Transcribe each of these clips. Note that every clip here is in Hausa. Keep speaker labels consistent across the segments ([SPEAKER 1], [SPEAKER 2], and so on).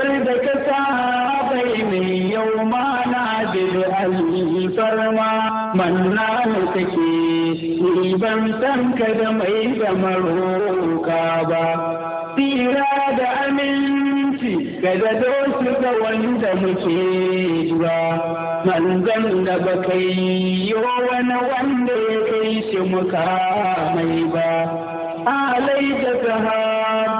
[SPEAKER 1] وردك ساقين يوم نادر الفرما من نالتك إيبان سنك دمي دمروك با da aminci su ga wanda muke ba manzan da ba kai wanda ya kai muka mai ba alai da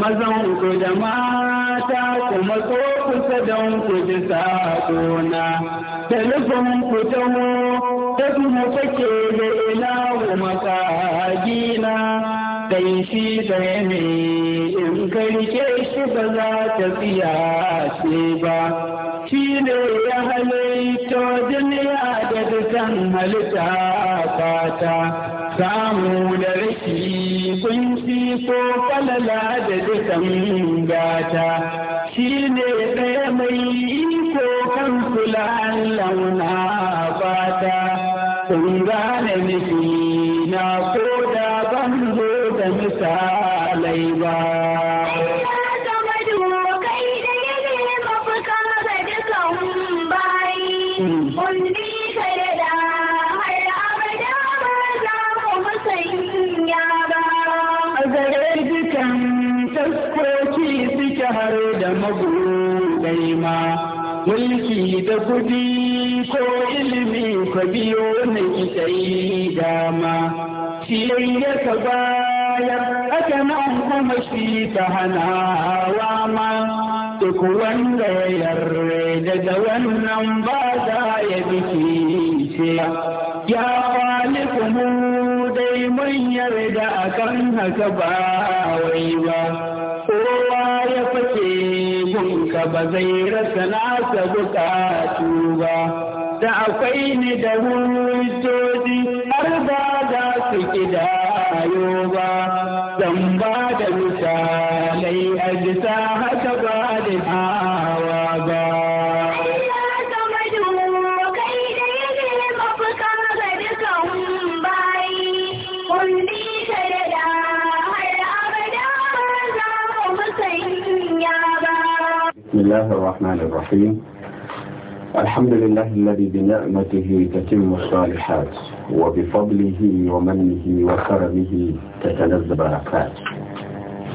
[SPEAKER 1] mazan ku da mata ku matso kusa don ku ji saƙona telefon ku taho ta kuma kake da ina ku makagina sai shi sai ne in karke shi ba za ta tsiyace ba shi ne ya halitta duniya da dukan halitta fata samu da rashi kun so falala da dukan gata shi ne ɗaya mai iko kan kula launa kudi ko ilimi ka biyo na ki dama siyayya ka bayar aka an kuma shi ta hanawa ma duk wanda ya yarre daga wannan ba za ya biki ce ya kwali mu dai mun yarda akan haka ba wai ba ka ba zai rasa nasa bukatu ba da akwai ni da hujjoji har ba za su kidayo ba zan ba da misalai a jisa haka
[SPEAKER 2] بسم الله الرحمن الرحيم الحمد لله الذي بنعمته تتم الصالحات وبفضله ومنه وكرمه تتنزل البركات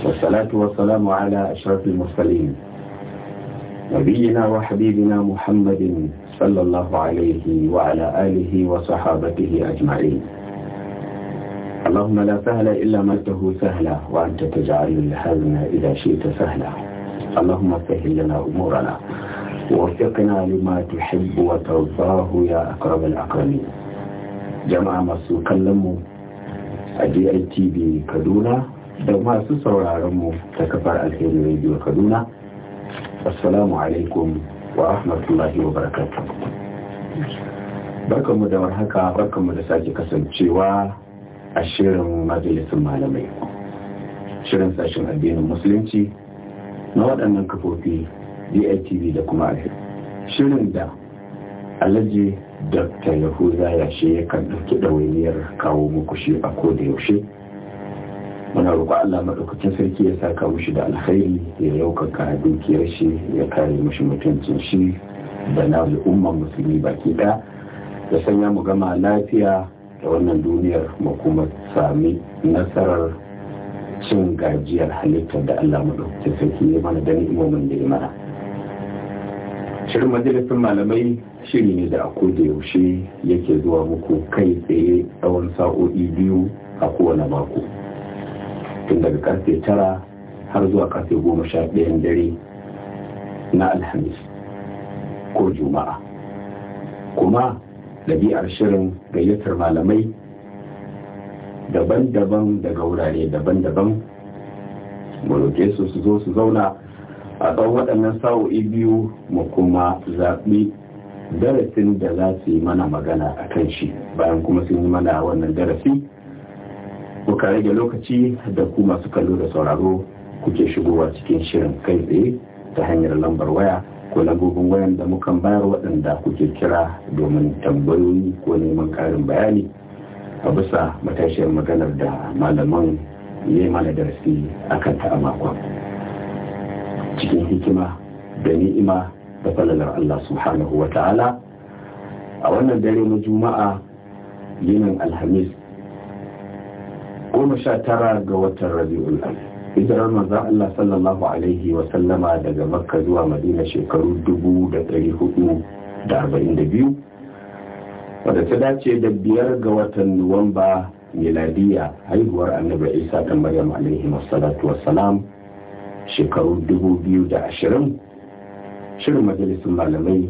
[SPEAKER 2] والصلاة والسلام على أشرف المرسلين نبينا وحبيبنا محمد صلى الله عليه وعلى آله وصحابته أجمعين اللهم لا سهل إلا ما أنته سهلا وأنت تجعل الحزن إذا شئت سهلا اللهم سهل لنا أمورنا ووفقنا لما تحب وترضاه يا أقرب الأقربين جماعة masu kallon mu a DITV Kaduna da masu sauraron mu ta kafar Alheri Radio Kaduna. Assalamu alaikum wa rahmatullahi wa barakatuh. Barkanmu da warhaka, barkanmu da sake kasancewa a shirin majalisun malamai. Shirin sashen addinin Musulunci na waɗannan kafofi DITV da kuma alheri shirin da alhaji dr yahuza yashe yakan ɗauki ɗawainiyar kawo muku shi a ko da yaushe muna roƙo Allah maɗaukacin sarki ya sa saka shi da alkhairi ya yaukaka dukiyar shi ya kare mushi mutuncin shi da na al'ummar musulmi baki ɗaya da sanya mu gama lafiya da wannan duniyar mu kuma sami nasarar cin gajiyar halittar da Allah madaukakin sarki ne mana da ni'imomin da ya mana shirin majalisar malamai shiri ne da ako da yaushe yake zuwa muku kai tsaye tsawon sa'o'i biyu a kowane mako tun daga karfe tara har zuwa karfe goma sha ɗayan dare na alhamis ko juma'a kuma ɗabi'ar shirin gayyatar malamai daban-daban daga wurare daban-daban mu su su zo su zauna a ɗan waɗannan sa'o'i biyu mu kuma zaɓi darasin da za su yi mana magana a kan shi bayan kuma sun yi mana wannan darasi kuka rage lokaci da ku masu kallo da sauraro kuke shigowa cikin shirin kai tsaye ta hanyar lambar waya ko lambobin wayan da mukan bayar waɗanda kuke kira domin tambayoyi ko neman ƙarin bayani a bisa matashiyar maganar da malaman ya yi mana darasi a kan ta makon cikin hikima da ni'ima da falalar Allah subhanahu wa ta'ala a wannan dare na juma'a yinin alhamis goma sha tara ga watan rabi'ul alif hijirar manzan Allah sallallahu Alaihi wasallama daga makka zuwa madina shekaru da da hudu arba'in biyu. wadda ta dace da biyar ga watan nuwamba miladiya haihuwar annabi isa da maryam alaihi wassalatu wassalam shekaru dubu biyu da ashirin shirin majalisun malamai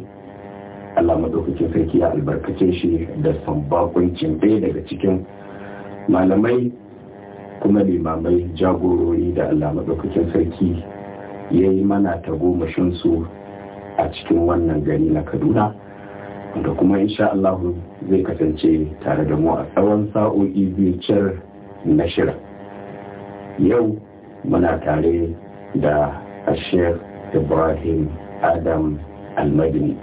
[SPEAKER 2] allah madaukakin sarki ya albarkace shi da sambakuncin ɗaya daga cikin malamai kuma limamai jagorori da allah madaukakin sarki ya yi mana ta shinsu a cikin wannan gari na kaduna da kuma insha zai kasance tare da mu a tsawon sa'o'i biyu cir na shirin yau muna tare da ashir ibrahim adam almadini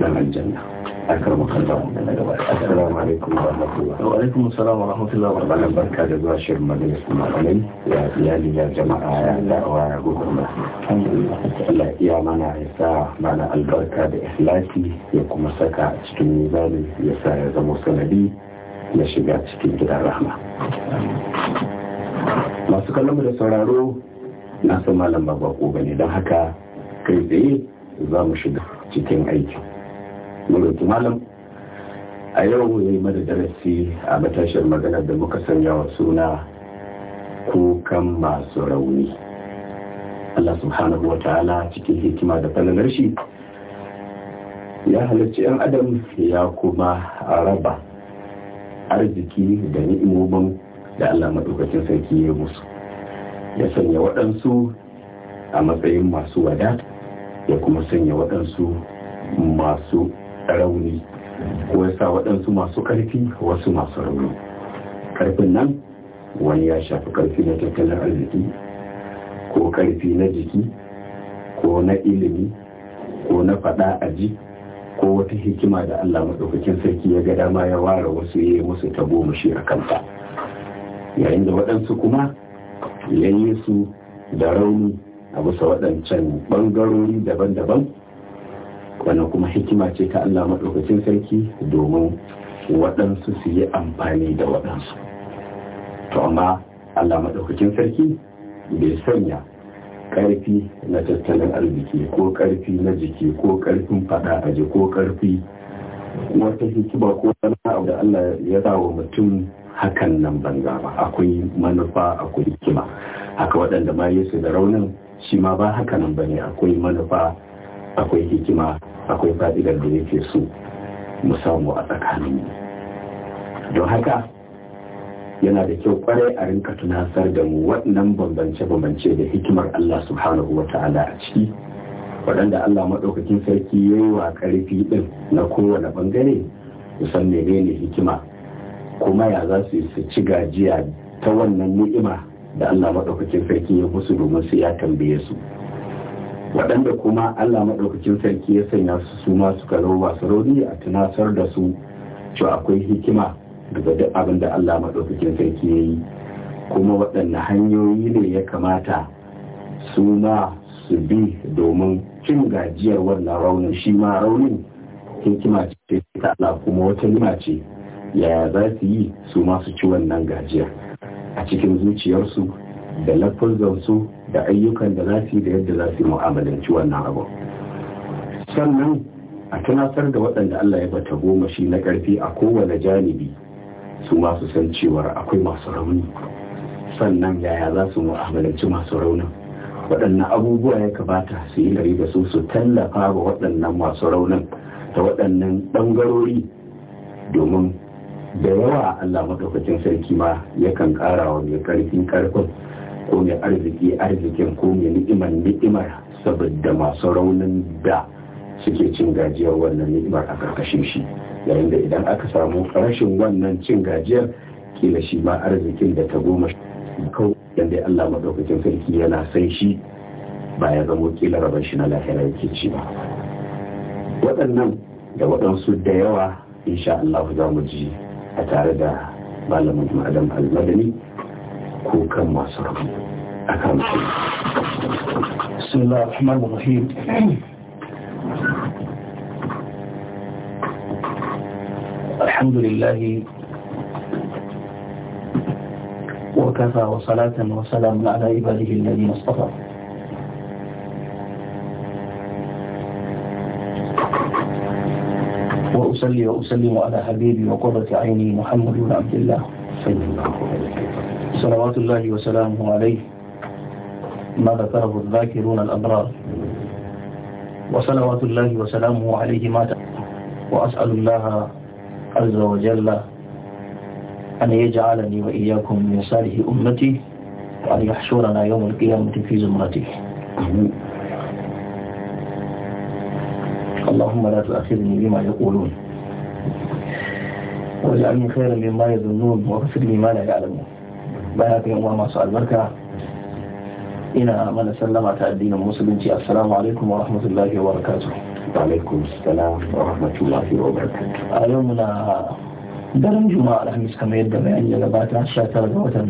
[SPEAKER 2] na aljanna akramak Allah assalamu alaikum barka da zuwa shirin majalis malamai ya iyali ya jama'a ya da'awa ya gudunma Allah iya mana ya sa mana albarka da ikhlasi ya kuma saka a cikin mizanin ya sa ya zama sanadi na shiga cikin gidan rahma masu kallon da sauraro na san malam ba ko bane don haka kai tsaye za mu shiga cikin aiki maroki malam a yau ya yi mada darasi a matashiyar maganar da muka sanya wa suna kukan masu rauni Allah subhanahu wa ta'ala cikin hikima da falalar shi ya halarci 'yan adam ya kuma raba arziki da ni'imomin da Allah maɗaukacin sarki ya musu ya sanya waɗansu a matsayin masu wada ya kuma sanya waɗansu masu rauni ko ya sa waɗansu masu ƙarfi wasu masu rauni ƙarfin nan wani ya shafi ƙarfi na tattalin arziki ko ƙarfi na jiki ko na ilimi ko na faɗa a ji, ko wata hikima da Allah maɗaukakin sarki ya ga dama ya ware wasu ya yi musu tabo mashi a kanta yayin da waɗansu kuma ya su da rauni a bisa waɗancan ɓangarori daban-daban wannan kuma hikima ce ta Allah maɗaukacin sarki domin waɗansu su yi amfani da waɗansu to amma Allah maɗaukacin sarki bai sanya ƙarfi na tattalin arziki ko ƙarfi na jiki ko ƙarfin faɗa ji ko ƙarfi wata hikima ko wani abu da Allah ya sa wa mutum hakan nan banza ba akwai manufa akwai hikima haka waɗanda ma yesu da raunin shi ma ba haka nan bane akwai manufa akwai hikima akwai fa'idar da yake su mu samu a tsakanin don haka yana da kyau kwarai a rinka tunasar da mu waɗannan bambance-bambance da hikimar Allah subhanahu wa ta'ala a ciki waɗanda Allah maɗaukakin sarki ya yi wa ƙarfi ɗin na kowane ɓangare san menene hikima kuma ya za su su ci gajiya ta wannan ni'ima da Allah maɗaukakin sarki ya musu domin su ya tambaye su waɗanda kuma Allah maɗaukacin sarki ya sanya su su ma suka masu rauni a tunasar da su to akwai hikima daga duk abin da Allah maɗaukacin sarki ya yi kuma waɗanne hanyoyi ne ya kamata su ma su bi domin cin gajiyar wannan raunin shi ma raunin hikima ce ta Allah kuma wata nima ce yaya za su yi su ma ci wannan gajiyar a cikin zuciyarsu da lafazansu da ayyukan da za su yi da yadda za su yi mu'amalanci wannan abu sannan a tunatar da waɗanda Allah ya bata goma shi na ƙarfi a kowane janibi su masu san cewar akwai masu rauni sannan yaya za su mu'amalanci masu raunin waɗannan abubuwa ya kamata su yi gari da su su tallafa wa waɗannan masu raunin da waɗannan ɓangarori domin da yawa Allah maɗaukacin sarki ma yakan ƙara wa mai ƙarfin ƙarfin ko mai arziki arzikin ko mai ni'imar ni'imar saboda masu raunin da suke cin gajiyar wannan ni'imar a karkashin shi yayin da idan aka samu rashin wannan cin gajiyar kila shi ma arzikin da ta goma kau yadda Allah maɗaukacin sarki yana san shi ba ya zamo kila rabar shi na lahira yake ci ba waɗannan da waɗansu da yawa insha Allah za mu ji a tare da malamin Adam Al-Madani kukan masu rabu a kan su
[SPEAKER 3] rahim وكفى وصلاة وسلام على عباده الذين اصطفى وأصلي وأسلم على حبيبي وقرة عيني محمد بن عبد الله صلى الله عليه وسلم صلوات الله وسلامه عليه ما ذكره الذاكرون الأبرار وصلوات الله وسلامه عليه ما وأسأل الله عز وجل أن يجعلني وإياكم من صالح أمتي وأن يحشرنا يوم القيامة في زمرته اللهم لا تؤاخذني بما يقولون واجعلني خيرا مما يظنون واغفر لي ما لا يعلمون baya ka yawa masu albarka ina mana sallama ta addinin musulunci assalamu alaikum wa rahmatullahi wa barakatuh wa alaikum salam wa rahmatullahi wa barakatuh a yau muna daren juma'a alhamis kamar yadda bayani ya gabata 19 ga watan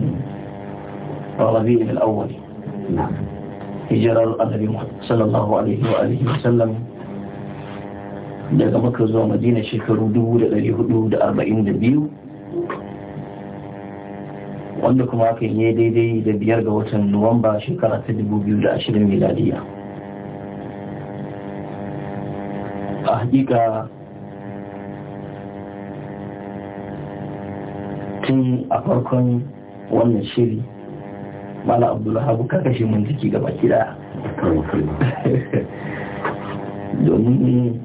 [SPEAKER 3] rabi'in al-awwal hijirar annabi sallallahu alaihi wa alihi wa sallam daga makka zuwa madina shekaru 442 wanda kuma aka ya daidai da biyar ga watan nuwamba shekara ta da 2020 miladiya a hakika tun a farkon wannan shiri mala abdullahi kakashe mun jiki gaba gida domin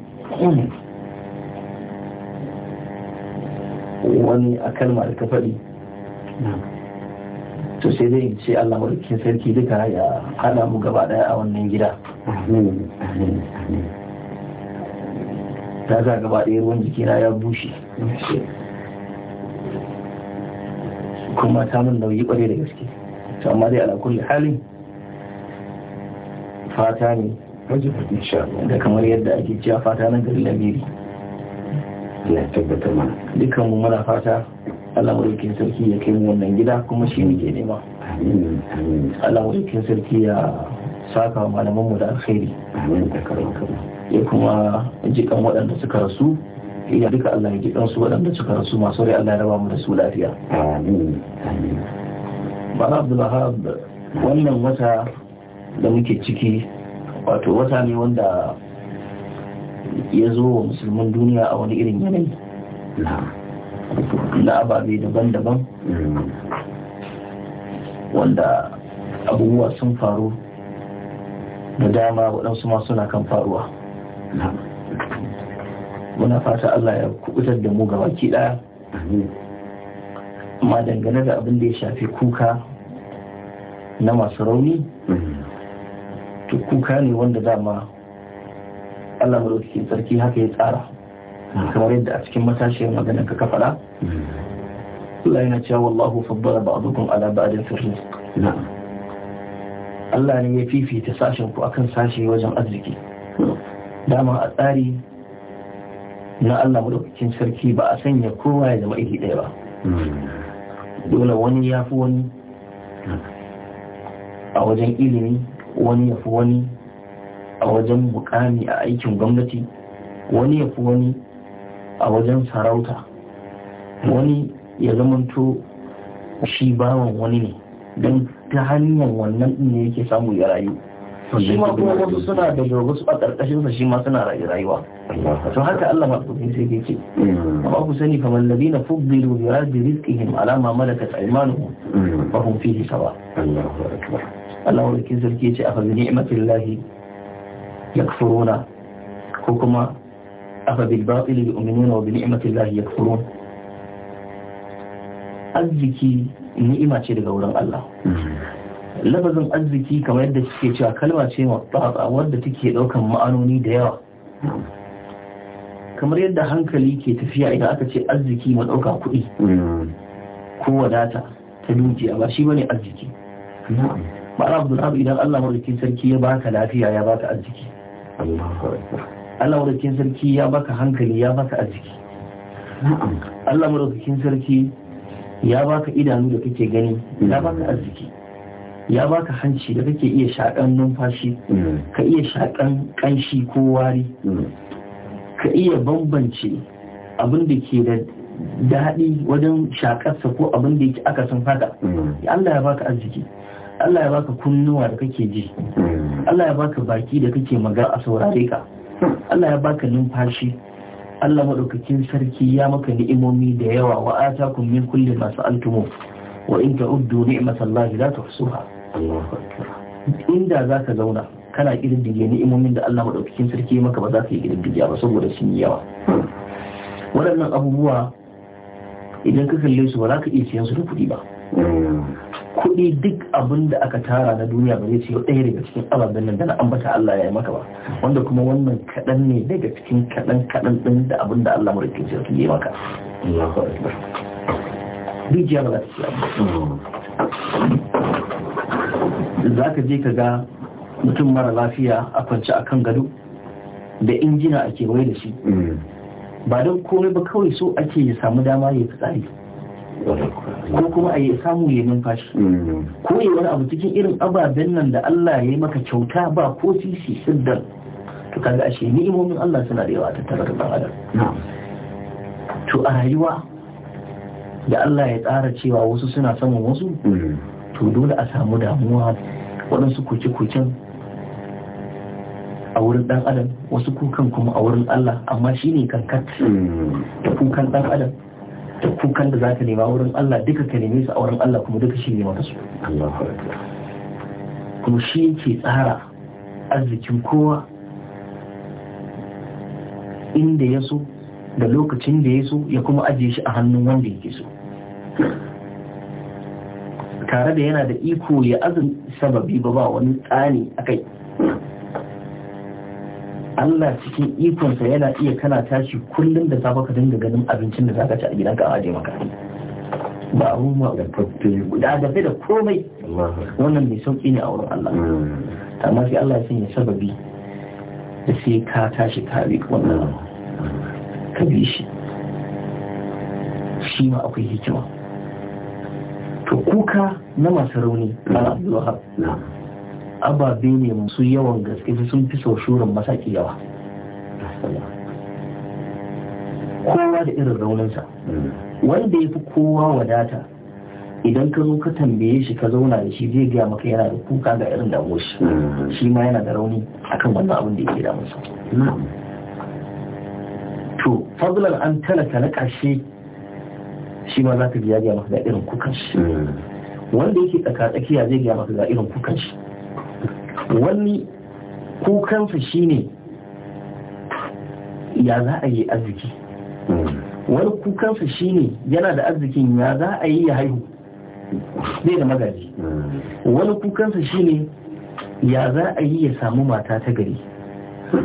[SPEAKER 3] wani a da ka faɗi to sai zai ce Allah sarki duka ya hada mu gaba daya a wannan gida ta za gaba daya ruwan jikina ya bushe kuma ta mun nauyi kwarai da gaske to amma dai ala kulli halin fata ne da kamar yadda ake cewa fata nan gari lamiri ya tabbatar mana dukkan mu muna fata Allah mulkin sarki ya kai wannan gida kuma shi muke nema Allah mulkin sarki ya saka wa malaman mu da alkhairi ya kuma jikan waɗanda suka rasu ya duka Allah ya jikan su waɗanda suka rasu masu rai Allah ya raba mu da su lafiya Bala Abdullahab wannan wata da muke ciki wato wata ne wanda ya zo wa musulman duniya a wani irin yanayi na ababe daban-daban wanda abubuwa sun faru da dama waɗansu masu na kan faruwa muna fata Allah ya kubutar da mu ga baki ɗaya amma dangane da abin da ya shafi kuka na masu rauni to kuka ne wanda dama Allah mulki sarki haka ya tsara kamar yadda a cikin matashiyar maganar ka faɗa Allah yana cewa wallahu a ba'dukum ala ba'din fi rizq Allah ne ya fifita sashen ku akan sashe wajen arziki dama a tsari na Allah madaukakin sarki ba a sanya kowa ya zama iri ɗaya ba dole wani ya fi wani a wajen ilimi wani ya fi wani a wajen mukami a aikin gwamnati wani ya fi wani a wajen sarauta wani ya zamanto shi bawan wani ne don ta hanyar wannan ne yake samu ya rayu
[SPEAKER 4] shi ma kuma wasu
[SPEAKER 3] suna da wasu a ƙarƙashin sa shi ma suna rayuwa to haka Allah ma kuma sai ke ce ku sani kamar ladina fuddilu bi radi rizqihim ala ma malakat aymanuhum mm. fa hum fihi sawa Allahu akbar Allah wani kin ce a fa ni'matillahi yakfuruna ko kuma أفبالباطل يؤمنون وبنعمة الله يكفرون arziki ni'ima ce daga wurin Allah lafazin arziki kamar yadda suke cewa kalma ce matsatsa wadda take daukan ma'anoni da yawa kamar yadda hankali ke tafiya idan aka ce arziki ma dauka kuɗi ko wadata ta dukiya ba shi bane arziki ma'ana abdul idan Allah madaukakin sarki ya baka lafiya ya baka arziki Allah madaukakin sarki ya baka hankali ya baka arziki Allah madaukakin sarki ya baka idanu da kake gani ya baka mm. arziki ya baka hanci da kake iya shakan numfashi mm. ka iya shakan kanshi ko wari mm. ka iya bambance abin da ke da daɗi wajen shakarsa ko abin da yake aka sun haka Allah ya baka arziki Allah ya baka kunnuwa da kake ji Allah ya baka baki da kake magana a saurare ka Allah ya baka numfashi Allah maɗaukakin sarki ya maka ni'imomi da yawa wa atakum min kulli ma sa'altumu wa in ta'uddu Allah la tuhsuha inda zaka zauna kana kirdige ni'imomin da Allah maɗaukakin sarki ya maka ba za ka yi kirdige ba saboda sun yi yawa waɗannan abubuwa idan ka kalle su ba za ka iya siyan su da kuɗi ba Eh, kuɗi duk abin da aka tara na duniya ba zai ce ɗaya daga cikin ababen nan da na ambata Allah ya yi maka ba wanda kuma wannan kaɗan ne daga cikin kaɗan kaɗan ɗin da abin da Allah mara sarki ya yi maka rijiya ba za ta ciya za ka je ka ga mutum mara lafiya a kwance a kan gado da injina ake kewaye da shi mm. ba don komai ba kawai so ake ya samu dama ya fi tsari ko kuma a yi samu ya numfashi ko yi wani abu cikin irin ababen nan da Allah ya yi maka kyauta ba ko sisi siddar to kaga ashe ni'imomin Allah suna da yawa tattara da ɗan adam to a rayuwa da Allah ya tsara cewa wasu suna samun wasu mm. to dole a samu damuwa waɗansu kuce-kucen a wurin ɗan adam wasu kukan kuma a wurin Allah amma shine ne kankat mm. da kukan ɗan adam da kukan da za nema wurin Allah duka ka neme su a wurin Allah kuma duka shi ne maka su kuma shi yake tsara arzikin kowa inda ya so da lokacin da ya so ya kuma ajiye shi a hannun wanda yake so tare da yana da iko ya azin sababi ba ba wani tsani a kai Allah cikin ikonsa yana iya kana tashi kullum da safe ka dinga ganin abincin da za ka ci a gidan ka aje maka ba a ma da da dafe da komai wannan mai sauƙi ne a wurin Allah hmm. amma sai Allah ya sanya sababi da sai ka tashi ka bi wannan hmm. ka bi shi shi ma akwai hikima to kuka na masu rauni ana Abdul ababe ne masu yawan gaske sun fi so shurin masaki yawa kowa da irin raunansa wanda ya fi kowa wadata idan ka zo ka tambaye shi ka zauna da shi zai gaya maka yana da kuka ga irin damuwar shi mm. shi ma yana da rauni akan wannan abin da yake damunsa to fadlan an talaka na ƙarshe shi ma za ka biya gaya maka ga irin kukan shi mm. wanda yake tsaka tsakiya zai gaya maka ga irin kukan shi wani kukansa shi ne ya za a yi arziki wani kukansa shi ne yana da arzikin ya za a yi ya haihu zai da magaji wani kukansa shi ne ya za a yi ya samu mata ta gari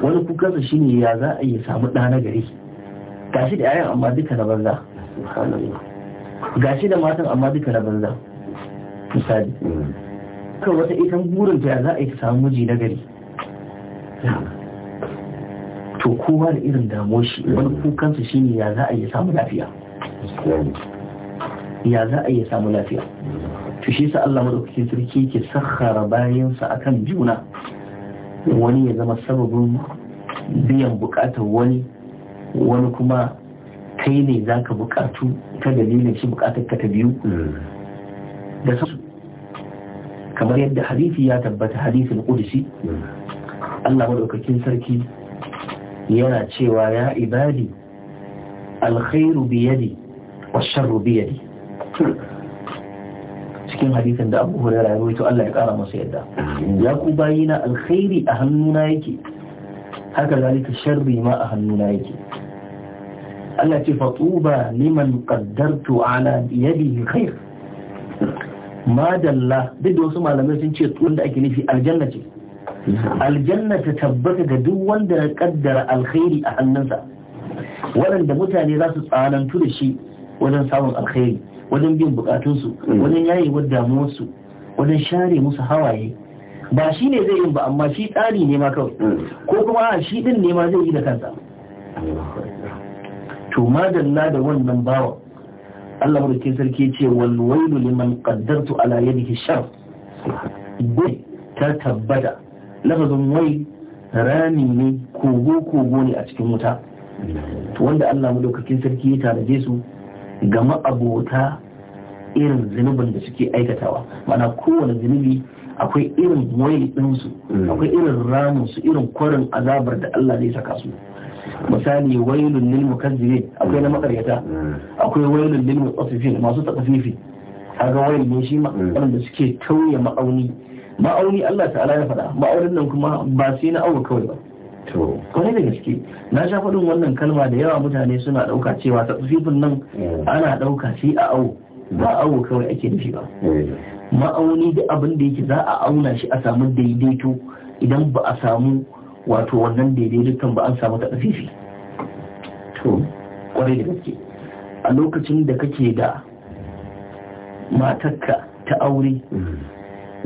[SPEAKER 3] wani kukansa shi ne ya za a yi ya samu ɗa na gari gashi da yayan amma duka na banza gashi da matan amma duka na banza misali mm. kan wata itan burin ta za a yi samu miji na gari to kowa da irin damuwar shi wani kukansa shi ne ya za a yi samu lafiya ya za a yi samu lafiya to shi sa Allah madaukakin sarki ke sakhara bayansa akan juna wani ya zama sababin biyan bukatar wani wani kuma kai ne za ka bukatu ta dalilin shi bukatar ka ta biyu hmm. da kamar yadda hadisi ya tabbata hadisin kudusi hmm. Allah madaukakin sarki yana cewa ya ibadi alkhairu biyadi wa sharru biyadi cikin hadisin da abu hurera ya rawaito Allah ya kara masa yadda hmm. ya ku bayina alkhairi a hannuna yake haka zalika sharri ma a hannuna yake Allah ce fatuba liman qaddartu ala yadihi khair madalla duk da wasu malamai sun ce wanda ake nufi aljanna ce aljanna ta tabbata ga duk wanda ya kaddara alkhairi a hannunsa waɗanda mutane za su tsanantu da shi wajen samun alkhairi wajen bin bukatunsu mm. wajen wa damuwarsu wajen share musu hawaye ba shi ne zai yi ba amma shi tsari ne ma kawai mm. ko kuma a shi din ne ma zai yi da kansa to madalla da wannan bawa Allah madaukin sarki ce wal wailu liman qaddartu ala yadihi shar bai ta tabbata lafazin wai rami ne kogo kogo ne a cikin wuta wanda Allah madaukakin sarki ya tanaje su ga ma'abota irin zunubin da suke aikatawa mana kowane zunubi akwai irin wayi ɗinsu akwai irin ramin su irin kwarin azabar da Allah zai saka su misali wailun lil mukazzibin akwai na makaryata akwai wailun lil mutaffifin masu takafifi kaga wail ne shi hmm. wanda suke tauye ma'auni ma'auni Allah ta'ala ya faɗa ma'aunin nan kuma ba sai na aure kawai ba to kwarai da gaske na sha faɗin wannan kalma da yawa mutane suna ɗauka cewa tafifin nan hmm. ana ɗauka shi a awo ba au kawai ake nufi ba hmm. ma'auni da abin da yake za a auna shi a samu daidaito idan ba a samu wato wannan kan ba an samu tafifi to kwarai da gaske a lokacin da kake da matarka ta aure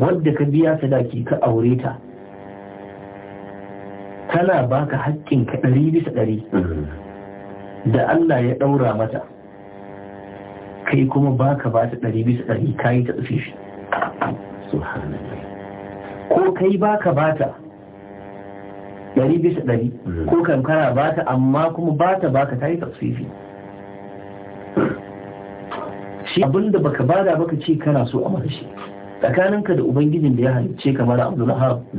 [SPEAKER 3] wadda ka biya sadaki ka aure ta tana baka haƙƙinka ɗari bisa ɗari da Allah ya ɗaura mata kai kuma baka ba ta ɗari bisa ɗari kayi ta tsufi shi ko kai baka ba ta ɗari bisa ɗari ko kankara ba ta amma kuma ba ta baka ta yi ta tsufi shi abinda baka bada baka ce kana so a mara shi tsakaninka da ubangijin da ya halicce kamar mara abu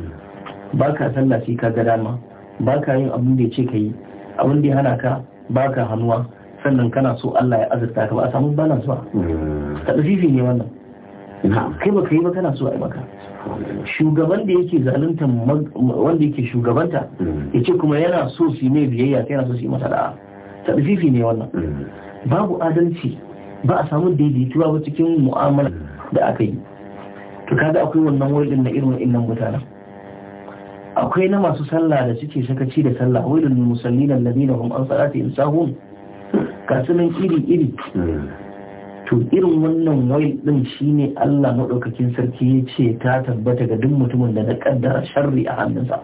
[SPEAKER 3] ba ka sallah sai ka ga dama ba ka yin abin da ya ce ka yi abin da ya hana ka ba ka hannuwa sannan kana so Allah ya azurta ka ba a samu su ba tadfifi ne wannan kai ba yi ba kana so yi maka shugaban da yake zalunta wanda yake shugabanta mm. ya ce kuma yana so su yi mai biyayya ta yana so su yi masa da'a tadfifi ne wannan mm. babu adalci ba a samu daidaituwa ba cikin mu'amala da aka yi to kaga akwai wannan wurin na irin wannan mutanen akwai na masu sallah da suke sakaci da sallah wurin musallin alladina hum an salati insahun kasunan iri iri to irin wannan wail din shine Allah madaukakin sarki ya ce ta tabbata ga duk mutumin da na kaddara sharri a hannunsa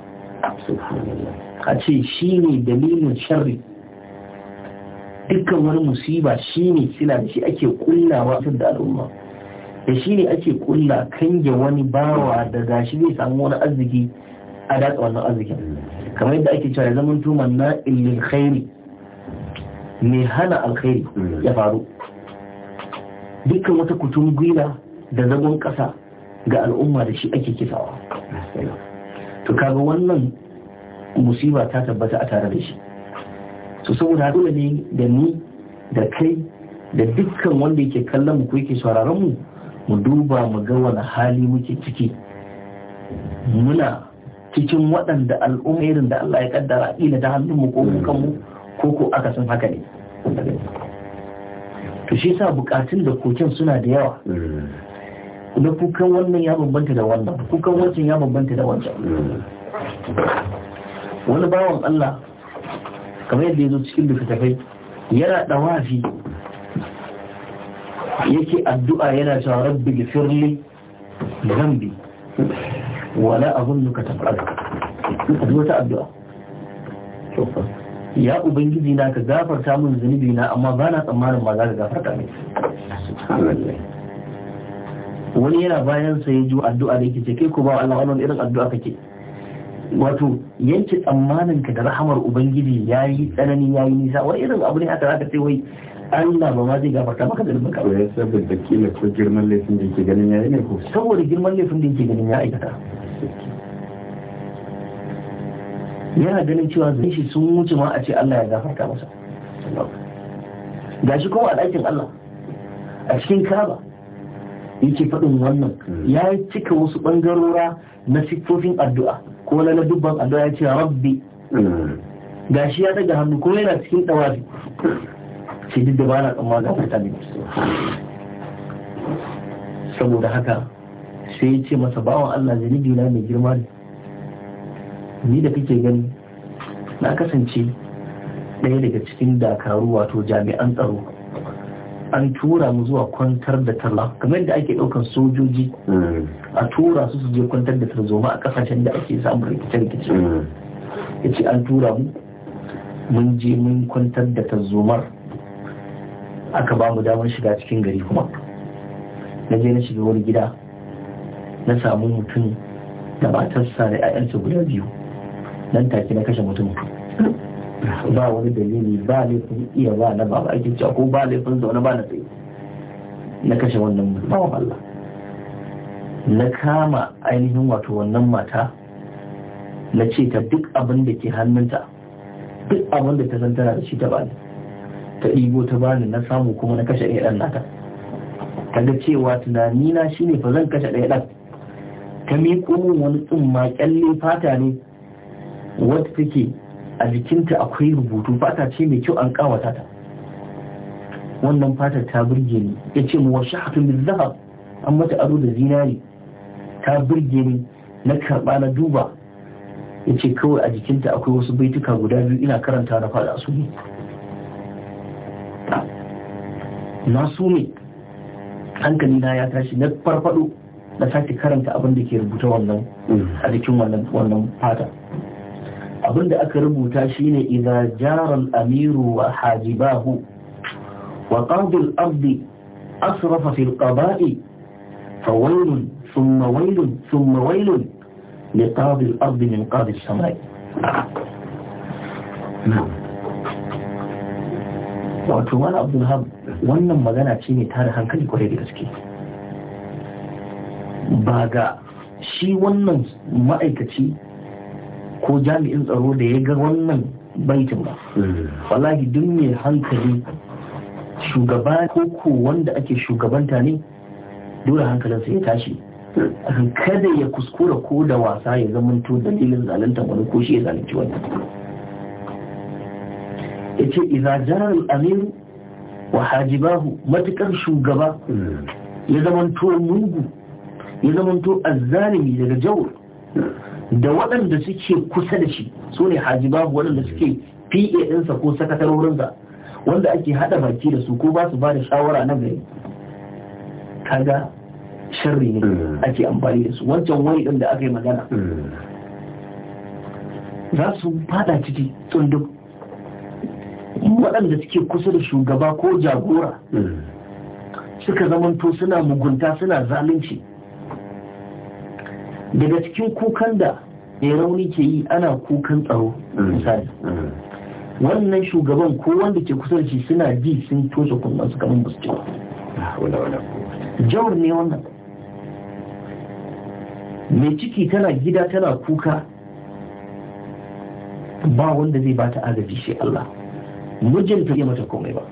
[SPEAKER 3] a ce shine dalilin sharri dukkan wani musiba shi ne da shi ake kullawa da al'umma da shi ne ake kulla kange wani bawa da gashi zai samu wani arziki a datsa wannan arzikin kamar yadda ake cewa ya zama tuman na illin khairi mai hana alkhairi mm. ya faru dukkan wata kutun gwiwa da zagon kasa ga al'umma da shi ake kisawa to kaga wannan musiba ta tabbata a tare da shi su saboda dole ne da ni da kai da dukkan wanda yake kallon mu ko yake sauraron mu mu duba mu ga wani hali muke ciki muna cikin waɗanda al'umma irin da Allah ya kaddara ila da hannun mu ko kan mu ko ko aka san haka ne to shi yasa bukatun da koken suna da yawa na kukan wannan ya bambanta da wannan kukan wancan ya bambanta da wancan mm. wani bawan Allah kamar yadda ya zo cikin littattafai yana ɗawafi yake addu'a yana cewa rabbi firli da zambi wala abun nuka tafarada a wata addu'a ya ubangiji na ka gafarta mun zunubi na amma ba na tsammanin ba za ka gafarta mai wani yana bayan sa ya ji addu'a da yake ce kai ko ba Allah wannan irin addu'a kake wato yanke tsammanin ka da rahamar ubangiji yi tsanani yi nisa wai irin abu ne haka ka ce wai Allah ba ma zai gafarta maka da rubin
[SPEAKER 2] kawai saboda kila ko girman laifin da yake ganin yi ne ko saboda girman laifin da yake ganin ya aikata
[SPEAKER 3] yana ganin cewa zai shi sun wuce ma a ce Allah ya gafarta masa gashi kuma a ɗakin Allah a cikin kaba yake faɗin wannan hmm. ya cika wasu ɓangarora na siffofin addu'a ko na dubban addu'a ya ce rabbi hmm. gashi ya daga hannu kuma yana cikin dawafi ce duk da ba na tsamma gafarta ne saboda haka sai ya ce masa bawan Allah zunubi na mai girma ne ni da kake gani na kasance ɗaya daga cikin dakaru wato jami'an tsaro an tura mu zuwa kwantar da tarla kamar yadda ake ɗaukan sojoji mm. a tura su su je kwantar da tarzoma a kasashen da ake samun rikice-rikice mm. ya ce an tura mu mun je mun kwantar da tarzomar aka ba mu damar shiga cikin gari kuma na je na shiga wani gida na samu mutum da matarsa da 'ya'yansa guda biyu nan take na kashe mutum ba wani dalili ba laifin iya ba na ba ake cewa ko ba laifin zaune ba na tsaye na kashe wannan bawan Allah na kama ainihin wato wannan mata na ce ta duk abin da ke hannunta duk abin da ta san tana da shi ta bani ta ɗigo ta bani na samu kuma na kashe ɗaya ɗan nata kaga cewa tunani na shine fa zan kashe ɗaya ɗan ta miƙo min wani tsumma ƙyalle fata ne wata take a jikinta akwai rubutu fata ce mai kyau an kawata ta wannan fatar ta burge ni ya ce mu washe hatun zahab an mata aro da zinari ta burge ni na karɓa na duba ya ce kawai a jikinta akwai wasu baituka guda biyu ina karanta na faɗa su ne na su ne hankali na ya tashi na farfado na sake karanta abin da ke rubuta wannan mm. a jikin wannan fata abinda aka rubuta shine idza jara al-amiru wa hajibahu wa qadi al-ardi asrafa fi al-qada'i fawailun thumma wailun thumma wailun liqadi al-ardi min qadi as-samai wato wani abdulhab wannan magana ce ne tare hankali kwarai da gaske ba ga shi wannan ma'aikaci ko jami'in tsaro da ya ga wannan baitin ba mm. wallahi duk mai hankali shugaba ko ko wanda ake shugabanta ne dole hankalinsa ya tashi mm. kada ya kuskura ko da wasa ya zamanto dalilin zalunta wani ko shi ya zalunci wani ya ce iza jarar Aminu wa hajibahu matukar shugaba mm. ya zamanto mugu ya zamanto azzalimi daga jawo? da waɗanda suke kusa da shi su ne hajibabu waɗanda suke pa ɗinsa ko sakatarorinsa wanda ake haɗa baki da su ko ba su ba da shawara na gari kaga sharri ne mm. ake amfani da su wancan wani ɗin da aka yi magana mm. za su fada ciki tsunduk waɗanda suke kusa da shugaba ko jagora mm. suka zamanto suna mugunta suna zalunci daga cikin kukan da mai rauni ke yi ana kukan tsaro mm. misali mm. wannan shugaban ko wanda ke kusa da shi suna ji sun toshe kuma su kamar musu cewa ah, jawar ne wannan mai ciki tana gida tana kuka ba wanda zai bata agaji shi Allah mijinta ya mata komai ba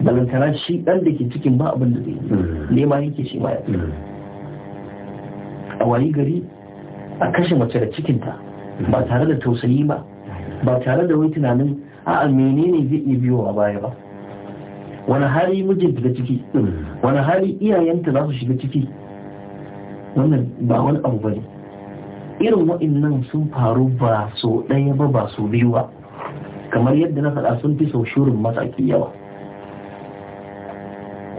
[SPEAKER 3] balantana shi dan da ke cikin ba abin da zai yi mm. nema yake shi ma ya a wayi gari a kashe mace da cikinta ba tare da tausayi ba ba tare da wai tunanin a'a menene zai iya biyo a baya ba wani hali mijinta da ciki wani hali iyayenta za su shiga ciki wannan ba wani abu bane irin wa'annan sun faru ba so ɗaya ba ba so biyu ba kamar yadda na faɗa sun fi sau shirin mataki yawa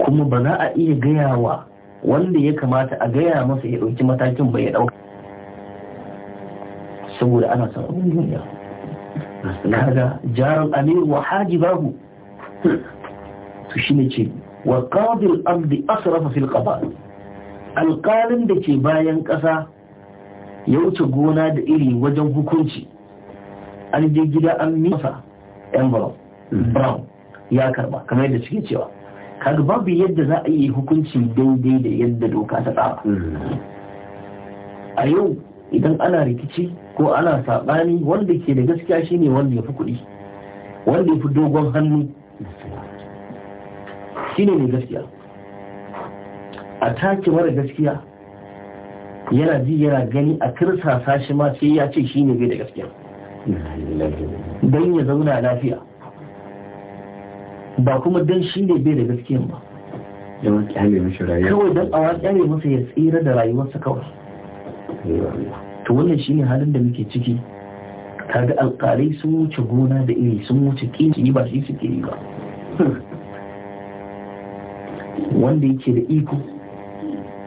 [SPEAKER 3] kuma ba za a iya gaya wa wanda ya kamata a gaya masa ya ɗauki matakin bai ya ɗauka saboda ana son abin duniya ga jaran amir wa haji babu to shi ne ce wa qadil abdi asrafa fil qada alƙalin da ke bayan ƙasa ya wuce gona da iri wajen hukunci an je gida an nisa envelope brown ya karba kamar yadda suke cewa kaga babu yadda za a yi hukunci daidai da yadda doka ta tsara a yau idan ana rikici ko ana saɓani wanda ke da gaskiya shine wanda ya fi kuɗi wanda ya fi dogon hannu shine mai gaskiya a take mara gaskiya yana ji yana gani a kirsa shi ma sai ya ce shine bai da gaskiya don ya zauna lafiya ba kuma don shi ne bai da gaskiyan ba
[SPEAKER 2] kawai don a kyale
[SPEAKER 3] masa ya tsira da rayuwarsa kawai to wannan shi ne halin da muke ciki kaga alkalai sun wuce gona da iri sun wuce kinci ba shi suke yi ba wanda yake da iko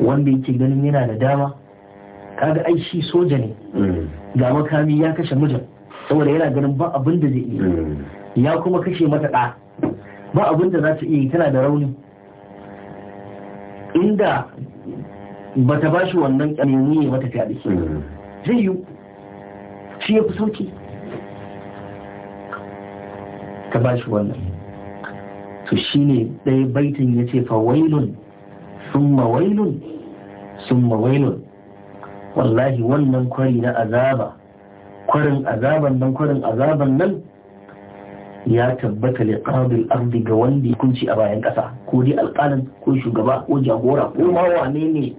[SPEAKER 3] wanda yake ganin yana da dama kaga ai shi soja ne mm. ga makami ya kashe mijin saboda yana ganin ba abin da zai iya mm. ya kuma kashe mata ɗa ba abin da za ta iya yi tana da rauni inda ba ta bashi wannan ƙanini ne mata fyaɗe zai yi shi ya fi sauki ta bashi wannan to shi ne ɗaya baitin ya ce fa wailun summa wailun summa wailun wallahi wannan kwari na azaba kwarin azaban nan kwarin azaban nan ya tabbata li qadil ardi ga wanda hukunci a bayan kasa ko dai alƙalin ko shugaba ko jagora ko ma wane ne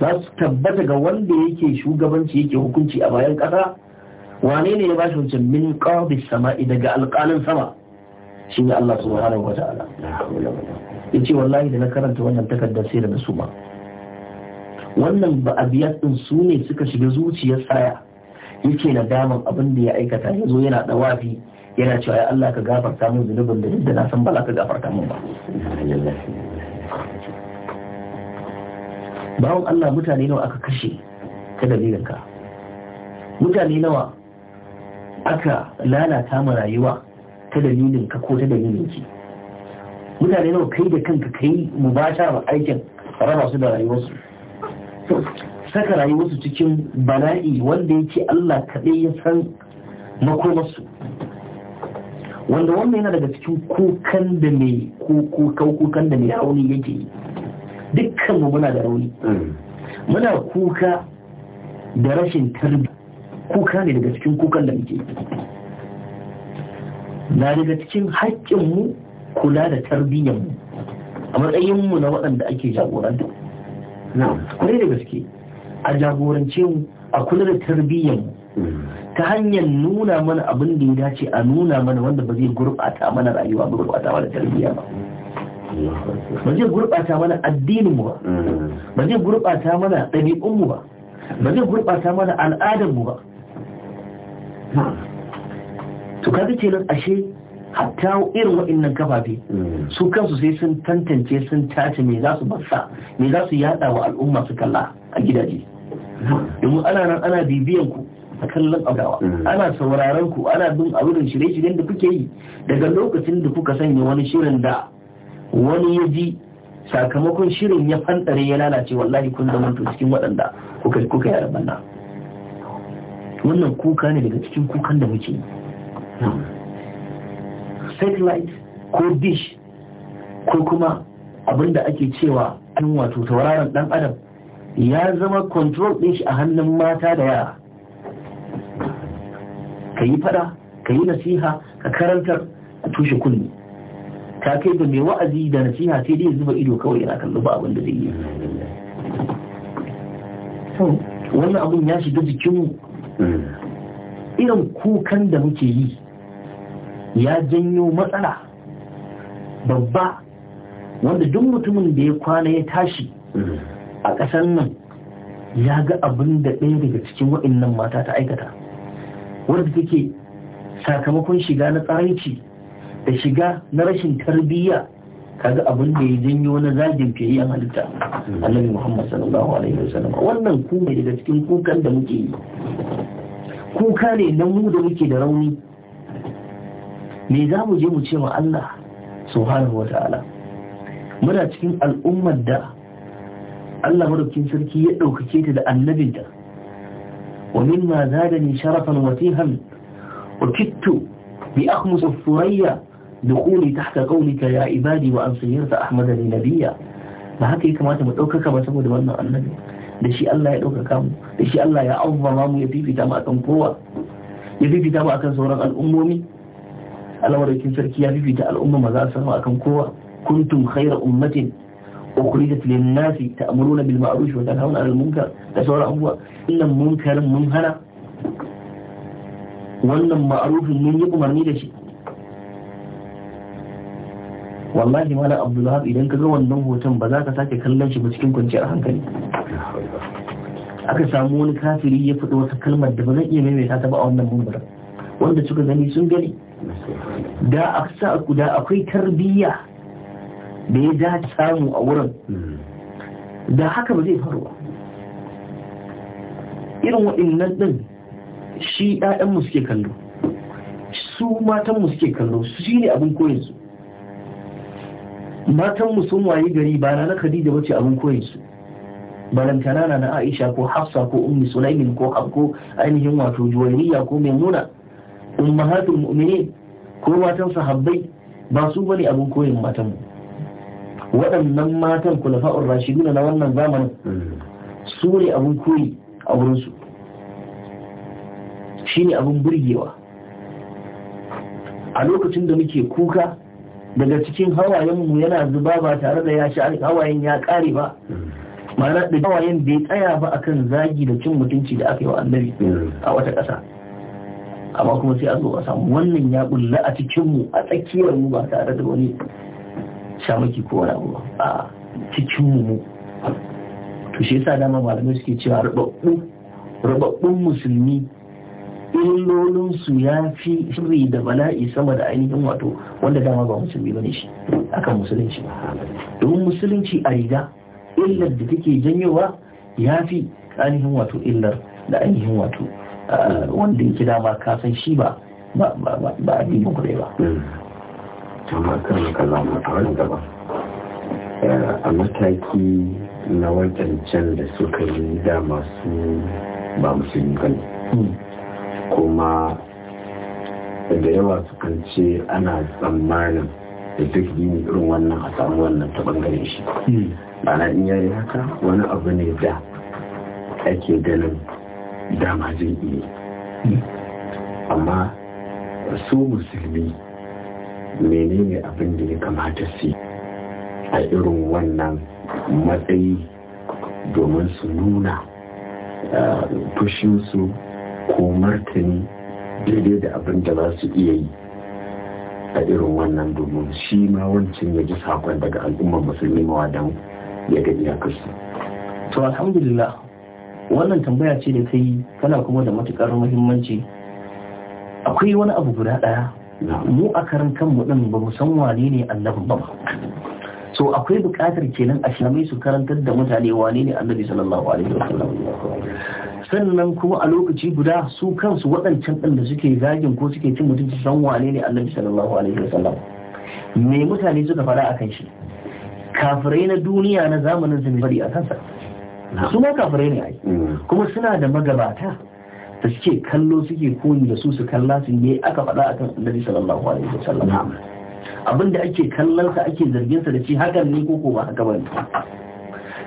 [SPEAKER 3] za su tabbata ga wanda yake shugabanci yake hukunci a bayan kasa wane ne ya bashi wancan min qadil sama'i daga alƙalin sama shi ne Allah subhanahu wa ta'ala yace wallahi da na karanta wannan takardar sai da su ba wannan ba abiyat din su ne suka shiga zuciyar tsaya yake na damar abin da ya aikata ya zo yana dawafi yana cewa ya Allah ka gafarta min zunubin da duk da na san ba za ka gafarta min ba bawon Allah mutane nawa aka kashe ta dalilin ka mutane nawa aka lalata ma rayuwa ta dalilin ka ko ta dalilin ki mutane nawa kai da kanka kai mubashara aikin raba su da rayuwarsu saka rayuwarsu cikin bala'i wanda yake Allah kaɗai ya san makomarsu wanda wannan yana daga cikin kukan da mai kukan da mai rauni yake yi dukkan mu muna da rauni muna kuka da rashin tarbi kuka ne daga cikin kukan da muke na daga cikin haƙƙinmu kula da tarbiyyarmu a matsayinmu na waɗanda ake jagoranta na kwarai da gaske a jagorance mu a kula da tarbiyyar mu ta hanyar nuna mana abin da ya dace a nuna mana wanda ba zai gurɓata mana rayuwa ba gurɓata mana tarbiyya ba ba zai gurɓata mana addinin mu ba ba zai gurɓata mana ɗabi'un mu ba ba zai gurɓata mana al'adar mu ba to ga kenan ashe hatta irin waɗannan kafafe su kansu sai sun tantance sun tace me za su bassa me za su yada wa al'umma su kalla a gidaje domin ana nan ana bibiyan ku a kallon adawa mm. ana sauraron ku ana bin abin shirye-shiryen da kuke yi daga lokacin da kuka sanya wani shirin da wani ya ji sakamakon shirin ya fantsare ya lalace wallahi kun mutu cikin waɗanda kuka yi kuka yi wannan kuka ne daga cikin kukan da muke satellite ko dish ko kuma abinda ake cewa an wato tauraron dan adam ya zama control ɗin shi a hannun mata da yara ka yi fada ka yi nasiha ka karantar a tushe kunni ta kai da mai wa'azi da nasiha sai dai zuba ido kawai yana kallo ba abin zai yi wannan abun ya shiga jikinmu irin kukan da muke yi ya janyo matsala babba wanda duk mutumin da ya kwana ya tashi a ƙasar nan ya ga abin da ɗaya daga cikin wa'innan mata ta aikata wadda take sakamakon shiga na tsaraici da shiga na rashin tarbiyya kaga abin da ya janyo na zagin fiye yan halitta annabi muhammad sallallahu alaihi wasallam wannan ku ne daga cikin kukan da muke yi kuka ne na mu da muke da rauni me za mu je mu ce wa allah subhanahu wa ta'ala muna cikin al'ummar da Allah madaukin sarki ya ɗaukake ta da annabinta wa da ni sharafan wa tihan wa kittu bi akhmus furayya dukuli tahta qawlika ya ibadi wa an sayyarta ahmad li nabiyya ba haka ya kamata mu ɗaukaka ba saboda wannan annabi da shi Allah ya ɗaukaka mu da shi Allah ya azzama mu ya fifita mu akan kowa ya fifita mu akan sauran al'ummomi Allah madaukin sarki ya fifita al'umma maza a akan kowa kuntum khayra ummatin ukhrijat lin nasi ta'muruna bil ma'ruf wa tanhauna 'anil munkar da sauran abubuwa innan munkarin mun hana wannan ma'rufin mun yi umarni da shi wallahi malam abdullahi idan ka wannan hoton ba za ka sake kallon shi ba cikin kwanciyar hankali aka samu wani kafiri ya faɗi wata kalmar da ba zan iya maimaita ta ba a wannan wanda suka gani sun gani da a sa da akwai tarbiyya da ya dace samu a wurin da haka ba zai faru? irin waɗannan ɗin shi ‘ya'yanmu suke kallo su matanmu suke kallo su shi ne abin koyinsu matanmu sun waye gari ba na khadija wace abin koyinsu balantana na aisha ko hafsa ko ummi sulaimin ko Abko ainihin wato juwairiya ko maimuna ummahatul mu'minin ko matan sahabbai ba su bane abin koyin matanmu waɗannan matan shi rashiduna na wannan zamanin su ne abin koyi a wurinsu shi ne abin burgewa a lokacin da muke kuka daga cikin hawayenmu yana zuba ba tare da ya sha hawayen ya ƙare ba mana da hawayen bai tsaya ba akan zagi da cin mutunci da aka yi wa annabi a wata ƙasa amma kuma sai a zo a samu wannan ya bulla a cikinmu a tsakiyarmu ba tare da wani maki ko wani abu a
[SPEAKER 4] cikin mu
[SPEAKER 3] to shi yasa dama malamai suke cewa rubabbu rubabbun musulmi su ya fi shirri da bala'i sama da ainihin wato wanda dama ba musulmi bane shi akan musulunci domin musulunci a riga illar da take janyowa ya fi ainihin wato illar da ainihin wato wanda yake dama kasan shi ba ba ba ba ba
[SPEAKER 2] kama kan ka zamu a a mataki na wadancan da suka yi da masu ba musulmi ba ne hmm. kuma da yawa sukan ce ana tsammanin da duk gini irin wannan a samu wannan ta shi bana hmm. in yayi haka wani abu ne da ake ganin dama zai iya hmm. amma su musulmi menene abin da ya kamata su a irin wannan matsayi domin su nuna tushinsu eh, ko martani daidai da abin da za su iya yi a irin wannan domin shi ma wancan ya ji sakon daga al'ummar musulmi mawadan ya ga iyakarsu. to alhamdulillah wannan
[SPEAKER 3] tambaya ce da ta yi kana kuma da matuƙar muhimmanci akwai wani abu guda ɗaya mu a karan kanmu din ba mu san wane ne annabi ba so akwai bukatar kenan a shirmai su karantar da mutane wane ne annabi sallallahu alaihi wasallam sannan kuma a lokaci guda su kansu waɗancan ɗin da suke zagin ko suke cin mutunci san wane ne annabi sallallahu alaihi wasallam me mutane suka faɗa akan shi kafirai na duniya na zamanin sun bari a kansa su ma kafirai ne ai mm. kuma suna da magabata da suke kallo suke koyi da su su kalla su ne aka faɗa akan annabi sallallahu alaihi wasallam abin da ake kallon sa ake zargin sa da shi hakan ne ko ba haka ba.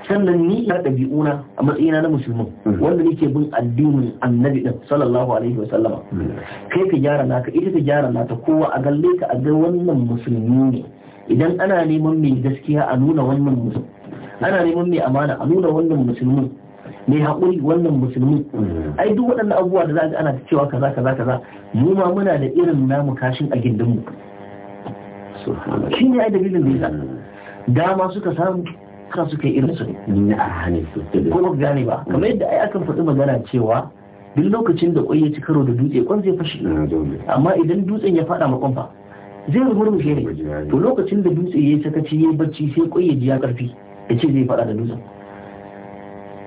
[SPEAKER 3] sannan ni ya ɗabi'una a matsayina na musulmin mm. wanda nake bin addinin annabi din sallallahu alaihi wasallama mm. kai ka gyara naka ita ka gyara naka kowa a galle ka a ga wannan musulmi ne idan ana neman mai gaskiya a nuna wannan musulmi ana neman mai amana a nuna wannan musulmi mai haƙuri wannan musulmi mm. ai duk waɗannan abubuwa da za ga ana ta cewa kaza kaza kaza mu ma muna da irin namu kashin a gindin mu shine ai dalilin da yasa mm. dama suka samu ka suka irin su ne ko ba gane ba kamar yadda ai akan faɗi magana cewa duk lokacin da ƙwai ya ci karo da dutse ƙwan zai fashi. amma idan dutsen ya faɗa ma ƙwan zai murmushe ne to lokacin da dutse ya sakaci ya yi barci sai ƙwai ya ji ya ƙarfi ya ce zai faɗa da dutsen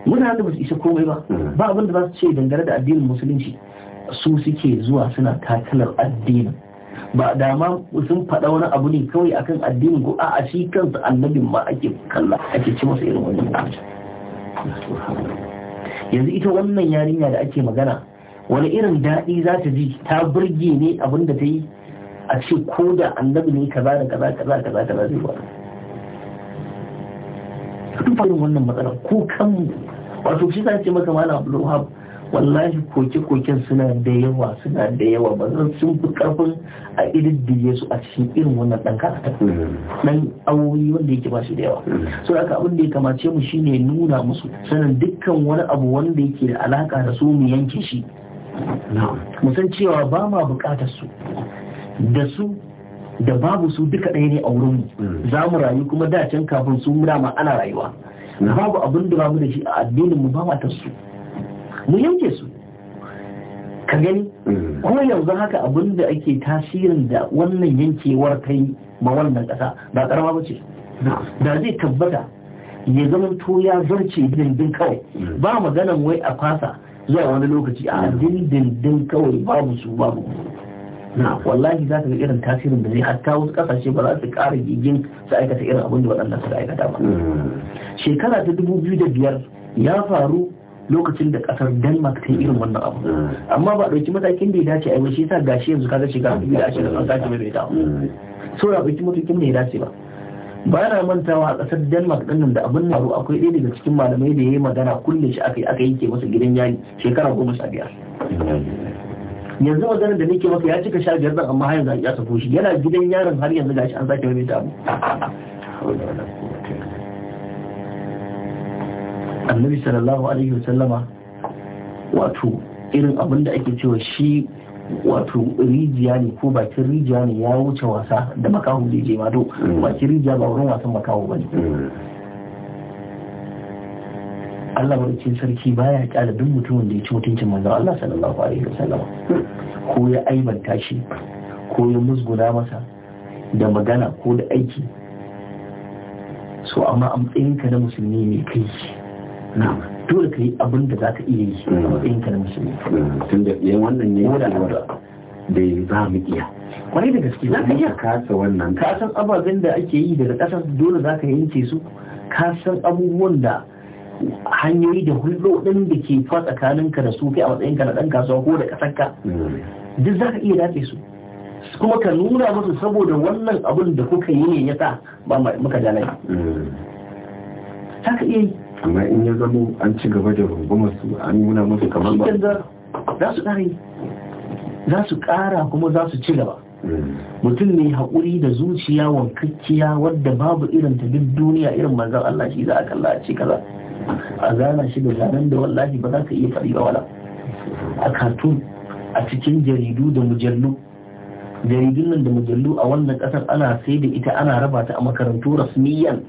[SPEAKER 3] muna da isa komai ba hmm. ba abin da za su ce dangane da addinin musulunci su suke zuwa suna takalar addinin ba dama sun faɗa wani abu ne kawai akan addinin ko a shi kansa annabin ma ake kalla ake ci masa irin wannan abu yanzu ita wannan yarinya da ake magana wani irin daɗi za ta ji ta burge ne abin da ta yi a ce ko da annabi ne kaza da kaza kaza kaza kaza zai faru. Duk wannan matsalar ko kanmu wato shi sa ce maka malam abdulwahab wallahi koke-koken suna da yawa suna da yawa ba zan sun fi karfin a da su a cikin irin wannan dan ta dan awoyi wanda yake ba shi da yawa mm-hmm. so haka abin da ya kamace mu shine nuna musu sanin dukkan wani abu wanda yake da alaka da su mu yanke shi mu san cewa ba ma bukatar su da su da babu su duka ɗaya ne a wurin mu mm-hmm. za mu rayu kuma da can kafin su mu ma ana rayuwa na babu abin da bamu da shi a addinin mu ba ta su mu yanke su ka gani mm. kuma yanzu haka abin da ake tasirin da wannan yankewar kai yi ma wannan ƙasa ba karama ba ce da zai tabbata ya zama to ya zarce dindin kawai mm. ba maganan wai a kwasa zuwa wani lokaci a dindindin kawai babu su babu na wallahi za ka ga irin tasirin da zai hatta wasu kasashe ba za su kara gigin su aikata irin abin da waɗannan su aikata ba mm. shekara ta dubu biyu da biyar ya faru lokacin da kasar denmark ta yi irin wannan abu hmm. amma ba ɗauki matakin da ya dace a shi sa gashi yanzu kaga shekara dubu da ashirin an sake mai ta hmm. so ya ɗauki matakin da ya dace ba ba na mantawa a kasar denmark ɗin nan da abin ru akwai ɗaya daga cikin malamai da ya yi magana kulle shi aka yi aka yanke masa gidan yari shekara goma sha biyar yanzu magana da nake maka ya cika sha biyar ɗin amma har yanzu ya tafi shi yana gidan yaron har yanzu gashi an sake mai ta abu annabi sallallahu alaihi wasallama wato irin abin da ake cewa shi wato rijiya ne ko bakin rijiya ne ya wuce wasa da makahu da je mato mm. bakin rijiya ba wurin wasan makahu ba ne mm. Allah barcin sarki baya kyala duk mutumin da ya ci mutuncin manzo Allah sallallahu alaihi sallama. ko ya aibanta shi ko ya musguna masa da magana ko da aiki so amma amtsayinka na musulmi ne kai dole ka yi abin da za ka iya yi a matsayin ka na musulmi
[SPEAKER 2] tun da ɗaya wannan ne da za mu iya
[SPEAKER 3] kwarai da gaske za ka iya kasa wannan ka san ababen da ake yi daga ƙasar dole za ka yanke su ka san abubuwan da hanyoyi da hulɗoɗin da ke fa tsakaninka da su kai a matsayinka na ɗan kasuwa ko da ƙasar ka? duk za ka iya dace su kuma ka nuna musu saboda wannan abun da kuka yi ne ya sa ba muka jalai za ka iya yi
[SPEAKER 2] amma in ya zamo an ci gaba da rungumar su an
[SPEAKER 4] nuna musu kamar ba
[SPEAKER 3] za su za su ƙara
[SPEAKER 2] kuma za su ci
[SPEAKER 3] gaba hmm. mutum ne haƙuri da zuciya wankakkiya wadda babu irin ta duk duniya irin manzan Allah shi za a kalla a ce kaza a gana shi da zanen da wallahi ba za ka iya faɗi ba wala a katun a cikin jaridu da mujallu jaridun nan da mujallu a wannan ƙasar ana sai da ita ana raba ta a makarantu rasmiyan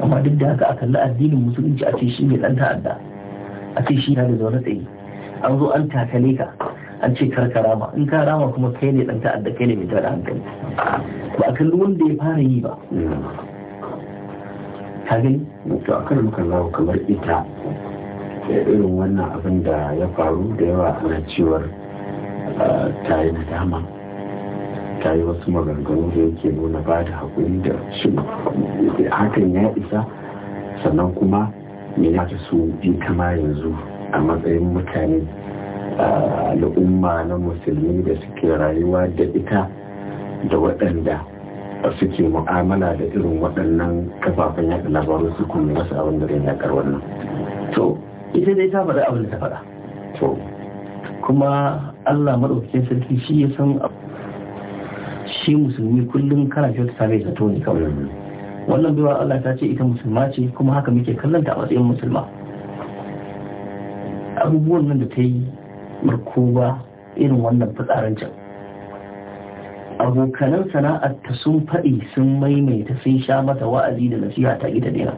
[SPEAKER 3] amma duk da haka a kalli addinin musulunci a ce shi ne dan ta'adda a ce shi na da zaune tsaye an zo an takale ka an ce kar karama in ka rama kuma kai ne dan ta'adda kai ne mai tara hankali ba a kalli wanda ya fara yi ba
[SPEAKER 2] ka gani to a kan muka kamar ita irin wannan abin da ya faru da yawa ana cewar eh, ta yi nadama ta yi wasu maganganu da yake nuna ba da haƙuri da shi hakan ya isa sannan kuma me ya su bi kama yanzu a matsayin mutane al'umma na musulmi da suke rayuwa da ita da waɗanda suke mu'amala da irin waɗannan kafafen yaɗa labaru su kuma masu abin da zai yaƙar wannan. To, ita dai ta faɗa abin da ta faɗa. To,
[SPEAKER 3] kuma Allah maɗaukakin sarki shi ya san shi musulmi kullum kana kyauta ta same zato ne kawai mm. wannan baiwa Allah ta ce ita musulma ce kuma haka muke kallon ta a matsayin musulma abubuwan nan da ta yi ba irin wannan fitsarancin abokanan ta sun faɗi sun maimaita sun sha mata wa'azi da nasiha ta ita daina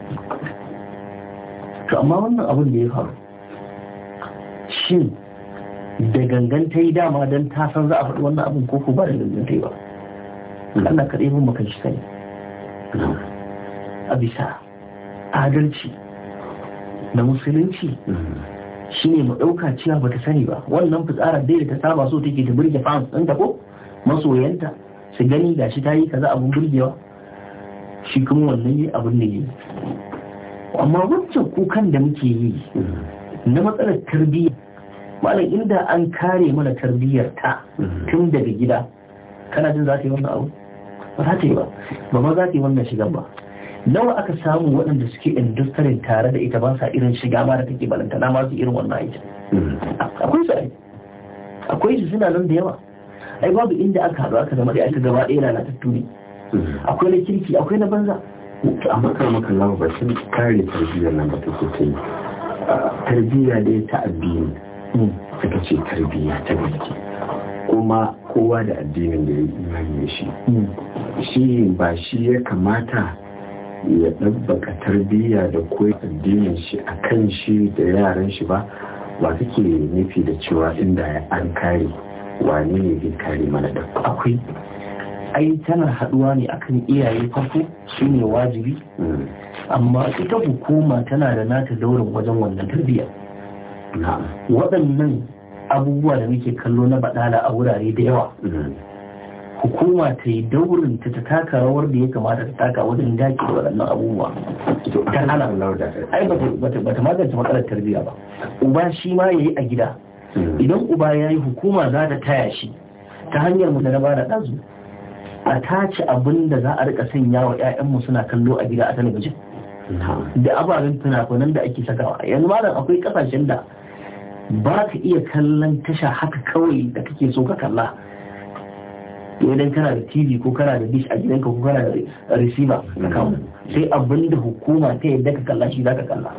[SPEAKER 3] to amma wannan abin da ya faru shin da gangan ta yi dama don ta san za a faɗi wannan abin ko ku ba da gangan ta yi ba Allah kaɗai mun baka shi sani a bisa adalci da musulunci mm-hmm. shi ne mu ɗauka cewa bata sani ba wannan fitsarar dai da ta saba so take ta burge fans ɗinta ko masoyanta su gani gashi ta yi kaza abin burgewa shi kuma wannan yi abin da yi amma wancan kukan da muke yi mm-hmm. na matsalar tarbiyya malam inda an kare mana tarbiyyar ta mm-hmm. tun daga gida kana jin za ta yi wannan abu ba za ta yi ba ba ma za ta yi wannan shigan ba nawa aka samu waɗanda suke industirin tare da ita ba sa irin shiga ma da take balanta na masu irin wannan aiki mm-hmm. akwai su akwai su suna nan da yawa ai babu inda aka haɗu aka zama da aka gaba ɗaya lalatattu
[SPEAKER 2] ne mm-hmm.
[SPEAKER 3] akwai na kirki akwai na banza
[SPEAKER 2] amma kan maka lawa ba shi kare tarbiyyar nan ba ta so ta yi tarbiyya dai ta addini mm. ita ce tarbiyya ta gaske kuma kowa da addinin da ya imani da shi shi ba shi ya kamata ya ɗabbaka tarbiyya da koyi addinin shi a kan shi da yaran shi ba ba suke nufi da cewa inda an kare wani ne zai kare mana da
[SPEAKER 3] akwai ai tana haduwa ne akan iyaye farko su ne wajibi mm. amma ita hukuma tana da nata daurin wajen wannan tarbiyya waɗannan abubuwa da muke kallo na baɗala a wurare da yawa mm-hmm. hukuma ta yi daurin ta taka rawar da ya kamata ta taka wajen daki da waɗannan abubuwa ta hana ai ba ta magance matsalar tarbiyya ba uba shi ma ya yi a gida mm-hmm. idan uba ya yi hukuma za ta taya shi ta hanyar mu na bada ɗazu a tace abin da za a rika sanya wa 'ya'yanmu suna kallo a gida a talabijin mm-hmm. da ababen tunakunan da ake sakawa yanzu malam akwai kasashen da ba ka iya kallon tasha haka kawai da kake so ka kalla idan kana da tv ko kana da dish a gidanka ko kana da receiver na kawo mm. sai abinda hukuma ta yadda ka kalla shi za ka kalla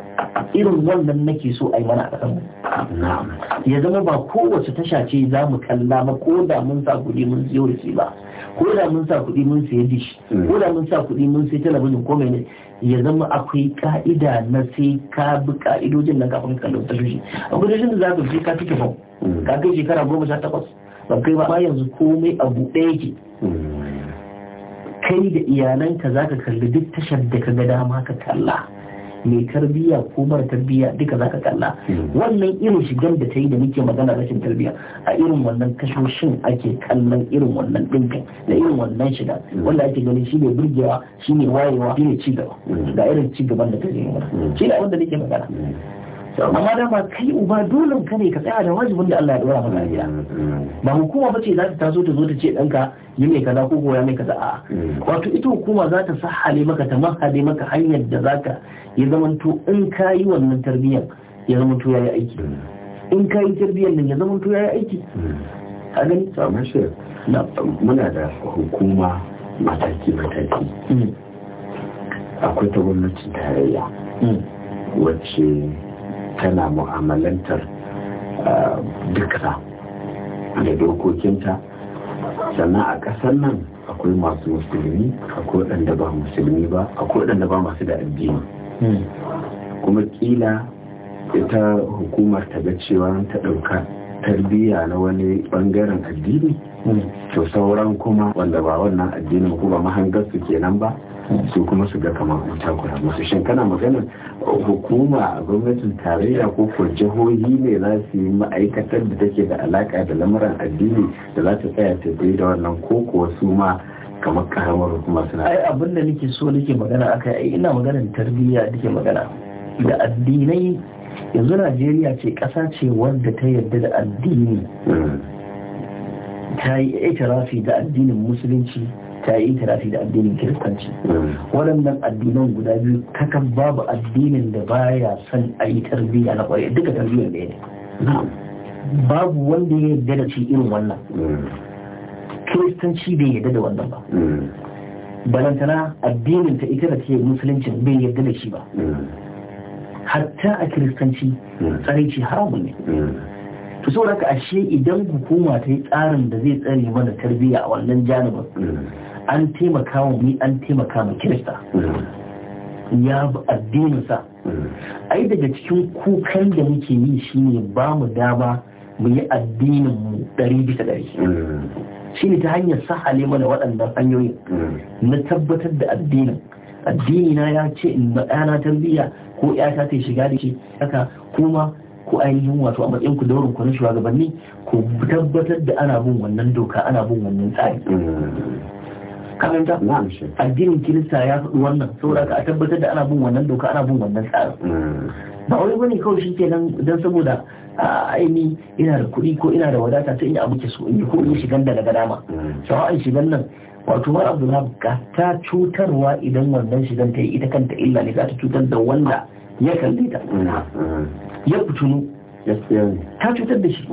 [SPEAKER 3] irin wannan nake so a yi mana a ya zama ba kowace tasha ce za mu kalla ba ko da mun sa kuɗi mun siyo risi ba ko da mun sa kuɗi mun siya dish ko da mun sa kuɗi mun siya talabijin ko mai ya zama akwai ka'ida na sai ka bi ka'idojin nan kafin kallon talabijin A tashin da za ka fi ka fi kafin mm. ka kai shekara goma sha takwas ba kai ba yanzu komai abu buɗe yake mm. kai da iyalanka za ka kalli duk tashar da ka ga dama ka kalla mai tarbiyya ko mara tarbiyya duka zaka kalla hmm. wannan irin shigar da ta yi da muke magana rashin tarbiyya a irin wannan kashoshin ake kallon irin wannan dinkin da irin wannan shiga hmm. wanda ake ganin shi ne burgewa shi ne wayewa shi ne cigaba Da hmm. irin cigaban da ta yi shi ne wanda nake magana amma da ba kai uba dole ka ne ka tsaya da wajibin da Allah ya dora maka gida ba hukuma bace za ta taso ta zo ta ce danka yi mai kaza ko goya mai kaza a wato ita hukuma za ta sahale maka ta mahade maka hanyar da zaka ya to in ka yi wannan tarbiyyar ya to ya yi aiki in ka yi tarbiyyar nan ya to ya yi aiki
[SPEAKER 2] a gani samun shi muna da hukuma mataki-mataki hmm. akwai ta gwamnatin tarayya hmm. wacce tana mu'amalantar ah, duka da dokokinta sannan a ƙasar nan akwai masu musulmi akwai waɗanda ba musulmi ba akwai waɗanda ba masu da addini Hmm. kuma kila ita hukumar ta ga cewa ta ɗauka tarbiyya na wani bangaren addini hmm. to sauran kuma wanda ba wannan addinin ko ba mahangar su kenan ba hmm. su kuma su ga kamar an takura musu shin kana magana. hukuma gwamnatin tarayya ko ko jihohi ne za su yi ma'aikatar da take da alaka da lamuran addini da za ta tsaya ta da wannan koko su ma kamar karamar hukuma suna ai abin da nake
[SPEAKER 3] so nake magana aka ai ina magana tarbiyya nake magana da addinai yanzu Najeriya ce ƙasa ce wanda ta yarda da addini hmm. ta yi itirafi da addinin musulunci ta yi itirafi da addinin kiristanci hmm. waɗannan addinan guda biyu kan babu addinin da baya son a yi tarbiyya na ƙwarai duka tarbiyyar da ne babu wanda ya yarda da shi irin wannan hmm. kiristanci bai yarda da wannan ba hmm. balantana addinin ta ita da ce musuluncin bai yarda da shi ba hmm. hatta a kiristanci hmm. tsaraici haramun ne to so haka ashe idan hukuma ta yi tsarin da zai tsare mana tarbiyya a wannan janibin an taimaka wa ni an taimaka ma kirista ya bi addininsa ai daga cikin kukan da muke yi shine ba mu dama mu yi addinin mu ɗari bisa ɗari shi ne ta hanyar sahale mana waɗannan hanyoyin mm. na tabbatar da addinin addini na ya ce in ɗana tarbiyya ko ya ta shiga da shi haka kuma ko ainihin wato a matsayin ku daurin ku na shugabanni ko tabbatar da ana bin wannan doka ana bin wannan tsari mm. kamanta addinin kirista ya faɗi wannan saboda ka a tabbatar da ana bin wannan doka ana bin wannan tsari mm. ba wani bane kawai shi ke nan don saboda aini ina da kuɗi ko ina da wadata sai in abu ke so in ko in shigan daga dama mm. shawa'an shigan nan wato mara abdullahi ga ta cutarwa idan wannan shigan ta yi ita kanta illa ne za ta cutar da wanda ya kalle ta mm. ya fitunu ta cutar da shi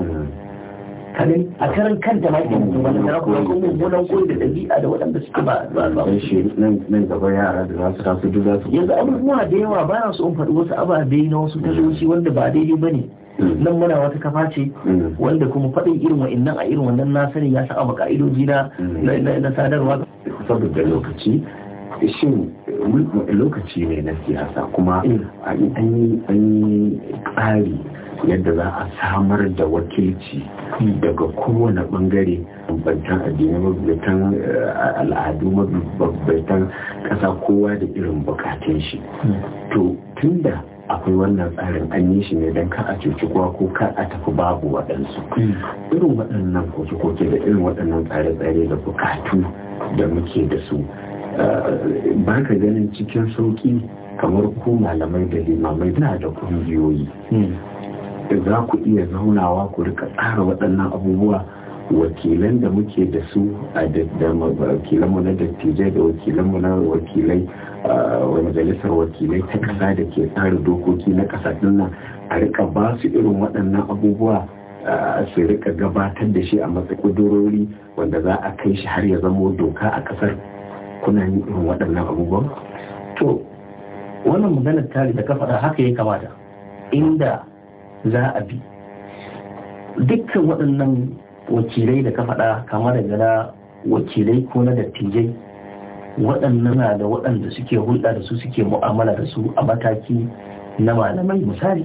[SPEAKER 3] kamin a karan kanta ma ke mutum wani tara kuma kun mummunan koyi da ɗabi'a da waɗanda suke ba ba ba
[SPEAKER 2] shi nan gaba yara da za su duk za
[SPEAKER 3] su yanzu abubuwa da yawa ba na so in faɗi wasu ababe na wasu tashoshi wanda ba daidai ba ne mm. nan muna wata kafa ce mm. wanda kuma faɗin irin wa'annan a irin wannan na sani ya sa abu ka'idoji
[SPEAKER 2] mm. na sadarwa saboda lokaci Eh, shin lokaci ne na siyasa kuma eh. an yi tsari yadda za a samar da wakilci hmm. daga kowane bangare babbantan addini babbantan eh, al'adu babbantan ƙasa kowa da irin bukatun shi hmm. to tunda akwai wannan tsarin an yi shi ne don ka a cuci kuwa ko ka a tafi babu waɗansu hmm. irin waɗannan koke-koke da irin waɗannan tsare-tsare da bukatu da muke da su ba ka ganin cikin sauƙi kamar ku malamai da limamai na da ƙungiyoyi. Hmm. za ku iya zaunawa ku rika tsara waɗannan abubuwa wakilan da muke da su a wakilanmu na dattijai da wakilanmu na wakilai a majalisar wakilai ta ƙasa da ke tsara dokoki na ƙasa nan a rika ba su irin waɗannan abubuwa su rika gabatar da shi a matsayin wanda za a kai shi har ya zamo doka a ƙasar kuna yin irin waɗannan abubuwan
[SPEAKER 3] to wannan maganar tari da kafaɗa haka ya kamata inda za a bi dukkan waɗannan wakilai da kafaɗa kama da na wakilai ko na dattijai waɗannan na da waɗanda suke hulɗa da su suke mu'amala da su a mataki na malamai misali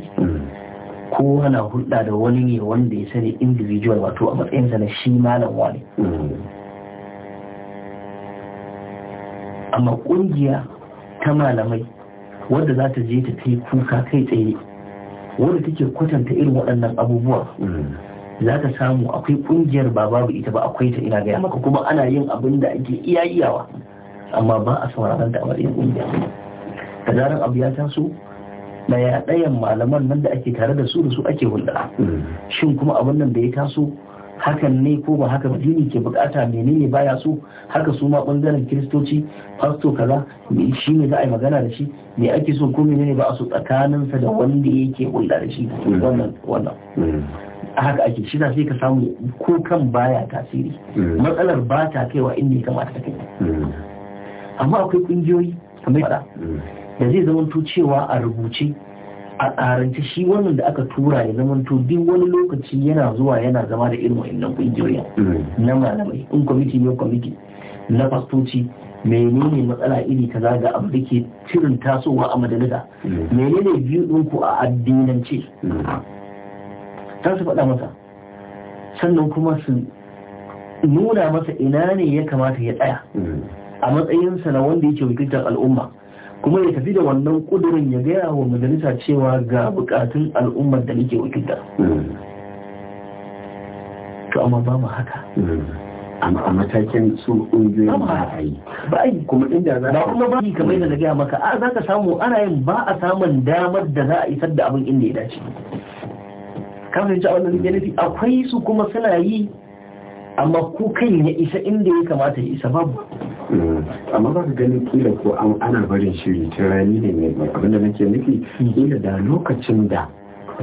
[SPEAKER 3] ko ana hulɗa da wani ne wanda ya sani individual wato a matsayinsa na shi malam wani mm. amma kungiya ta malamai wadda za ta je ta kai kuka kai tsaye wadda take kwatanta irin waɗannan abubuwa mm. za ta samu akwai ƙungiyar ba babu ita ba akwai ta ina gaya maka kuma ana yin abin da ake iya iyawa amma ba a sauraron da a ƙungiya. kungiya da zarar abu ya taso na ya ɗayan malaman nan da ake tare da su da su ake hulɗa mm. shin kuma abin nan da ya taso hakan ne ko ba haka dini ke bukata menene baya so haka su ma bangaren kiristoci pasto kaza me shi ne za a yi magana da shi me ake so ko menene ba a so tsakaninsa da wanda yake bulla da shi wannan
[SPEAKER 2] wannan
[SPEAKER 4] mm.
[SPEAKER 3] haka ake shi sai ka samu ko kan baya tasiri mm. matsalar ba ta kaiwa inda ya kamata ta kai mm. amma akwai kungiyoyi kamar da zai zama cewa a rubuce a karance shi wannan da aka tura ya zama to duk wani lokaci yana zuwa yana zama da irin wa'annan kungiyoyin mm-hmm. na malamai in kwamiti ne kwamiti na fastoci menene matsala iri ta zaga abu da ke cirin tasowa a majalisa mm-hmm. menene biyu ɗinku a addinance mm-hmm. tasu su faɗa masa sannan kuma su nuna masa ina ne ya kamata ya tsaya a matsayinsa na wanda yake wakiltar al'umma kuma ya tafi da wannan kudurin ya gaya wa majalisa cewa ga bukatun al'ummar da nake wakilta
[SPEAKER 2] mm-hmm. to amma ba mu haka mm-hmm. a matakin su ƙungiyoyin ba a yi ba a yi kuma inda za ba kuma ba yi kamar
[SPEAKER 3] yadda na gaya maka a za ka samu ana yin ba a samun damar da za a isar da abin inda ya dace kafin ci a wannan nufi akwai su kuma suna yi amma ko kai ya isa inda ya kamata ya isa babu
[SPEAKER 2] Mm. amma ba ka ganin kila ko ana barin shiri ta rani ne mai abinda nake nufi mm. kila da lokacin da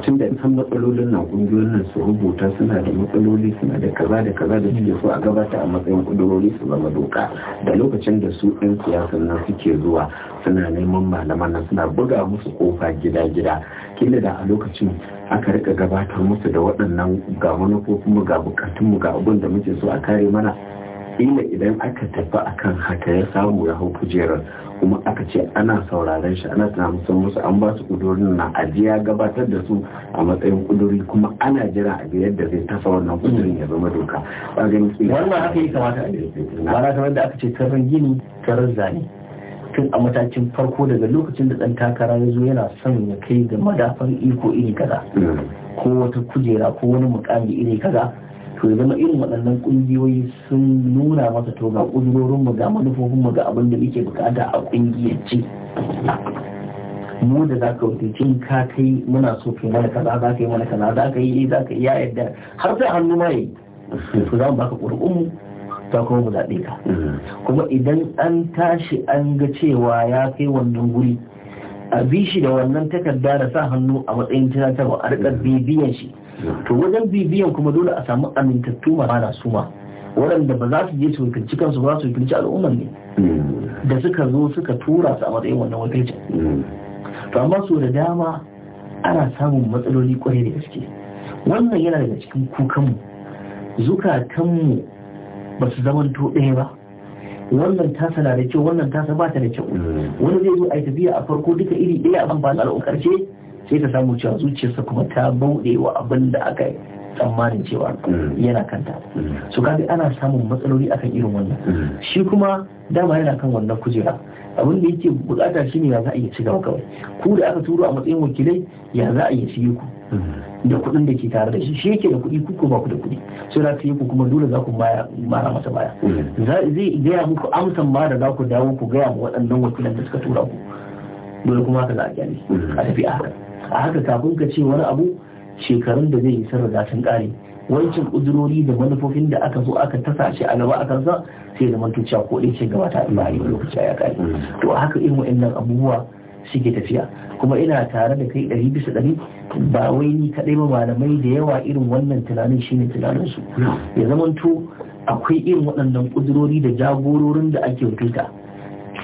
[SPEAKER 2] tun da san matsalolin na kungiyoyin nan su rubuta suna da matsaloli suna da kaza da kaza da suke so a gabata a matsayin kudurori su zama doka da lokacin da su ɗin siyasan nan suke zuwa suna neman malaman nan suna buga musu kofa gida-gida kila da a lokacin aka rika gabatar musu da waɗannan ga manufofinmu ga bukatunmu ga abin da muke so a kare mana ila idan aka tafi akan haka ya samu ya hau kujerar kuma aka ce ana sauraren shi ana tunanin sun musu an ba su kudurin na ajiya gabatar da su a matsayin kuduri kuma ana jira a ga yadda zai tafa wannan kudurin ya zama doka wannan haka yi kamata a kamar da aka ce karar gini karar zane tun a matakin
[SPEAKER 3] farko daga lokacin da ɗan takara ya zo yana son ya kai ga madafar iko iri kaza hmm. ko wata kujera ko wani mukami iri kaza to ya zama irin waɗannan ƙungiyoyi sun nuna masa to ga mu ga mu ga abin da muke bukata a ƙungiyarci mu da za ka wakilci ka kai muna so kai mana kaza za ka yi mana kaza za ka yi eh, za ka yi ya yadda har sai hannu ma yi to za mu baka ƙuri'unmu ta kuma mu zaɓe ka kuma idan an tashi an ga cewa ya kai wannan guri a bi shi da wannan takarda da sa hannu a matsayin tunatarwa a riƙa bibiyan shi to wajen bibiyan kuma dole a samu amintattu mara suma waɗanda ba za su je su wakilci kansu ba su wakilci al'ummar ne mm. da suka zo suka tura su a matsayin wannan wakilci mm. to amma so da dama ana samun matsaloli kwarai da gaske wannan yana daga cikin kukanmu zukatanmu ba su zamanto ɗaya ba wannan tasa na da kyau wannan tasa ba ta da kyau mm. wani zai zo a tafiya a farko duka iri ɗaya a ba al'ummar ƙarshe sai ta samu cewa zuciyarsa kuma ta bauɗe wa abin da aka tsammanin cewa mm. yana kanta mm. su kaga ana samun matsaloli akan irin wannan mm. shi kuma dama yana kan wannan kujera abin da yake bukata ne ya za a iya cigaba kawai ku da aka turo a matsayin wakilai ya za a iya shi ku da kuɗin da ke tare da shi shi yake da kuɗi kuku ba ku da kuɗi sai za ta yi ku kuma dole za ku mara masa baya zai gaya muku amsan ma da za ku dawo ku gaya ma waɗannan wakilan da suka tura ku dole kuma haka za a gyale a tafi a haka a haka kafin ka ce wani abu shekarun da zai yi sun riga sun kare wancan kudurori da manufofin da aka zo aka tasa shi a gaba a kansa sai da mantuciya ko ɗin ce gaba ta Allah ya lokaci ya kare mm. to a haka irin wa'annan abubuwa suke tafiya kuma ina tare da kai ɗari bisa ɗari ba wai ni kaɗai ba malamai da yawa irin wannan tunanin shine su ya zamanto akwai irin waɗannan kudurori da jagororin da ake wakilta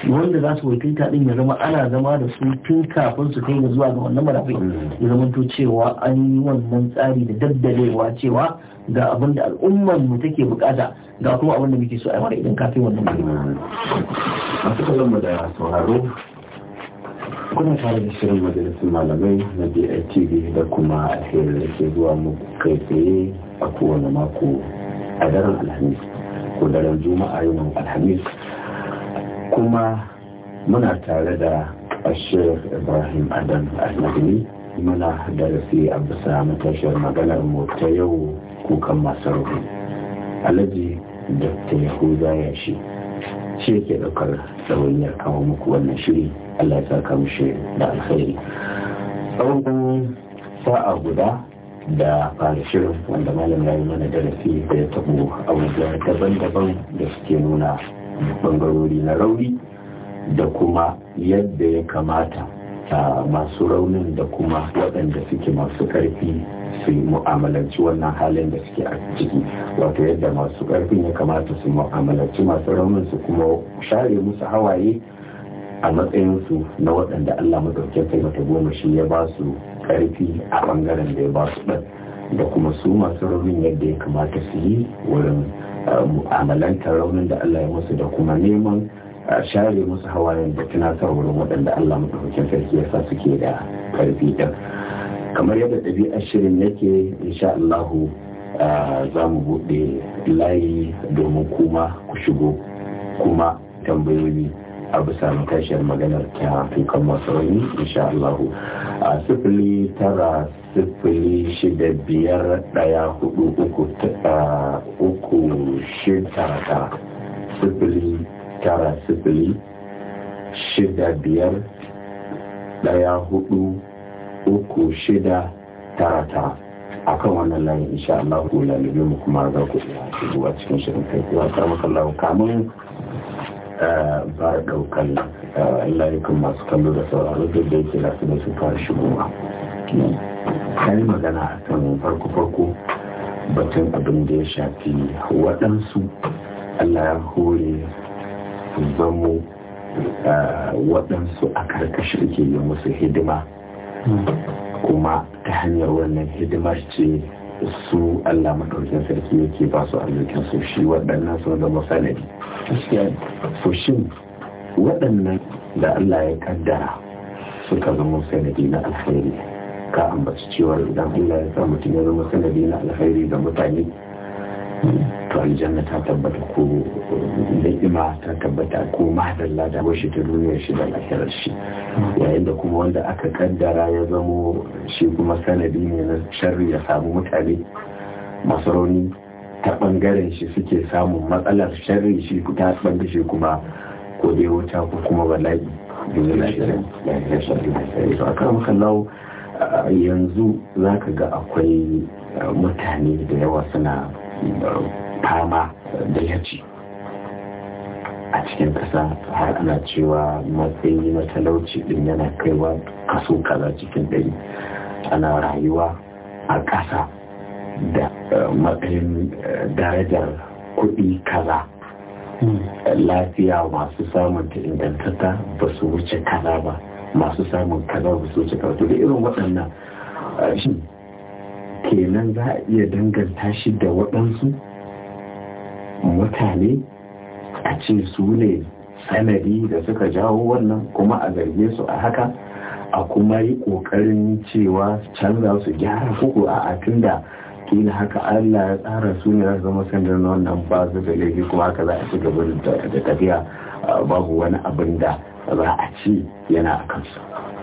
[SPEAKER 3] wanda za su wakilta din ya zama ana zama da su tun kafin su kai zuwa ga wannan marafi ya zama to cewa an yi wannan tsari da daddalewa cewa ga abin da al'ummar mu take bukata ga kuma abin
[SPEAKER 2] da muke so a yi idan kafin wannan marafi masu kallon mu da sauraro kuna tare da shirin majalisun malamai na DITV da kuma alherin da ke zuwa mu kai tsaye a kowane mako a daren alhamis ko daren juma'a yawan alhamis kuma muna tare da ashir ibrahim adam almadini muna darasi a bisa matashiyar maganar mu ta yau kukan masarufi alhaji dr yahuza ya shi shi ke daukar 'yar kawo muku wannan shiri allah ya saka mushe da alkhairi tsawon sa'a guda da fara shirin wanda malam ya yi mana darasi da ya tabo wajen daban-daban da suke nuna bangarori na rauni da kuma yadda ya kamata masu raunin da kuma waɗanda suke masu ƙarfi su mu'amalanci wannan halin da suke a ciki wato yadda masu ƙarfin ya kamata su mu'amalanci masu raunin su kuma share musu hawaye a matsayinsu na waɗanda Allah madaukakin sai mata goma shi ya ba su ƙarfi a ɓangaren da ya ba su ɗan da kuma su masu raunin yadda ya kamata su yi wurin mu'amalantar raunin da Allah ya musu da kuma neman a share musu hawayen da tunatarwar waɗanda Allah madaukakin sarki ya sa suke da karfi ɗin kamar yadda ɗabi'ar shirin yake insha Allahu za mu buɗe layi domin kuma ku shigo kuma tambayoyi a bisa tashiyar maganar ta kan masu rauni insha Allah a sifili tara sifili shida biyar daya hudu uku uku shida ta sifili tara sifili shida biyar daya hudu uku shida tara ta a kan wannan layin insha Allah ku lalube mu kuma za ku shigo a cikin shirin kai kuwa karamakon lawo kamun ba a daukan eh, layukan masu kallo da sauraro da da yake lafi da su fara shigowa ta yi magana a kan farko-farko batun abin da ya shafi waɗansu allah ya hore zamo eh, waɗansu a karkashi ke yi musu hidima kuma ta hanyar wannan hidimar ce su allah maɗaukin sarki yake ba su arzikin su shi waɗannan sun zama sanadi gaskiya fushin waɗannan da Allah ya kaddara suka zama sanadi na alkhairi ka ambaci cewa idan Allah ya sa mutum ya zama sanadi na alkhairi ga mutane to aljanna ta tabbata ko ni'ima ta tabbata ko madalla da washi ta duniyar shi da lahirar shi yayin da kuma wanda aka kaddara ya zamo shi kuma sanadi ne na sharri ya samu mutane masu rauni ta bangaren shi suke samun matsalar sharri shi ta bangar shi kuma ko dai wuta ko kuma bala'i yanzu za ka ga akwai eh, mutane da yawa suna eh, fama da yaci a cikin kasa har ana cewa matsayi matalauci din yana kaiwa kaso kaza cikin ɗari ana rayuwa a ƙasa da eh, matsayin eh, darajar kuɗi kaza hmm. lafiya masu samun ta ingantatta ba su wuce kaza ba masu samun kaza ba su wuce kaza to da irin waɗannan eh, shi kenan za a iya danganta shi da waɗansu mutane a ce su ne sanadi da suka jawo wannan kuma a zarge su a haka a kuma yi ƙoƙarin cewa canza su gyara ko a tun da kila haka Allah ya tsara su ne zama sanda na wannan ba su da laifi kuma haka za a ci gaba da tafiya babu wani abin da za a ci yana a kansu.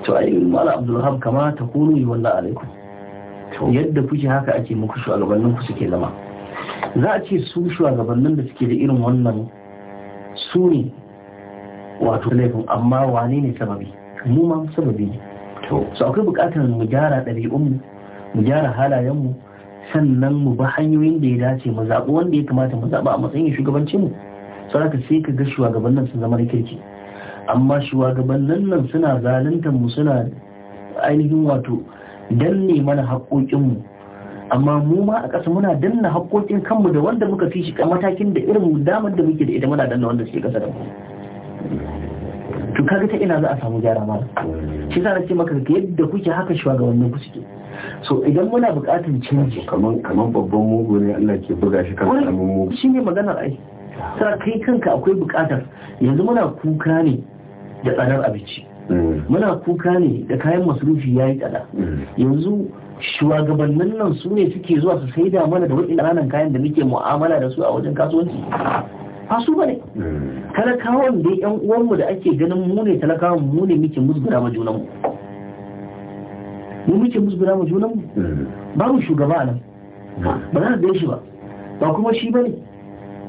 [SPEAKER 2] To a yi mara Abdullahi kama ta kuno yi wallah alaikum. Yadda
[SPEAKER 3] kuke haka ake muku shugabannin ku suke zama. Za a ce su shugabannin da suke da irin wannan su ne wato laifin amma wane ne sababi? Mu ma sababi ne. To, so akwai bukatar mu gyara ɗabi'unmu, mu gyara halayenmu, sannan mu ba hanyoyin da ya dace mu zaɓi wanda ya kamata mu zaɓa a matsayin shugabancin mu haka sai ka ga shugabannin sun zama kirki amma shugabannin nan suna zaluntar mu suna ainihin wato danne mana haƙoƙin mu amma mu ma a ƙasa muna danna haƙoƙin kanmu da wanda muka fi shi matakin da irin damar da muke da ita muna danna wanda suke ƙasa da mu to kaga ta ina za a samu gyara ma shi sa na ce maka yadda kuke haka shugabannin ku suke so idan muna buƙatar canji kamar kamar babban mugu ne Allah ke buga shi kan karamin mugu shi ne maganar ai sa kai kanka akwai bukatar yanzu muna kuka ne da tsadar abinci mm. muna kuka ne da kayan masarufi yayi tsada mm. yanzu shugabannin nan su ne suke zuwa su saida mana da waɗin ranar kayan da muke mu'amala da su a wajen kasuwanci ba su bane mm. talakawan da yan uwanmu da ake ganin mu ne talakawan mu ne muke musgura ma junanmu mu muke musbira mu junan mu hmm. ba mu shugaba nan hmm. ba za ka shi ba ba kuma shi bane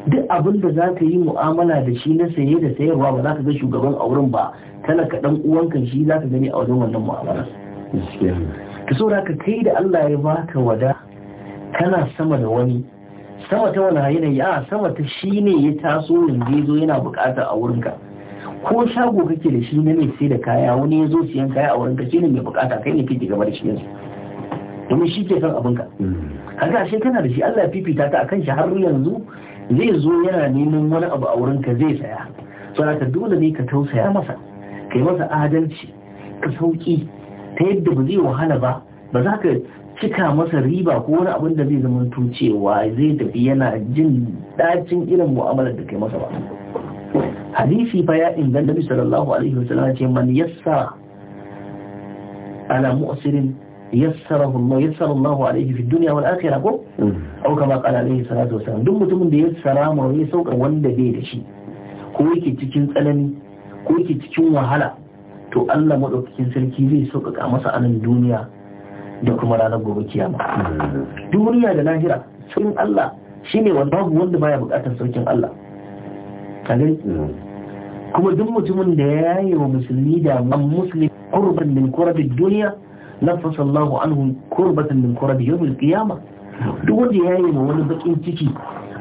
[SPEAKER 3] duk abin da za ka yi mu'amala da shi na saye da sayarwa ba za ka ga shugaban a wurin ba ka dan uwanka shi za ka gani a wajen wannan mu'amala ka so ka kai da Allah ya baka wada kana sama da wani sama ta wani yanayi a sama ta shi ne ya taso yanzu zo yana bukata a wurinka ko shago kake da shi na mai sai da kaya wani ya zo siyan kaya a wurin ka ne mai bukata kai ne kike gaba da shi yanzu domin shi ke son abinka kaga ashe kana da shi Allah ya fifita ta akan shi har yanzu zai zo yana neman wani abu a wurin ka zai saya ka dole ne ka tausaya masa kai masa adalci ka sauki ta yadda ba zai wahala ba ba za ka cika masa riba ko wani abin da zai zama cewa zai tafi yana jin dacin irin mu'amalar da kai masa ba hadisi fa ya inganta nabi sallallahu alaihi wasallam ce man yassara ala mu'sirin yassarahu Allah yassara Allah alaihi fi dunya wal akhirah ko hmm. au kama qala alaihi salatu wasallam duk mutumin da yassara mu ya sauka wanda bai da shi ko yake cikin tsanani ko yake cikin wahala to Allah madaukakin sarki zai sauƙaƙa masa anan duniya da kuma ranar gobe kiyama hmm. duniya da lahira sun Allah shine wanda babu wanda baya bukatar saukin Allah kadai kuma duk mutumin da ya yi wa musulmi da muslim kurban min qurabi dunya nafasa Allahu anhu qurbatan min qurabi yawm al-qiyamah duk wanda ya yi wa wani bakin ciki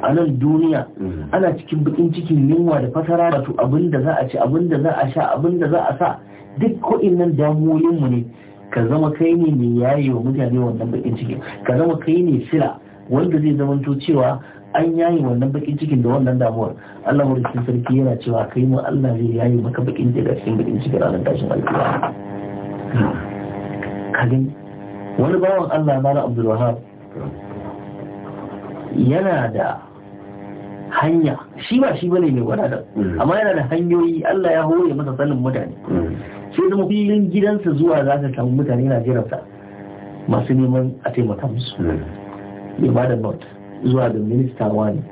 [SPEAKER 3] a nan duniya ana cikin bakin cikin yunwa da fatara da to abin za a ci abinda da za a sha abin da za a sa duk ko'innan damuwoyinmu ne ka zama kai ne mai yaye wa mutane wannan bakin ciki ka zama kai ne sila wanda zai zamanto cewa an yayi wannan bakin cikin da wannan damuwar Allah mu rikin sarki yana cewa kai mu Allah zai yayi maka bakin cikin da cikin bakin cikin ranar tashin alƙiyama kadin wani bawan Allah na Abdul Wahab yana da hanya shi ba shi bane mai da mm. amma yana da hanyoyi Allah ya hore masa sanin mutane mm. sai zama filin gidansa zuwa za ka samu mutane na jiransa masu neman a taimaka musu bai mm. ba da note zuwa ga minista wani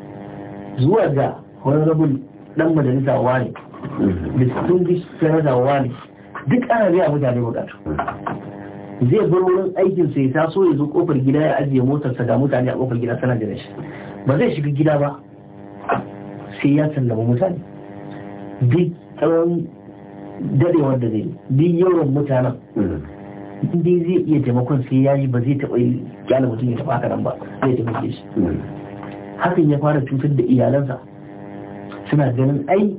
[SPEAKER 3] zuwa ga honorable dan majalisa wani mhm. distinguished senator wani duk ana biya mutane bukatu mhm. zai bar wurin aikin sai ta so ya zo kofar gida ya ajiye motarsa ga mutane a kofar gida sana da shi ba zai shiga gida ba sai ya sallama mutane duk tsawon dadewar da zai yi, duk yawan mutanen mhm. in dai zai iya taimakon sai ya yi ba zai taɓa yi kyala mutum ya taɓa haka nan ba zai taimake shi hmm. hakan ya fara cutar da iyalansa suna ganin ai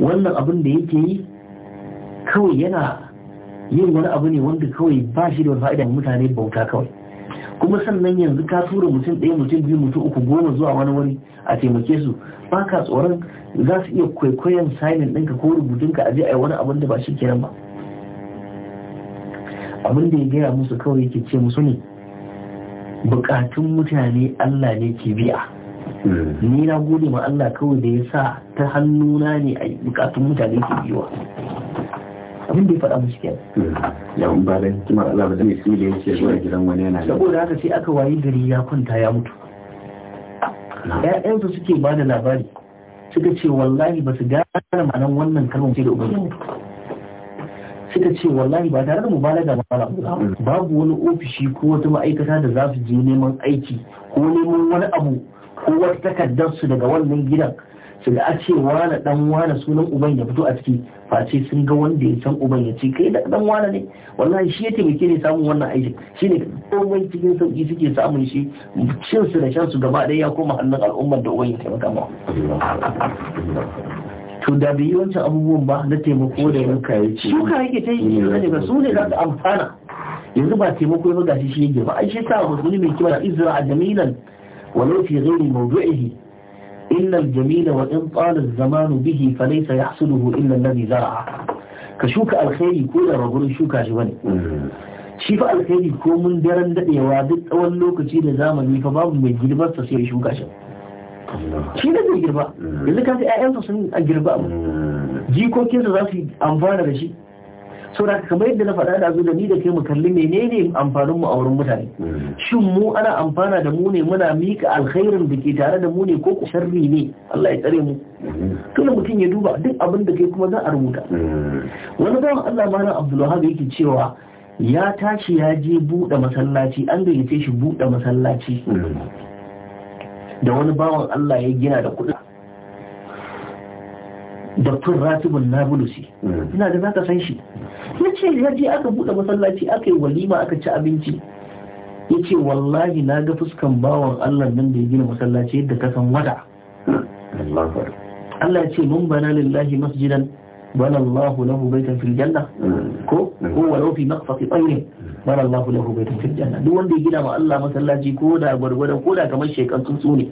[SPEAKER 3] wannan abin da yake yi kawai yana yin wani abu ne wanda kawai ba shi da wani fa'ida mutane bauta kawai kuma sannan yanzu ka tura mutum ɗaya mutum biyu mutum uku goma zuwa wani wuri a taimake su ba ka tsoron za su iya kwaikwayon sainin ɗinka ko rubutunka a je a yi wani abin da ba shi kenan ba abin da ya gaya musu kawai yake ce musu ne bukatun mutane Allah ne ke biya hmm. ni na gode ma Allah kawai da ya sa ta hannuna ne a bukatun mutane ke biyuwa abin da ya faɗa
[SPEAKER 2] musu hmm. ya yawon ba da kima Allah ba mai su ya ce zuwa gidan wani yana saboda
[SPEAKER 3] haka sai aka wayi gari ya kwanta ya mutu ƴaƴansu suke ba da labari suka ce wallahi ba su gane ma'anar wannan kalmar ce da ubangiji suka ce wallahi ba tare da mubalaga ba babu wani ofishi ko wata ma'aikata da za su je neman aiki ko neman wani abu ko wata takardar su daga wannan gidan su da a ce wane dan wane sunan uban ya fito a ciki face sun ga wanda ya san uban ya ce kai da dan wane ne wallahi shi ya taimake ne samun wannan aiki. shi ne komai cikin sauki suke samun shi cin su da shan su gaba ɗaya ko koma hannun al'ummar da uban ya taimaka ma to da bi yawancin abubuwan ba na taimako da mun kai ce su kai yake
[SPEAKER 4] ta yi ne ba
[SPEAKER 3] su ne za su amfana yanzu ba taimako ya gashi shi yake ba ai shi sa ba suni mai kima da izra jamilan walau fi ghairi mawdu'ihi illa al-jamil wa in talal zamanu bihi fa laysa yahsuluhu illa alladhi zara'a ka shuka alkhairi ko da rabu shuka shi bane mm. shi fa alkhairi ko mun daren dadewa duk tsawon lokaci da zamani fa babu mai girbar sa sai shuka shi shi ne zai girba yanzu kan ƴaƴansa sun girba mu hmm. jikokinsa za su yi amfana da shi da kamar yadda na faɗa da zo da ni da kai mu kalli menene amfanin mu a wurin mutane hmm. shin mu ana amfana da mu ne muna mika alkhairin da ke tare da mu ne ko sharri ne Allah ya tsare mu tunda hmm. mutum ya duba duk abin da kai kuma za a rubuta wani bawan Allah malam Abdulwahab yake cewa ya tashi ya je buɗe masallaci an gayyace shi buɗe masallaci da wani bawan Allah ya gina da kuɗi Dr. Ratibun Nabulusi mm. ina da zaka san shi yace ya je aka buɗe masallaci aka yi walima aka ci abinci yace wallahi na ga fuskan bawan Allah nan da ya gina masallaci yadda ka san wada Allah ya ce mun bana lillahi masjidan bana Allah lahu baitan fil janna mm. ko mm. huwa law fi maqsati mara Allah lahu bai tafi janna duk wanda ya gina ma Allah masallaci ko da gwargwadon ko da kamar shekan tsuntsu ne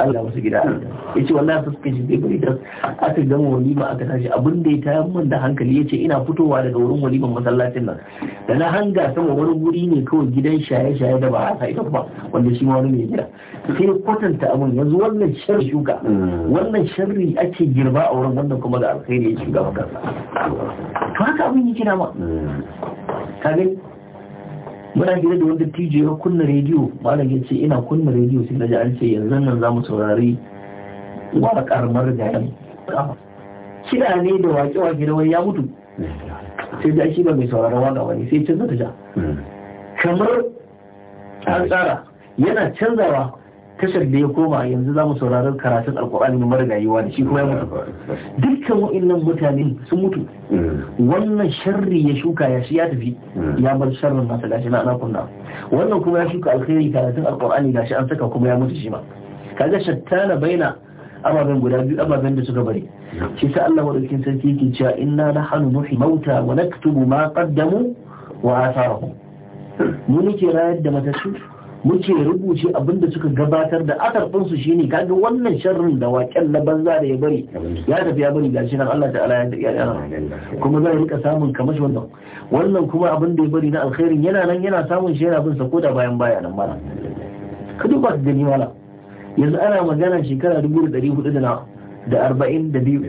[SPEAKER 3] Allah wasu gida ya ce wallahi suka shi zai bari da aka wani ba aka tashi abin da ya tayar min da hankali ya ce ina fitowa daga wurin waliman masallacin nan da na hanga sama wani guri ne kawai gidan shaye-shaye da ba a sa ita ba wanda shi ma wani mai gida sai kwatanta abin yanzu wannan sharri shuka hmm. wannan sharri ake girba a wurin wannan kuma da alkhairi ya shiga maka to haka abin yake na ma hmm. ka gani muna gida da wanda tije ya kunna rediyo malam ya ce ina kunna rediyo sai na ji an ce yanzu nan za mu saurari waƙar margari kiɗa ne da waƙe-waƙe da wani ya mutu sai da shi ba mai saurari waƙa wani sai canza ta ja hmm. kamar an tsara yana canzawa tashar da ya koma yanzu za mu saurari karatun alkur'ani mara marigayewa da shi kuma ya mutu dukkan wa'annan mutane sun mutu mm. wannan sharri ya shuka ya shi ya tafi mm. ya bar sharrin nasa gashi na ana kunna wannan kuma ya shuka alkhairi karatun alkur'ani gashi an saka kuma ya mutu shi ma kaga shattana baina ababen guda biyu ababen da suka bari mm. shi sa Allah madaukakin sarki yake cewa inna nahnu nuhi mauta wa naktubu ma qaddamu wa atharahum hmm. mu ke rayar da matattu muke rubuce da suka gabatar da asar shi ne kaga wannan sharrin da waƙen na banza da ya bari ya tafi ya bari ga nan Allah ta'ala ya yana kuma zai rika samun kamar wannan wannan kuma abin da ya bari na alkhairin yana nan yana samun shi yana bin sa koda bayan baya nan mana ka duba gani mana yanzu ana magana shekara dubu da hudu da da arba'in da biyu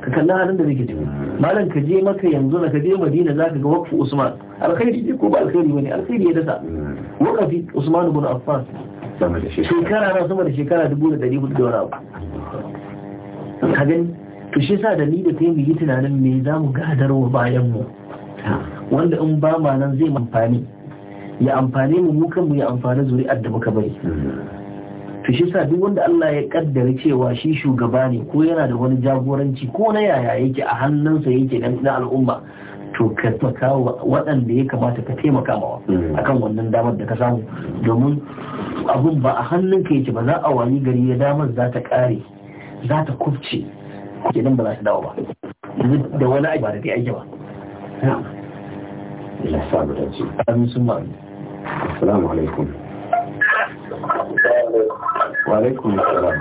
[SPEAKER 3] ka kalli halin da muke ciki malam ka je maka yanzu na ka je madina za ka ga wakfu usman alkhairi ne ko ba alkhairi wani alkhairi ya dasa wakafi usman ibn affan shekara na sama da shekara dubu da dari hudu da wani abu ka gani to shi sa da ni da kai mu yi tunanin me za mu gadar wa bayan mu wanda in ba ma nan zai amfani ya amfani mu mu kan mu ya amfani zuri'ar da muka bari to shi sa duk wanda Allah ya kaddara cewa shi shugaba ne ko yana da wani jagoranci ko na yaya yake a hannunsa yake na al'umma to ka taimaka waɗanda ya kamata ka taimaka mawa mm. akan wannan damar da ka samu domin abun ba a hannunka yake ba za a wani gari ya damar za ta ƙare za ta kufce nan ba za ta dawo ba da wani aiki ba da ta
[SPEAKER 2] aiki ba Assalamu alaikum. Walaikun salam.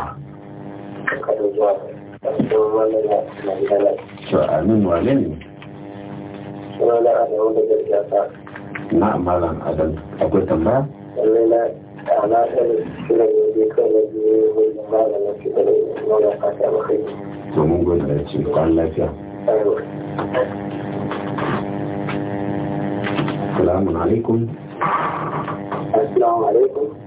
[SPEAKER 4] To
[SPEAKER 2] amin wane ne? Wala Adamu da Gargasa. Na amalan Adam, tambaya? alaikum.
[SPEAKER 4] Assalamu alaikum.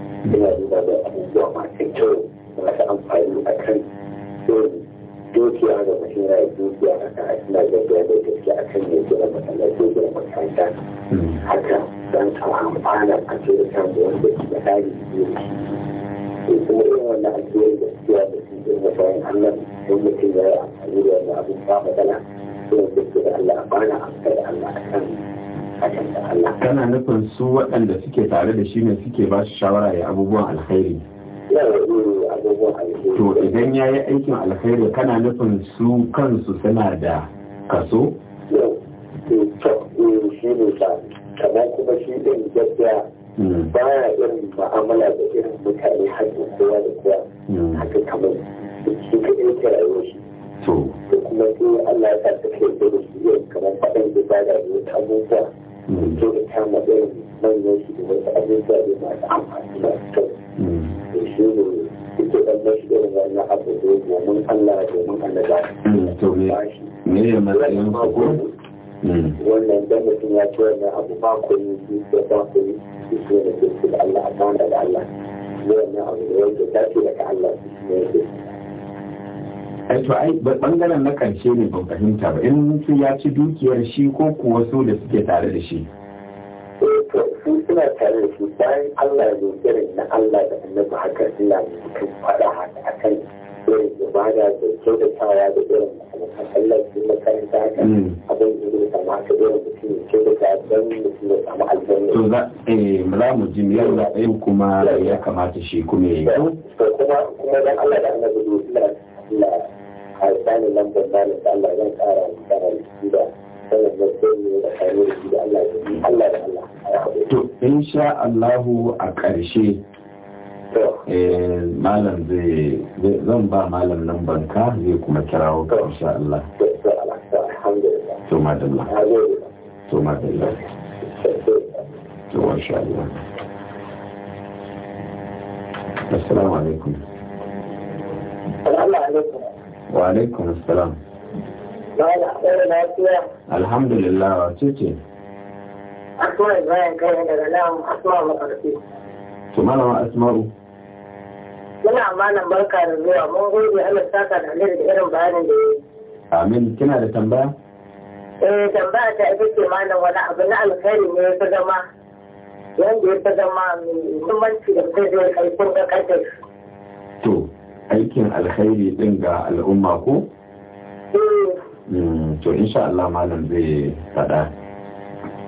[SPEAKER 3] yana duba da abubuwa masu kyau
[SPEAKER 2] masu amfani a kan irin dukiya da mutum yana dukiya a kan asina da biya da gaske a kan ya da masallaci gina
[SPEAKER 4] makaranta haka don ta amfana a cikin samun wanda ke da tsari biyu kuma irin wannan alheri gaskiya da su irin masayin allah sai mutum ya yi amfani da wannan abin ba matsala irin da Allah a bana a kai Allah a kan
[SPEAKER 2] kana nufin su waɗanda suke tare da shi ne suke ba shawara ya abubuwan alkhairi to idan ya yi aikin alkhairi kana nufin su kansu suna da kaso
[SPEAKER 4] kamar kuma shi ɗin gaskiya hmm. ba ya irin ma'amala da irin mutane hakan kowa da kowa hmm. haka kamar shi kaɗai yake rayuwar shi to kuma sai Allah ya sa ta kai da shi irin kamar faɗin da ba da ta abubuwa to da kama irin manyan su da wasu abubuwa da masu amfani da
[SPEAKER 2] da mm. shi ne ita shi abu da Allah Allah
[SPEAKER 4] mm, to me me ya
[SPEAKER 2] matsayin ko mm. wannan dan mutum ya ce wannan abu ba ku yi shi da ba ku yi shi ne da ke Allah da Allah wannan abu da daga Allah shi ne Eh, to ai bangaren na karshe ne ban fahimta ba in mutum ya ci dukiyar shi ko kuwa su da suke tare da shi su suna tare da shi bayan Allah ya
[SPEAKER 4] irin na Allah da annabi haka Allah ne mutum faɗa haka akan irin ibada da
[SPEAKER 2] kyautatawa da irin mutum Allah su makaranta haka hmm. abin da zai samu haka irin mutum ya kyautata don mutum ya samu aljanna. To za eh, za mu ji miyar da ɗayan kuma ya kamata shi kuma ya yi. Kuma kuma dan Allah da annabi suna a sani lambar malin da Allah zan kara wa kara da shi da sanar da sai ne da
[SPEAKER 4] Allah da Allah da Allah.
[SPEAKER 2] To, insha Allahu a ƙarshe eh, malam zai zan ba malam lambar ka zai kuma kirawo ka insha Allah. To, madalla. To, madalla. To, insha Allah. Assalamu alaikum.
[SPEAKER 4] Allah alaikum.
[SPEAKER 2] wa alaikum assalam alhamdulillah wa cece
[SPEAKER 5] asma bayan kai daga nan asma makarfi
[SPEAKER 2] to malama asma'u
[SPEAKER 5] Muna malam barka da zuwa mun gode Allah saka da alheri da irin bayanin da yi.
[SPEAKER 2] Amin kina da tambaya?
[SPEAKER 5] Eh tambaya ta ita ce malam wani abu na alkhairi ne ya fi zama wanda ya fi zama mai muhimmanci da kai zai kai ko ga kashe
[SPEAKER 2] aikin alkhairi din ga al'umma ko? Hmm, to insha Allah malam zai fada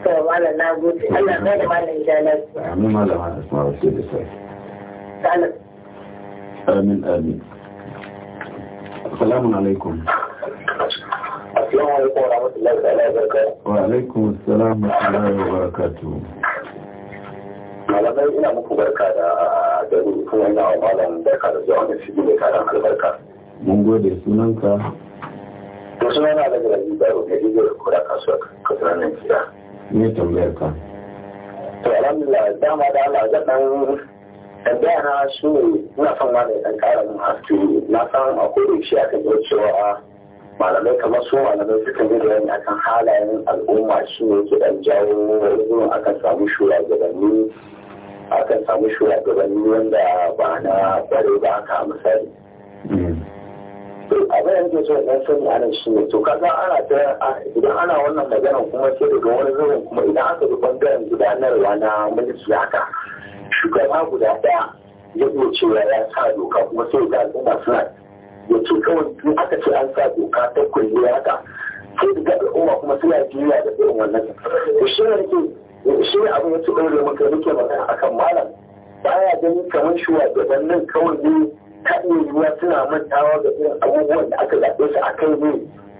[SPEAKER 5] to malam na gode Allah da malam amin malam
[SPEAKER 2] asma da sai amin amin assalamu alaikum
[SPEAKER 3] assalamu alaikum wa rahmatullahi wa barakatuh
[SPEAKER 2] wa alaikum assalam wa rahmatullahi wa barakatuh malamai ina muku barka da da rubutun wannan wa malam barka da zuwa wani sigi mai taron albarka. Mun gode sunanka. Da suna na da gari da rubuta da kura kasuwa kasuwar Najeriya.
[SPEAKER 4] Me tambayar ka?
[SPEAKER 3] To alhamdulillah dama da Allah zan dan tambaya na ne ina son ma da ɗan ƙara mun haske na san akwai da shi aka yi cewa malamai kamar su malamai suka yi bayani akan halayen al'umma shi ne ke ɗan jawo wani akan samu shura gabanni akan samu shugabanni wanda ba na bare ba aka misali hmm. abin yanzu so dan sani anan shi ne to kaga ana ta idan ana wannan magana kuma sai daga wani zuwan kuma idan aka bi bangaren gudanarwa na mulki haka shugaba guda daya ya iya cewa ya sa doka kuma sai ga al'umma suna ya ce kawai in aka ce an sa doka ta kulle haka sai da al'umma kuma suna jiya da irin wannan to shi ne shi ne abin yake ɗaure maka nake magana kan malam baya ganin kamar shugabannin kawai ne kaɗin ruwa suna mantawa ga irin abubuwan da aka zaɓe su a kai ne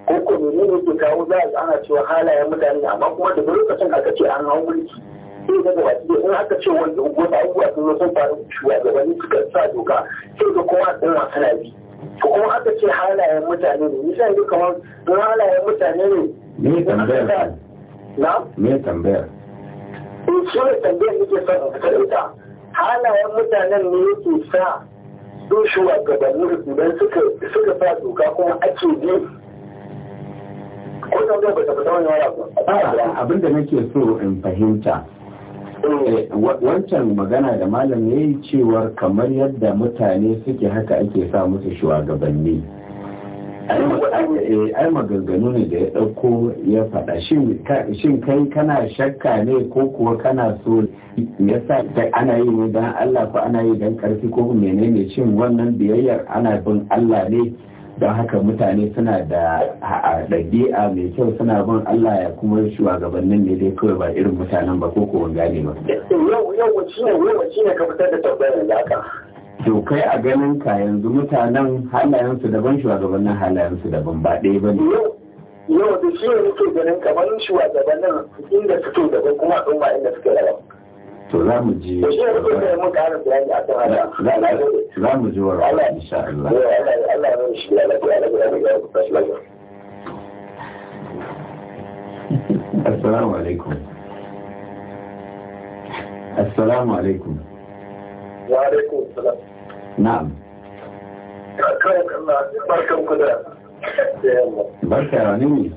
[SPEAKER 3] ko ko ne ne ke kawo za a ana cewa halayen mutane amma kuma da lokacin aka ce an hau mulki sai daga wasu ne in aka ce wanda wasu abubuwa sun zo sun faru shugabanni suka sa doka sai ga kuma ɗin wasu na bi ko kuma aka
[SPEAKER 1] ce halayen mutane ne misali kamar halayen mutane ne me tambayar na
[SPEAKER 2] me tambayar
[SPEAKER 1] to shi ne tambayar nake son karanta halayen mutanen ne yake sa su shugabannin idan suka suka sa doka kuma ake bi ko tambayar ba ta fita wani wara ba ah,
[SPEAKER 2] abin da nake so in fahimta eh. Eh, wancan magana da malam ya yi cewar kamar yadda mutane suke haka ake sa musu shugabanni ai maganganu ne da ya ɗauko ya faɗa shin kai kana shakka ne ko kuwa kana so ya sa ana yi ne don Allah ko ana yi don ƙarfi ko menene shin wannan biyayyar ana bin Allah ne don haka mutane suna da ɗabi'a mai kyau suna bin Allah ya kuma shugabannin ne dai kawai ba irin mutanen ba ko kuwa gane ba.
[SPEAKER 1] Yau yau ne ka fitar da tabbayar da haka.
[SPEAKER 2] to a ganin ka yanzu mutanen halayensu daban shugabannin halayensu daban ba ɗaya ba ne
[SPEAKER 3] yau da shi ne ke ganin kamar shugabannin inda suke daban kuma al'umma inda suke daban
[SPEAKER 2] to za mu ji za mu ji wa
[SPEAKER 3] rawa insha Allah
[SPEAKER 2] Assalamu alaikum Assalamu alaikum
[SPEAKER 5] Wa
[SPEAKER 1] alaikum salam na'am barkan ku da
[SPEAKER 2] barka ne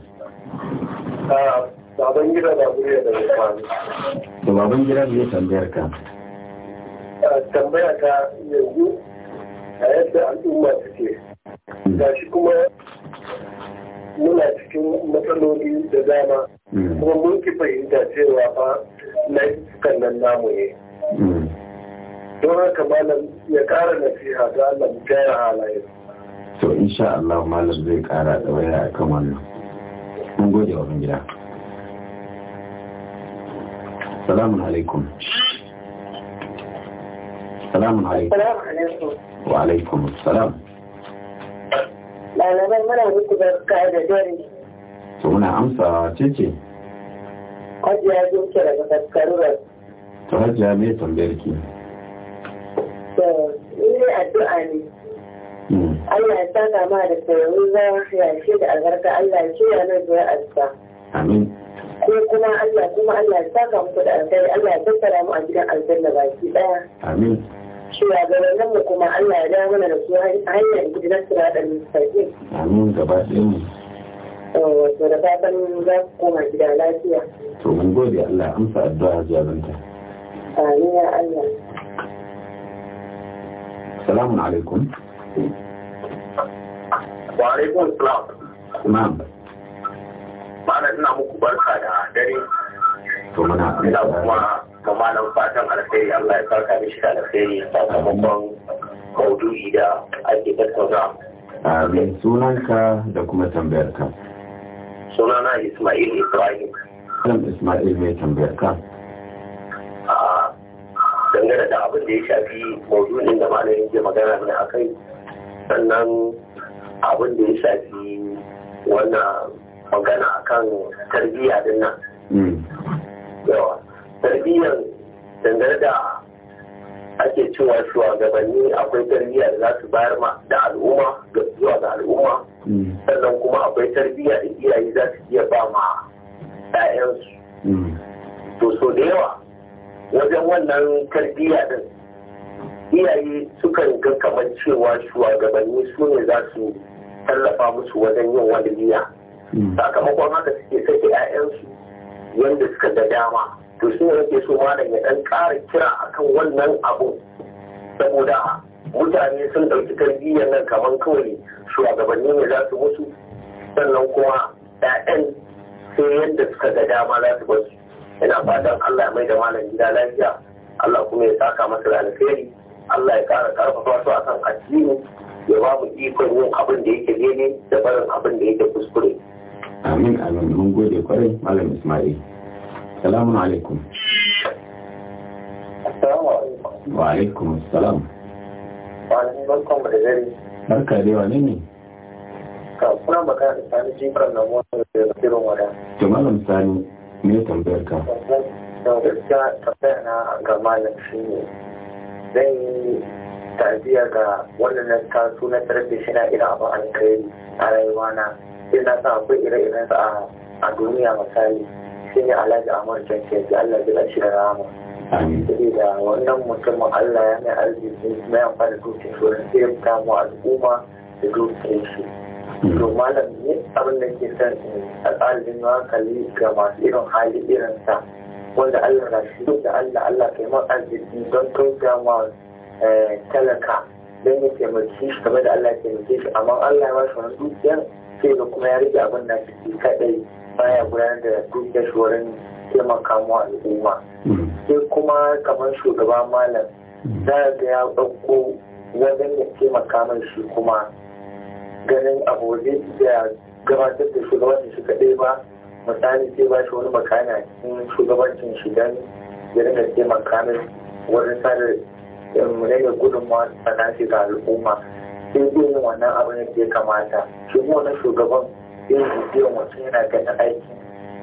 [SPEAKER 1] baban gida da
[SPEAKER 4] buriya da rufani
[SPEAKER 2] to baban gida tambayar ka
[SPEAKER 4] tambaya
[SPEAKER 1] ta yanzu a yadda al'umma suke hmm. ga shi kuma muna cikin matsaloli da dama hmm. kuma mun ki fahimta cewa fa na kan nan namu ne hmm. don haka malam ya kara nasiha ga Allah mu gyara halaye
[SPEAKER 2] to insha Allah malam zai kara da waya akan wannan mun gode wa mun gida salamun alaikum salamun alaikum wa alaikum salam
[SPEAKER 5] ɗaliban muna muku barka da dare
[SPEAKER 2] to muna amsa cece
[SPEAKER 5] hajiya zuke daga tattarurar
[SPEAKER 2] to hajiya me tambayar ki
[SPEAKER 5] addu'a ne. Allah ya saka ma da koyon za ya ce da albarka Allah ya kiyaye nan zuwa azza. Amin. Ko kuma Allah kuma Allah ya saka muku da alkhairi Allah ya tattara mu a gidan aljanna baki daya. Amin. Shugabannin mu kuma Allah ya dawo mana da su hanyar gidan siratal mustaqim.
[SPEAKER 4] Amin gaba ɗayan mu.
[SPEAKER 5] Wato da fatan za ku koma gida lafiya.
[SPEAKER 4] To
[SPEAKER 2] mun gode Allah amsa addu'a jabanta.
[SPEAKER 5] Amin ya Allah.
[SPEAKER 2] salamun alaikum wa alaikum salam na'am ma'ana ina muku barka da dare to muna ina kuma kuma mamalan fatan alheri, Allah ya farka mishi da
[SPEAKER 4] alheri. sakamakon maudu'i da ake tattauna amin sunanka da kuma tambayarka sunana Ismail Ibrahim
[SPEAKER 2] Ismail mai tambayarka
[SPEAKER 3] ah, dangane da abin da ya shafi maudunin da malamin ke magana ne a kai sannan abin da ya shafi wannan magana akan tarbiyya
[SPEAKER 4] din nan hmm. yawa tarbiyyar dangane da ake cewa shugabanni akwai tarbiyya da za su bayar ma da al'umma da zuwa ga al'umma
[SPEAKER 3] hmm. sannan kuma akwai tarbiyya da iyaye za su iya ba ma 'ya'yansu hmm. to so da yawa wajen wannan tarbiyya din
[SPEAKER 2] iyaye sukan ga kamar cewa shugabanni su ne za su tallafa musu wajen yin waliliya hmm. sakamakon haka suke sake 'ya'yansu yadda
[SPEAKER 3] suka ga dama to shi ne so malam ya dan kara kira akan wannan abu saboda mutane sun ɗauki tarbiyyar nan kamar kawai shugabanni ne za su musu sannan kuma 'ya'yan sai yadda suka ga dama za su basu ina fatan Allah ya mai da malam gida lafiya Allah kuma ya saka masa da alheri Allah ya kara karfafa su akan addini ya ba mu ikon yin abin da yake daidai da barin abin da yake
[SPEAKER 2] kuskure amin amin mun gode kwarai malam Ismail assalamu alaikum wa alaikum assalam barka da yawa ne
[SPEAKER 5] ka
[SPEAKER 4] kuna magana da sani jifar na
[SPEAKER 2] mota da tsirin wada to malam sani me tambayar ka gaskiya
[SPEAKER 3] tambaya na ga malam shi ne zan yi taziya ga wannan taso na tarar shi na irin abin alkhairi a rayuwa na sai na sa akwai ire-iren sa a duniya misali shi ne alhaji amur cancanci allah ya shi da rama saboda wannan mutumin allah ya mai arziki mai amfani da dukkan sauran sai ya fita al'umma da dukkan shi to malam ne abin da ke son a tsarin hankali ga masu irin hali irin sa wanda Allah na shi da Allah Allah kai man arziki don tausa ma eh, talaka don ya taimaki shi game da Allah ya taimake shi amma Allah ya ba shi wani dukiyar sai ga kuma ya rike abin da shi kadai baya gudanar da dukiyar shi wurin taimaka mu al'umma mm-hmm. sai kuma kamar shugaba malam mm-hmm. za ga ya ɗauko wajen ya taimaka mai shi kuma ganin abu da gabatar da shugabancin shi kaɗai ba misali sai ba shi wani makami a cikin shugabancin shi don ya dinga taimaka min wurin sadar um, rage gudunmawa a shi ga al'umma sai zai yin wannan ne da ya kamata shi mu wani shugaban zai yi biyan mutum yana ganin aiki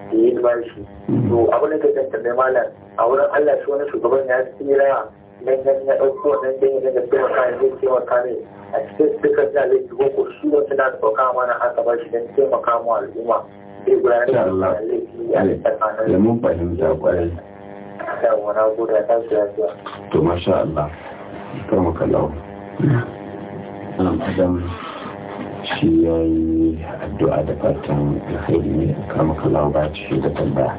[SPEAKER 3] da ya ba shi to abu ne ka tantance malam a wurin allah shi wani shugaban ya tsira na ɗauki wannan jini na da taimaka ya zai taimaka ne a cikin dukkan na zai ko shi wata na ɗauka mana
[SPEAKER 2] haka ba shi don taimaka mu al'umma zai gudanar da al'umma zai fi a mun fahimta kwarai
[SPEAKER 4] da wani guda ta su yafiya
[SPEAKER 2] to masha Allah kama kalau
[SPEAKER 4] adam shi ya
[SPEAKER 2] yi addu'a da fatan alkhairi ne kama kalau ba ci da tambaya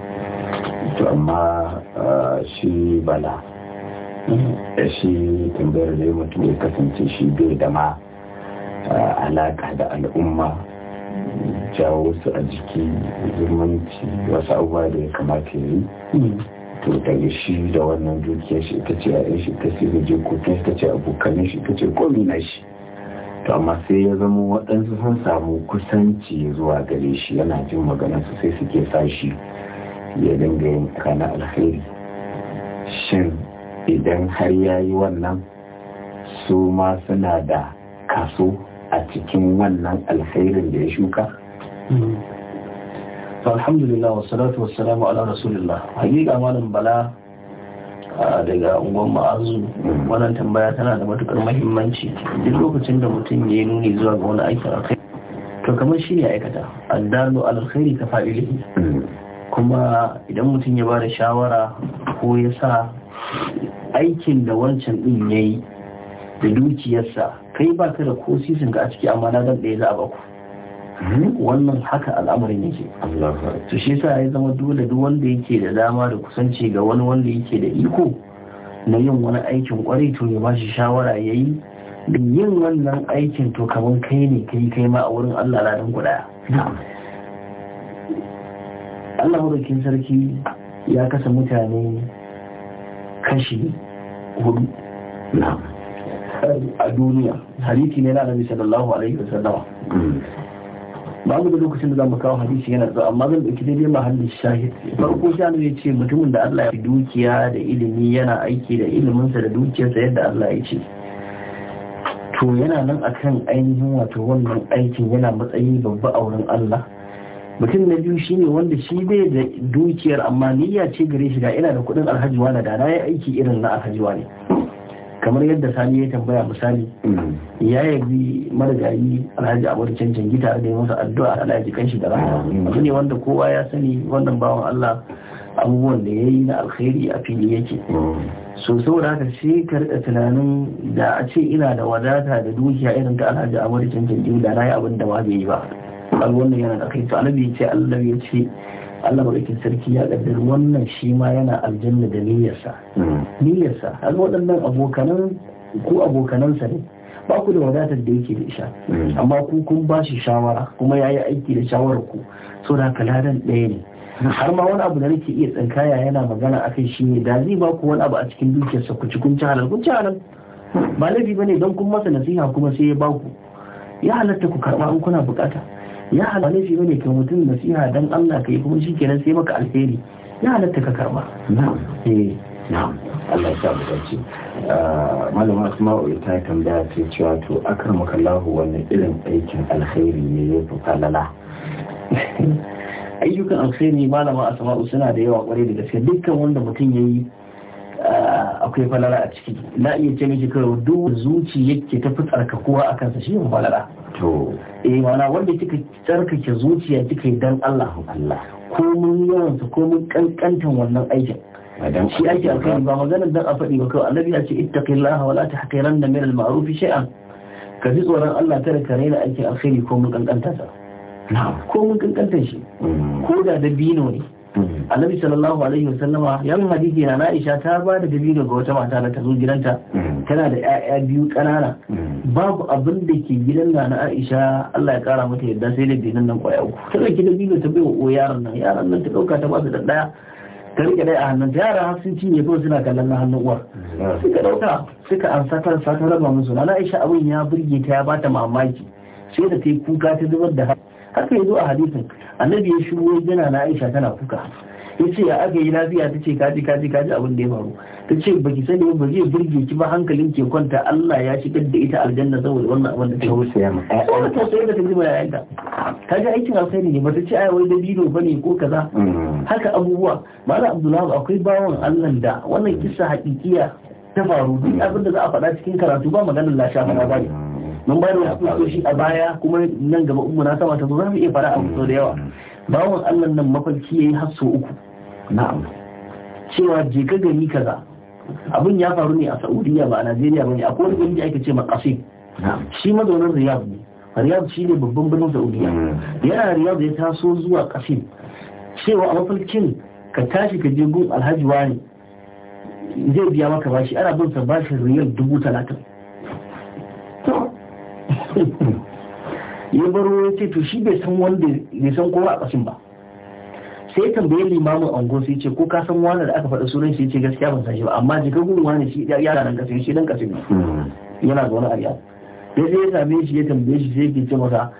[SPEAKER 2] to amma ah, shi bala Eh, shi tambayar da mutu ya kasance shi bai da ma eh, alaka da al'umma jawo su a jiki zumunci wasu abubuwa da ya kamata yi to daga shi da wannan dukiyar shi ita ce yayin shi ta ce gaje ta ta ce abokan shi ta ce komi na shi to amma sai ya zama waɗansu sun samu kusanci zuwa gare shi yana jin su sai suke sashi ya dinga yin kana alheri shin idan har ya yi wannan su ma suna da kaso a cikin wannan alkhairin da ya shuka? Mm-hmm. alhamdulillah wasalatu wasalamu ala rasulillah
[SPEAKER 3] hakika malam bala daga ungon ma'azu mm-hmm. wannan tambaya tana da matukar mahimmanci duk lokacin da mutum ya yi nuni zuwa ga wani aikin alkhairi to kamar shi ne aikata addalu alkhairi ta fa'ili mm-hmm. kuma idan mutum ya ba da shawara ko ya sa aikin da wancan ɗin ya yi da dukiyarsa kai ba ka da ko sisin ga a ciki amma na dan ɗaya za a baku hmm? wannan haka al'amarin yake to shi yasa ya zama dole duk wanda yake da dama da kusanci ga wani wanda yake da iko na yin wani aikin kwarai to ya bashi shawara ya yi da yin wannan aikin to kamar kai ne kai kai ma a wurin Allah ladan guda Allah hurakin sarki ya kasa mutane kashi hudu na a duniya hadisi ne na sallallahu alaihi wasallama ba mu da lokacin da za mu kawo hadisi yana zuwa amma zan ɗauki daidai mahallin shahid farko shi ya ce mutumin da Allah ya fi dukiya da ilimi yana aiki da iliminsa da dukiyarsa yadda Allah ya ce to yana nan akan ainihin wato wannan aikin yana matsayi babba a wurin Allah mutum na biyu shine wanda shi bai da dukiyar amma niyya ce gare shi ga ina da kuɗin alhajiwa na da na yi aiki irin na alhaji ne kamar yadda sani ya tambaya misali mm-hmm. ya yabi marigayi alhaji abu da cancan gita da yi masa addu'a alhaji shi da rana mm-hmm. abu ne wanda kowa ya sani wannan bawan allah abubuwan da ya yi na alkhairi a fili yake mm-hmm. so saboda haka sai ka tunanin da a ce ina da wadata da dukiya irin ta alhaji abu da cancan da na yi abin da ma bai yi ba alwannan yana da kai to annabi ya ce Allah ya ce Allah madaukin sarki ya kaddar wannan shi ma yana aljanna da niyyarsa hmm. niyyarsa har waɗannan abokanan ku abokanansa ne ba ku da wadatar da yake da isha hmm. amma ku kun ba shi shawara kuma ya yi aiki da shawarar ku so da ɗaya ne hmm. har ma wani abu da nake iya tsinkaya yana magana a kai shine da zai ba ku wani abu a cikin dukiyarsa ku ci kun ci halal kun ci halal ba laifi ba ne don kun masa nasiha kuma sai ya ba ku ya halatta ku karɓa in kuna bukata ya halatta shi ne ka mutum nasiha dan Allah kai kuma shi kenan sai maka alheri ya halatta
[SPEAKER 2] ka karba na'am eh na'am Allah ya sa mu dace ah, malama Asma'u ita tambaya ce cewa to akramaka Allah wani irin aikin alheri ne ya fi ayyukan alheri malama Asma'u suna da yawa kwarai
[SPEAKER 3] da gaske dukkan wanda mutum yayi ah, akwai falala a ciki na iya ce miki kawai duk zuci yake ta fi tsarkakuwa a kansa shi yin falala to eh mana wanda kika tsarkake zuciya kika yi dan Allah Allah komun yawan sa komun kankantan wannan aikin shi ake alkhairi ba maganar dan a faɗi ba kawai annabi ya ce ittaqillaha wala tahqiranna min al-ma'ruf shay'an ka ji tsoron Allah tare ka raina ake alkhairi komun kankanta sa komun kankantan shi mm. ko da dabino ne mm. annabi sallallahu alaihi wasallama yan hadisi na Aisha ta ba da dabino ga wata mata da ta zo gidanta mm. tana da 'ya'ya biyu ƙanana mm. babu abin da ke gidan na na aisha allah ya kara mata yadda sai da dinan nan kwaya uku ta ɗauki da biyu ta bai wa yaran nan yaran nan ta ɗauka ta ba su ɗaya ta rike dai a hannun ta yara har sun cinye suna kallon na hannun uwar mm. suka ɗauka suka an satar satar raba musu na aisha abin ya burge ta ya ba ta mamaki sai da ta yi kuka ta zubar da haka ya zo a hadisin annabi ya shigo yana na aisha tana kuka ya ce ya aka yi lafiya ta ce kaji kaji kaji abin da ya faru ta ce baki sani ba zai burge ki ba hankalin ke kwanta Allah ya shigar da ita aljanna saboda wannan abin da ta yi saboda ta sayar da ta ji mayayanta ta ji aikin alkhairi ne ba ta ce ai wani dabino ba ne ko kaza mm-hmm. haka abubuwa malam abdullahi akwai bawan Allah da wannan kisa hakikiya ta faru duk abin da za a faɗa cikin karatu ba maganar lashe mana ba ne mm-hmm. mun bayar wasu kusoshi a baya kuma nan gaba umma na sama ta zo za mu iya fara abu da yawa mm-hmm. bawan Allah nan mafarki yi har sau uku cewa je ka gani kaza abin ya faru ne a Saudiya ba a Najeriya ba ne akwai wani gani ake ce makasin shi mazaunin Riyadh ne Riyadh shi ne babban birnin Saudiya hmm. yana riyad ya taso zuwa kasin cewa a mafarkin ka tashi ka je gun Alhaji wani zai biya maka bashi ana bin sa bashin riyal dubu talatin ya baro ya ce to shi bai san wanda bai san kowa a kasin ba sai tambaye limamin ango sai ce ko ka san wani da aka faɗa sunan shi ce gaskiya ban san shi ba amma jika gun wani shi yara nan kasin shi dan kasin ne
[SPEAKER 4] hmm.
[SPEAKER 3] yana zaune a ariya ya sai ya same shi ya tambaye shi sai ke ce masa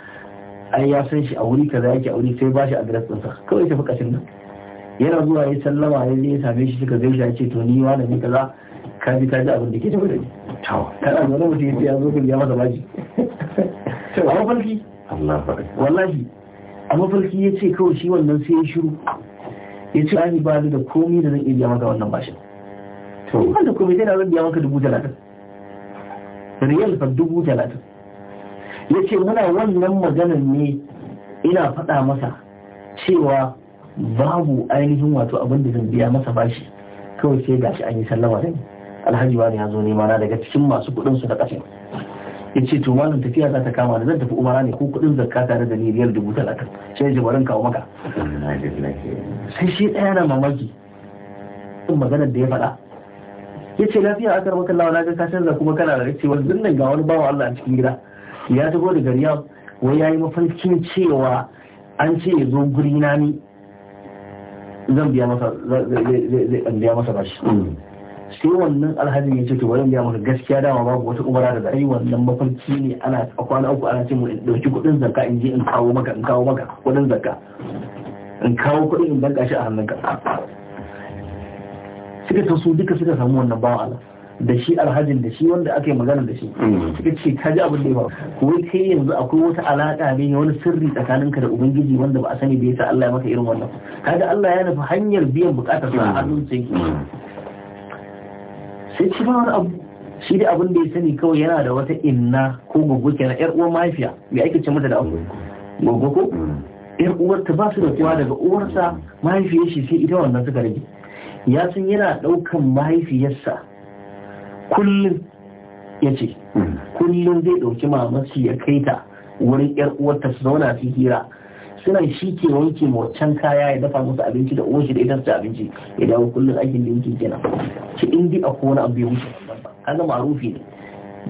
[SPEAKER 3] ai ya san shi a wuri kaza yake a wuri sai ba shi address ɗinsa kawai tafi kasin nan yana zuwa ya sallama ya ya same shi suka gaishe ya ce to ni wani ne kaza ka ji ka ji abin da ke tafi da ni kana zaune mutum ya zo ya masa baji sai a mafarki wallahi a mafarki ya ce kawai shi wannan sai ya shiru ya ce an ba da komi da zan iya biya maka wannan bashin to wanda komi zan biya maka dubu talatin riyal fa dubu talatin ya ce muna wannan maganar ne ina faɗa masa cewa babu ainihin wato abin da zan biya masa bashi kawai sai gashi an yi sallama da ni alhaji wani ya zo nema na daga cikin masu kuɗin da na ƙasa In ce to tafiya za ta kama da zan tafi umara ne ko kuɗin zakka tare da ni dubu talatin sai ji barin kawo maka sai shi ɗaya na mamaki sun maganar da ya faɗa ya ce lafiya a karɓar kallawa na ga ka canza kuma kana da rikici wani zunnan ga wani bawa Allah a cikin gida ya tago da gariya wai ya yi mafarkin cewa an ce ya zo guri na ni zan biya masa bashi sai wannan alhaji ya ce to bari ya maka gaskiya dama babu wata umara da ai wannan mafarki ne ana a kwana uku ana ce mu dauki kudin zakka in je in kawo maka in kawo maka kudin zakka in kawo kudin in danka shi a hannunka suka ta su duka suka samu wannan bawa Allah da shi alhajin da shi wanda aka yi magana da shi suka ce ka ji abin da ya ba wai kai yanzu akwai wata alaƙa ne wani sirri tsakaninka da ubangiji wanda ba a sani da yasa Allah ya maka irin wannan kaga Allah ya nufi hanyar biyan bukatar sa a hannun sai sai ci ba wani abu shi da abin da ya sani kawai yana da wata inna ko gogo kenan yar uwar mahaifiya me ake ce mata da abu gugu ko yar uwar ta ba su da kowa daga uwarsa mahaifiyar shi sai ita wannan suka rage ya san yana daukan mahaifiyarsa kullum ya ce hmm. kullum zai ɗauki mamaci ya kai ta wurin yar uwarta su zauna su hira sunan shi ke wanke wancan kaya ya dafa musu abinci da oshi da ita su abinci ya dawo kullum aikin da yake kenan ki in bi a kowane abu ya wuce kaga marufi ne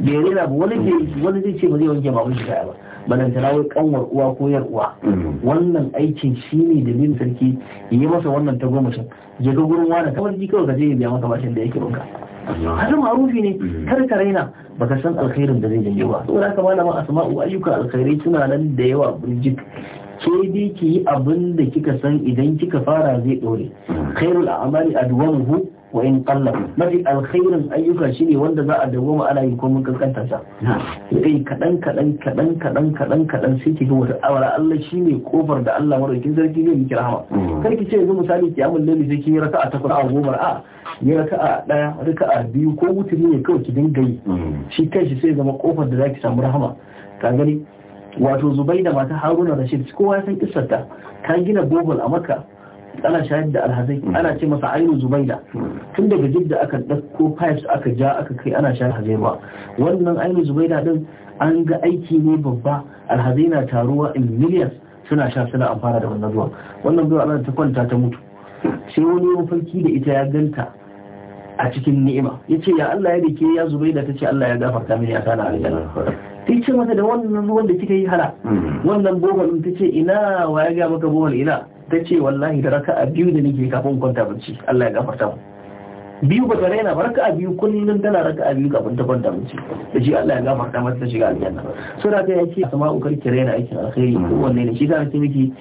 [SPEAKER 3] bai rena ba wani wani zai ce ba zai wanke mamu shi kaya ba balantana wai kanwar uwa ko yar uwa mm. wannan aikin shi ne dalilin sarki yi masa wannan tagomashin Ya ga gurin wani kamar ji kawai ka je ya biya maka bashin da yake banka hannun marufi ne mm. kar ka raina baka san alkhairin da zai janyo ba saboda haka malama asma'u ayyuka alkhairai suna nan da yawa burjik sai dai ki yi abin da kika san idan kika fara zai dore khairul a'mali adwamuhu wa in qalla mafi alkhairin ayyuka shine wanda za a dawoma ana yi ko mun kankanta sa sai kadan kadan kadan kadan kadan kadan sai ki ga wata awara Allah shine kofar da Allah madaukin sarki zai miki rahama mm. kar ki ce yanzu misali ki amul laili sai ki yi raka'a takwas a goma a yi raka'a daya raka'a biyu ko wuturi ne kawai ki dinga yi mm. shi kanshi sai zama kofar da zaki samu rahama ka gani wato zubai da mata haruna rashid kowa san isarta ta gina bohol a makka ana shayar da alhazai ana ce masa ainu zubaida tun daga da aka ɗauko pipes aka ja aka kai ana shayar alhazai ba wannan ainu zubaida din an ga aiki ne babba alhazai na taruwa in millions suna sha suna amfana da wannan zuwa. wannan ruwa ana ta kwanta ta mutu sai wani mafarki da ita ya ganta a cikin ni'ima ya ce ya Allah ya dake ya ta ce Allah ya gafarta mini aka na aljanna Ta ce mata da wannan ruwan da kika yi hala mm. wannan bohol ta ce ina wa ya ga maka bohol ina Ta ce wallahi da a biyu da nake kafin kwanta bacci Allah ya gafarta mu biyu ba tare yana ba a biyu kullum tana a biyu kafin ta kwanta bacci da shi Allah ya gafarta mata ta shiga aljanna so da kai yake sama ukar ki raina aikin alkhairi mm. ko wanne ne shi zaka ce miki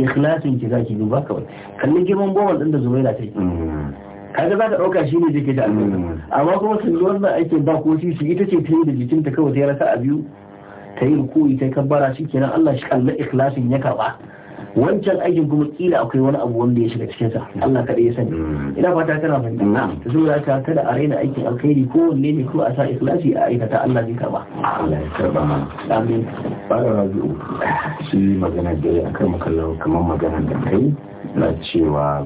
[SPEAKER 3] ikhlasin ki zaki duba kawai kallin girman bohol din da Zubaira ta yi mm. kaga za ka ɗauka shi ne jike da annabi mm. amma kuma sun zuwa wannan aikin ba ko shi ita ce ta yi da ta kawai sai raka a biyu ta yi rukuyi ta kabbara shi kenan Allah shi kalla ikhlasin ya karba wancan aikin kuma kila akwai wani abu wanda ya shiga sa Allah kaɗai ya sani mm. ina fata kana fahimta na ta so da ka kada a raina aikin alkhairi ko wanne ne kuma a sa ikhlasi a
[SPEAKER 2] aikata Allah zai karba Allah ya karba amin fara rabi'u shi magana da ya akan makallawa kamar magana da kai na cewa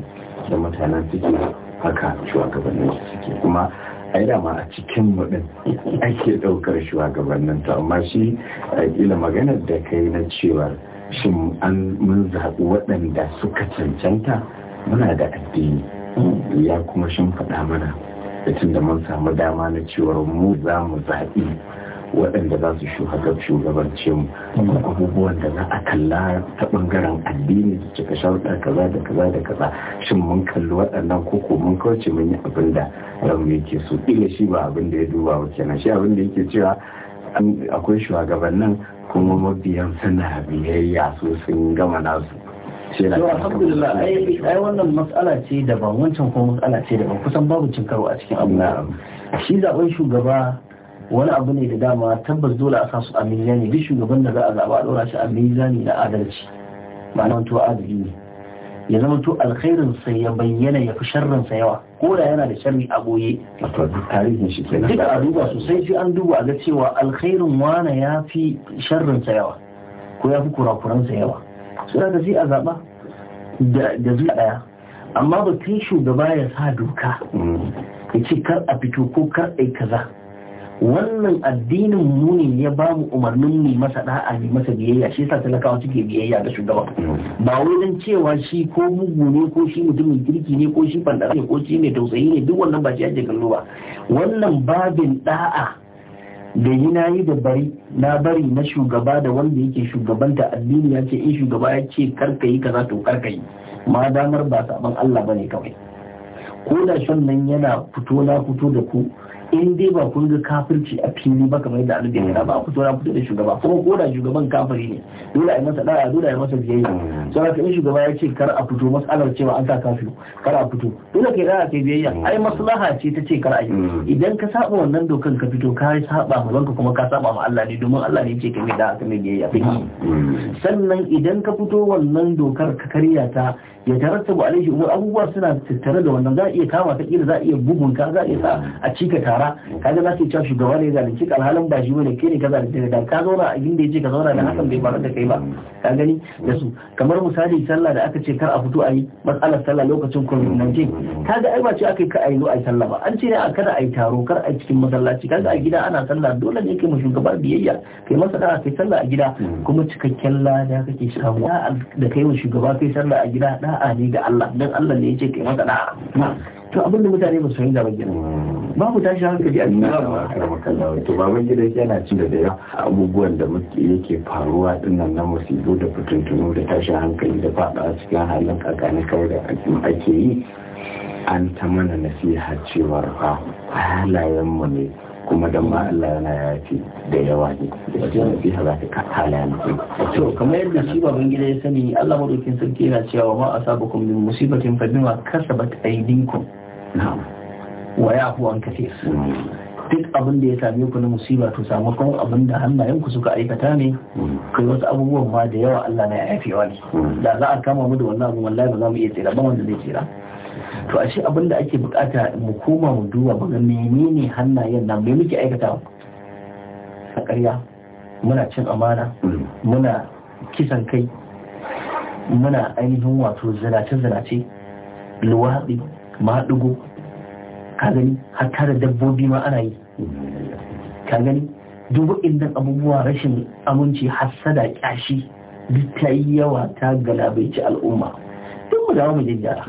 [SPEAKER 2] da mutanen suke haka shugabannin su suke kuma a yi dama a cikin mudin ake daukar shugabannin ta amma shi a kila maganar da kai na cewa shin an mun zaɓi waɗanda suka cancanta muna da addini ya kuma shin faɗa mana da tun mun samu dama na cewar mu za mu zaɓi waɗanda za su cewa. mu abubuwan da za a kalla ta ɓangaren addini su cika sharuɗa kaza da kaza da kaza shin mun kalli waɗannan koko mun kauce mun yi abin da ramu yake so ɗiga shi ba abin da ya duba ba kenan shi abin da yake cewa akwai shugabannin kuma mabiyan suna biyayya so sun gama nasu alhamdulillah ai
[SPEAKER 3] wannan matsala ce daban wancan kuma matsala ce daban kusan babu cin karo a cikin abu shi zaɓen shugaba wani abu ne da dama tabbas dole a sa su a mizani duk shugaban da za a zaba a dora shi a mizani na adalci ma'ana wanto adali ne ya zama to alkhairin sa ya bayyana ya fi sharrin sa yawa ko da yana da sharri a goye
[SPEAKER 2] tarihin shi duk a
[SPEAKER 3] duba sosai sai an duba a ga cewa alkhairin wana ya fi sharrin yawa ko ya fi kurakuran yawa Suna da a zaba da zuwa daya amma kai shugaba ya sa doka mm. ya ce kar a fito ko kar ai kaza wannan addinin munin ya ba mu umarnin ne masa da'a ne masa biyayya shi yasa talakawa suke biyayya ga shugaba ba wajen cewa shi ko mugu ne ko shi mutumin kirki ne ko shi bandara ne ko shi ne tausayi ne duk wannan ba shi ake kallo ba wannan babin da'a da yi na yi da bari na bari na shugaba da wanda yake shugabanta addini ya ce in shugaba ya ce karka yi kaza to karka yi ma damar ba saban Allah bane kawai ko da shan nan yana fito na fito da ku in dai ba kun ga kafirci a fili ba kamar yadda alibi yana ba ku na fito da shugaba kuma ko da shugaban kafiri ne dole a yi masa da'a dole a yi masa biyayya so haka in shugaba ya ce kar a fito mas'alar cewa an sa kafiru kar a fito dole kai da'a kai biyayya ai maslaha ce ta ce kar a yi idan ka saba wannan dokan ka fito ka saba ma banka kuma ka saba ma Allah ne domin Allah ne ce ka mai da'a ka biyayya sannan idan ka fito wannan dokar ka karya ta ya tarattabu alaihi umur abubuwa suna tattare da wannan za a iya kama ta kila za a iya bugun ka za a iya sa a cika tara kaga za su yi shugaba ne zalunci alhalin ba shi ne ke ne ka zalunci da ka zauna a inda yace ka zauna da hakan bai faru da kai ba ka gani da su kamar misali sallah da aka ce kar a fito a yi matsalar sallah lokacin covid-19 kaga ai ba ce aka yi ka a yi zo a yi sallah ba an ce ne a kada a yi taro kar a yi cikin masallaci kaga a gida ana sallah dole ne kai mu shugaba biyayya kai masa da kai sallah a gida kuma cikakken lada kake samu da kai mu shugaba kai sallah a gida da da'a ne ga Allah dan Allah ne ya ce kai masa da'a to abin da mutane ba su fahimta ba gina
[SPEAKER 2] babu tashi hankali a nuna ba to baban gida yana cin da yawa abubuwan da yake faruwa dinnan na musibo da fitintunu da tashi hankali da faɗa cikin halin kakanin kawai da ake yi an ta mana nasiha cewar fa mu ne kuma don ma Allah ya ce da yawa ne da cikin nasiha za ta kala ne to kamar yadda shi baban
[SPEAKER 3] gida ya sani Allah madaukin sarki yana cewa ma asabakum min musibatin fa bima kasabat aydinkum na'am wa ya yafu an kaseer hmm. duk abin da ya same ku na musiba to sakamakon abin da ku suka aikata ne hmm. kai wasu abubuwan ma da yawa Allah na ya yafewa ne hmm. da za a kama mu da wannan abin wallahi ba za mu iya tsira ba wanda zai tsira to ashe abin da ake bukata mu koma mu duba mu ga menene hannayen nan me muke aikata a ƙarya muna cin amana muna kisan kai muna ainihin wato zinace-zinace luwaɗi maɗugo ka gani hatta da dabbobi ma ana yi ka gani duk inda abubuwa rashin aminci hassada kyashi duk ta yi yawa ta galabaici al'umma duk mu dawo mu gyara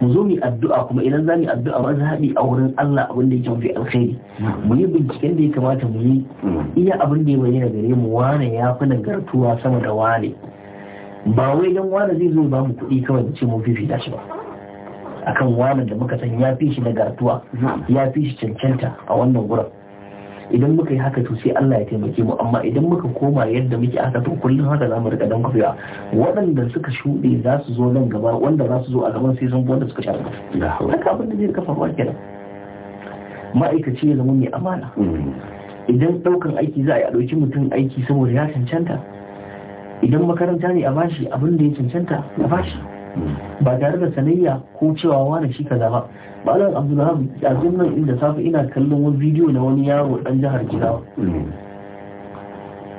[SPEAKER 3] mu zo mu addu'a kuma idan za mu addu'a ba za haɗi a wurin Allah abin da yake mafi alkhairi mu yi binciken da ya kamata mu yi iya abin da ya bayyana gare mu wane ya fi nagartuwa sama da wane ba wai dan wane zai zo ba mu kuɗi kawai da ce mu fi fifita shi ba akan wane da muka san ya fi shi nagartuwa ya fi shi cancanta a wannan gurin idan muka yi haka to sai Allah ya taimake mu amma idan muka koma yadda muke haka to kullum haka za mu rika dan kufiya waɗanda suka shuɗe za su zo nan gaba wanda za su zo a gaban sai sun wanda suka sha haka abin da zai kafa ruwa kenan ma'aikaci ya zama mai amana mm. idan ɗaukan aiki za a yi a ɗauki mutum aiki saboda ya cancanta idan makaranta ne a bashi abin da ya cancanta a bashi ba tare da sanayya ko cewa wani shi kaza ba malam abdullahi a nan inda safe ina kallon wani bidiyo na wani yaro dan jihar jigawa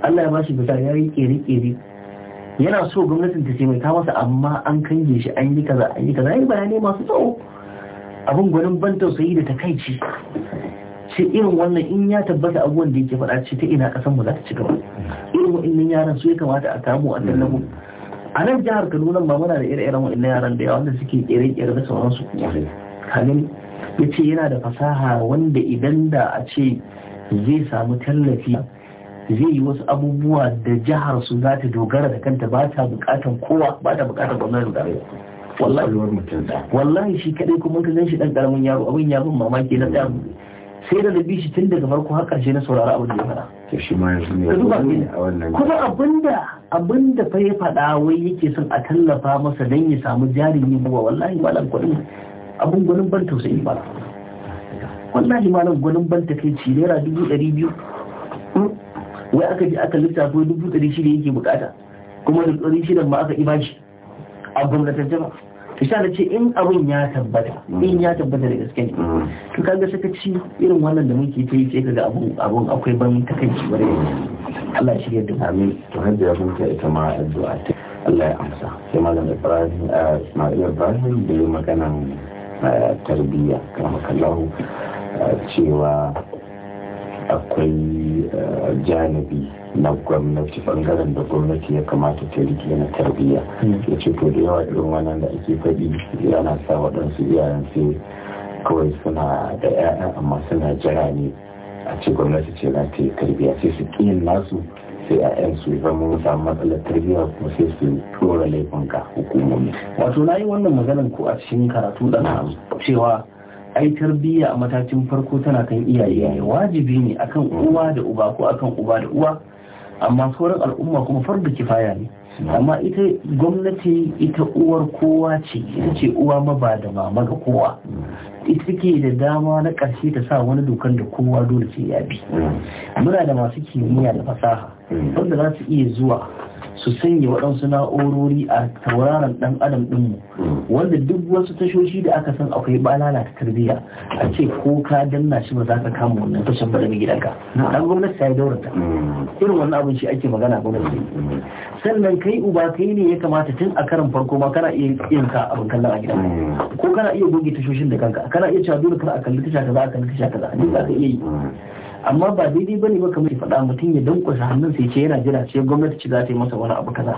[SPEAKER 3] Allah ya ba shi fita ya yi kere-kere yana so gwamnatin ta taimaka masa amma an kange shi an yi kaza an yi kaza yi bayanai masu tsawo abin gwanin ban tausayi da takaici ce irin wannan in ya tabbata abubuwan da yake faɗa ce ta ina ƙasar mu za ta ci gaba irin wa'annan yaran su ya kamata a kamo a mu a nan jihar kaduna ba muna da ire-iren wa'in yaran da yawa wanda suke kere-kere da sauransu kamin ya ce yana da fasaha wanda idan da a ce zai samu tallafi zai yi wasu abubuwa da jihar su za ta dogara da kanta ba ta bukatan kowa ba ta bukatan gwamnatin
[SPEAKER 2] tarayya
[SPEAKER 3] wallahi shi kadai kuma ka gan shi dan karamin yaro abin ya mamaki na tsaya sai da da shi tun daga farko har karshe na saurara abin da ya fara
[SPEAKER 2] to shi ma yanzu ne a wannan kuma
[SPEAKER 3] abinda abinda fa ya faɗa wai yake son a tallafa masa dan ya samu jarin yi buwa wallahi malam kuɗin abin gwanin ban tausayi ba wallahi malam gwanin ban takaici naira dubu ɗari biyu hmm? wai aka ji aka littafi dubu ɗari shida yake bukata kuma da ɗari shida ma aka ibashi a gwamnatar jama'a misali ce in abin ya tabbata in ya tabbata da gaske ne mm. to kaga saka ci irin wannan da muke ta yi sai kaga abun abun akwai
[SPEAKER 2] ban takaici bare Allah shi ya duka amin to har da abun bunta ita ma addu'a Allah ya amsa sai malam Ibrahim Ismail eh, Ibrahim da yi maganan eh, tarbiyya kamar kallahu eh, cewa akwai eh, janibi na gwamnati bangaren da gwamnati ya kamata ta rike na tarbiyya hmm. ya ce to da yawa irin wannan da ake faɗi yana sa waɗansu iyayen sai kawai suna da 'ya'ya amma suna jira ne a ce gwamnati ce za ta yi tarbiyya sai su ƙin nasu sai 'ya'yan su zama samu matsalar tarbiyya kuma sai su tura laifin ga hukumomi wato na yi wannan maganar ko a cikin karatu da
[SPEAKER 3] cewa ai tarbiyya a matakin farko tana kan iyaye wajibi ne akan uwa da uba ko akan uba da uwa amma sauran al'umma kuma farda kifaya ne amma ita gwamnati ita uwar kowa ce ita ce uwa maba da mama ga kowa ita take da dama na ƙarshe ta sa wani dokan da kowa dole ce ya bi muna da masu kimiyya da fasaha wanda za su iya zuwa su sanya waɗansu na'urori a tauraron ɗan adam ɗinmu hmm. wanda duk wasu tashoshi da aka san akwai ba lalata tarbiyya a ce ko ka danna shi ba za ka kama wannan tashar ba daga gidanka dan hmm. gwamnati ta yi daurata hmm. irin wannan abin shi ake magana gwamnati sannan kai uba kai ne ya kamata tun a karan farko ma kana iya yin ka abin kallon a gidan ko kana iya goge tashoshin da kanka kana iya cewa dole kana a kalli tasha kaza a kalli tasha kaza duk za ka iya yi amma ba daidai bane ba kamar ya faɗa mutum ya dankwashe hannun sai ce yana jira sai gwamnati ce za ta yi masa wani abu kaza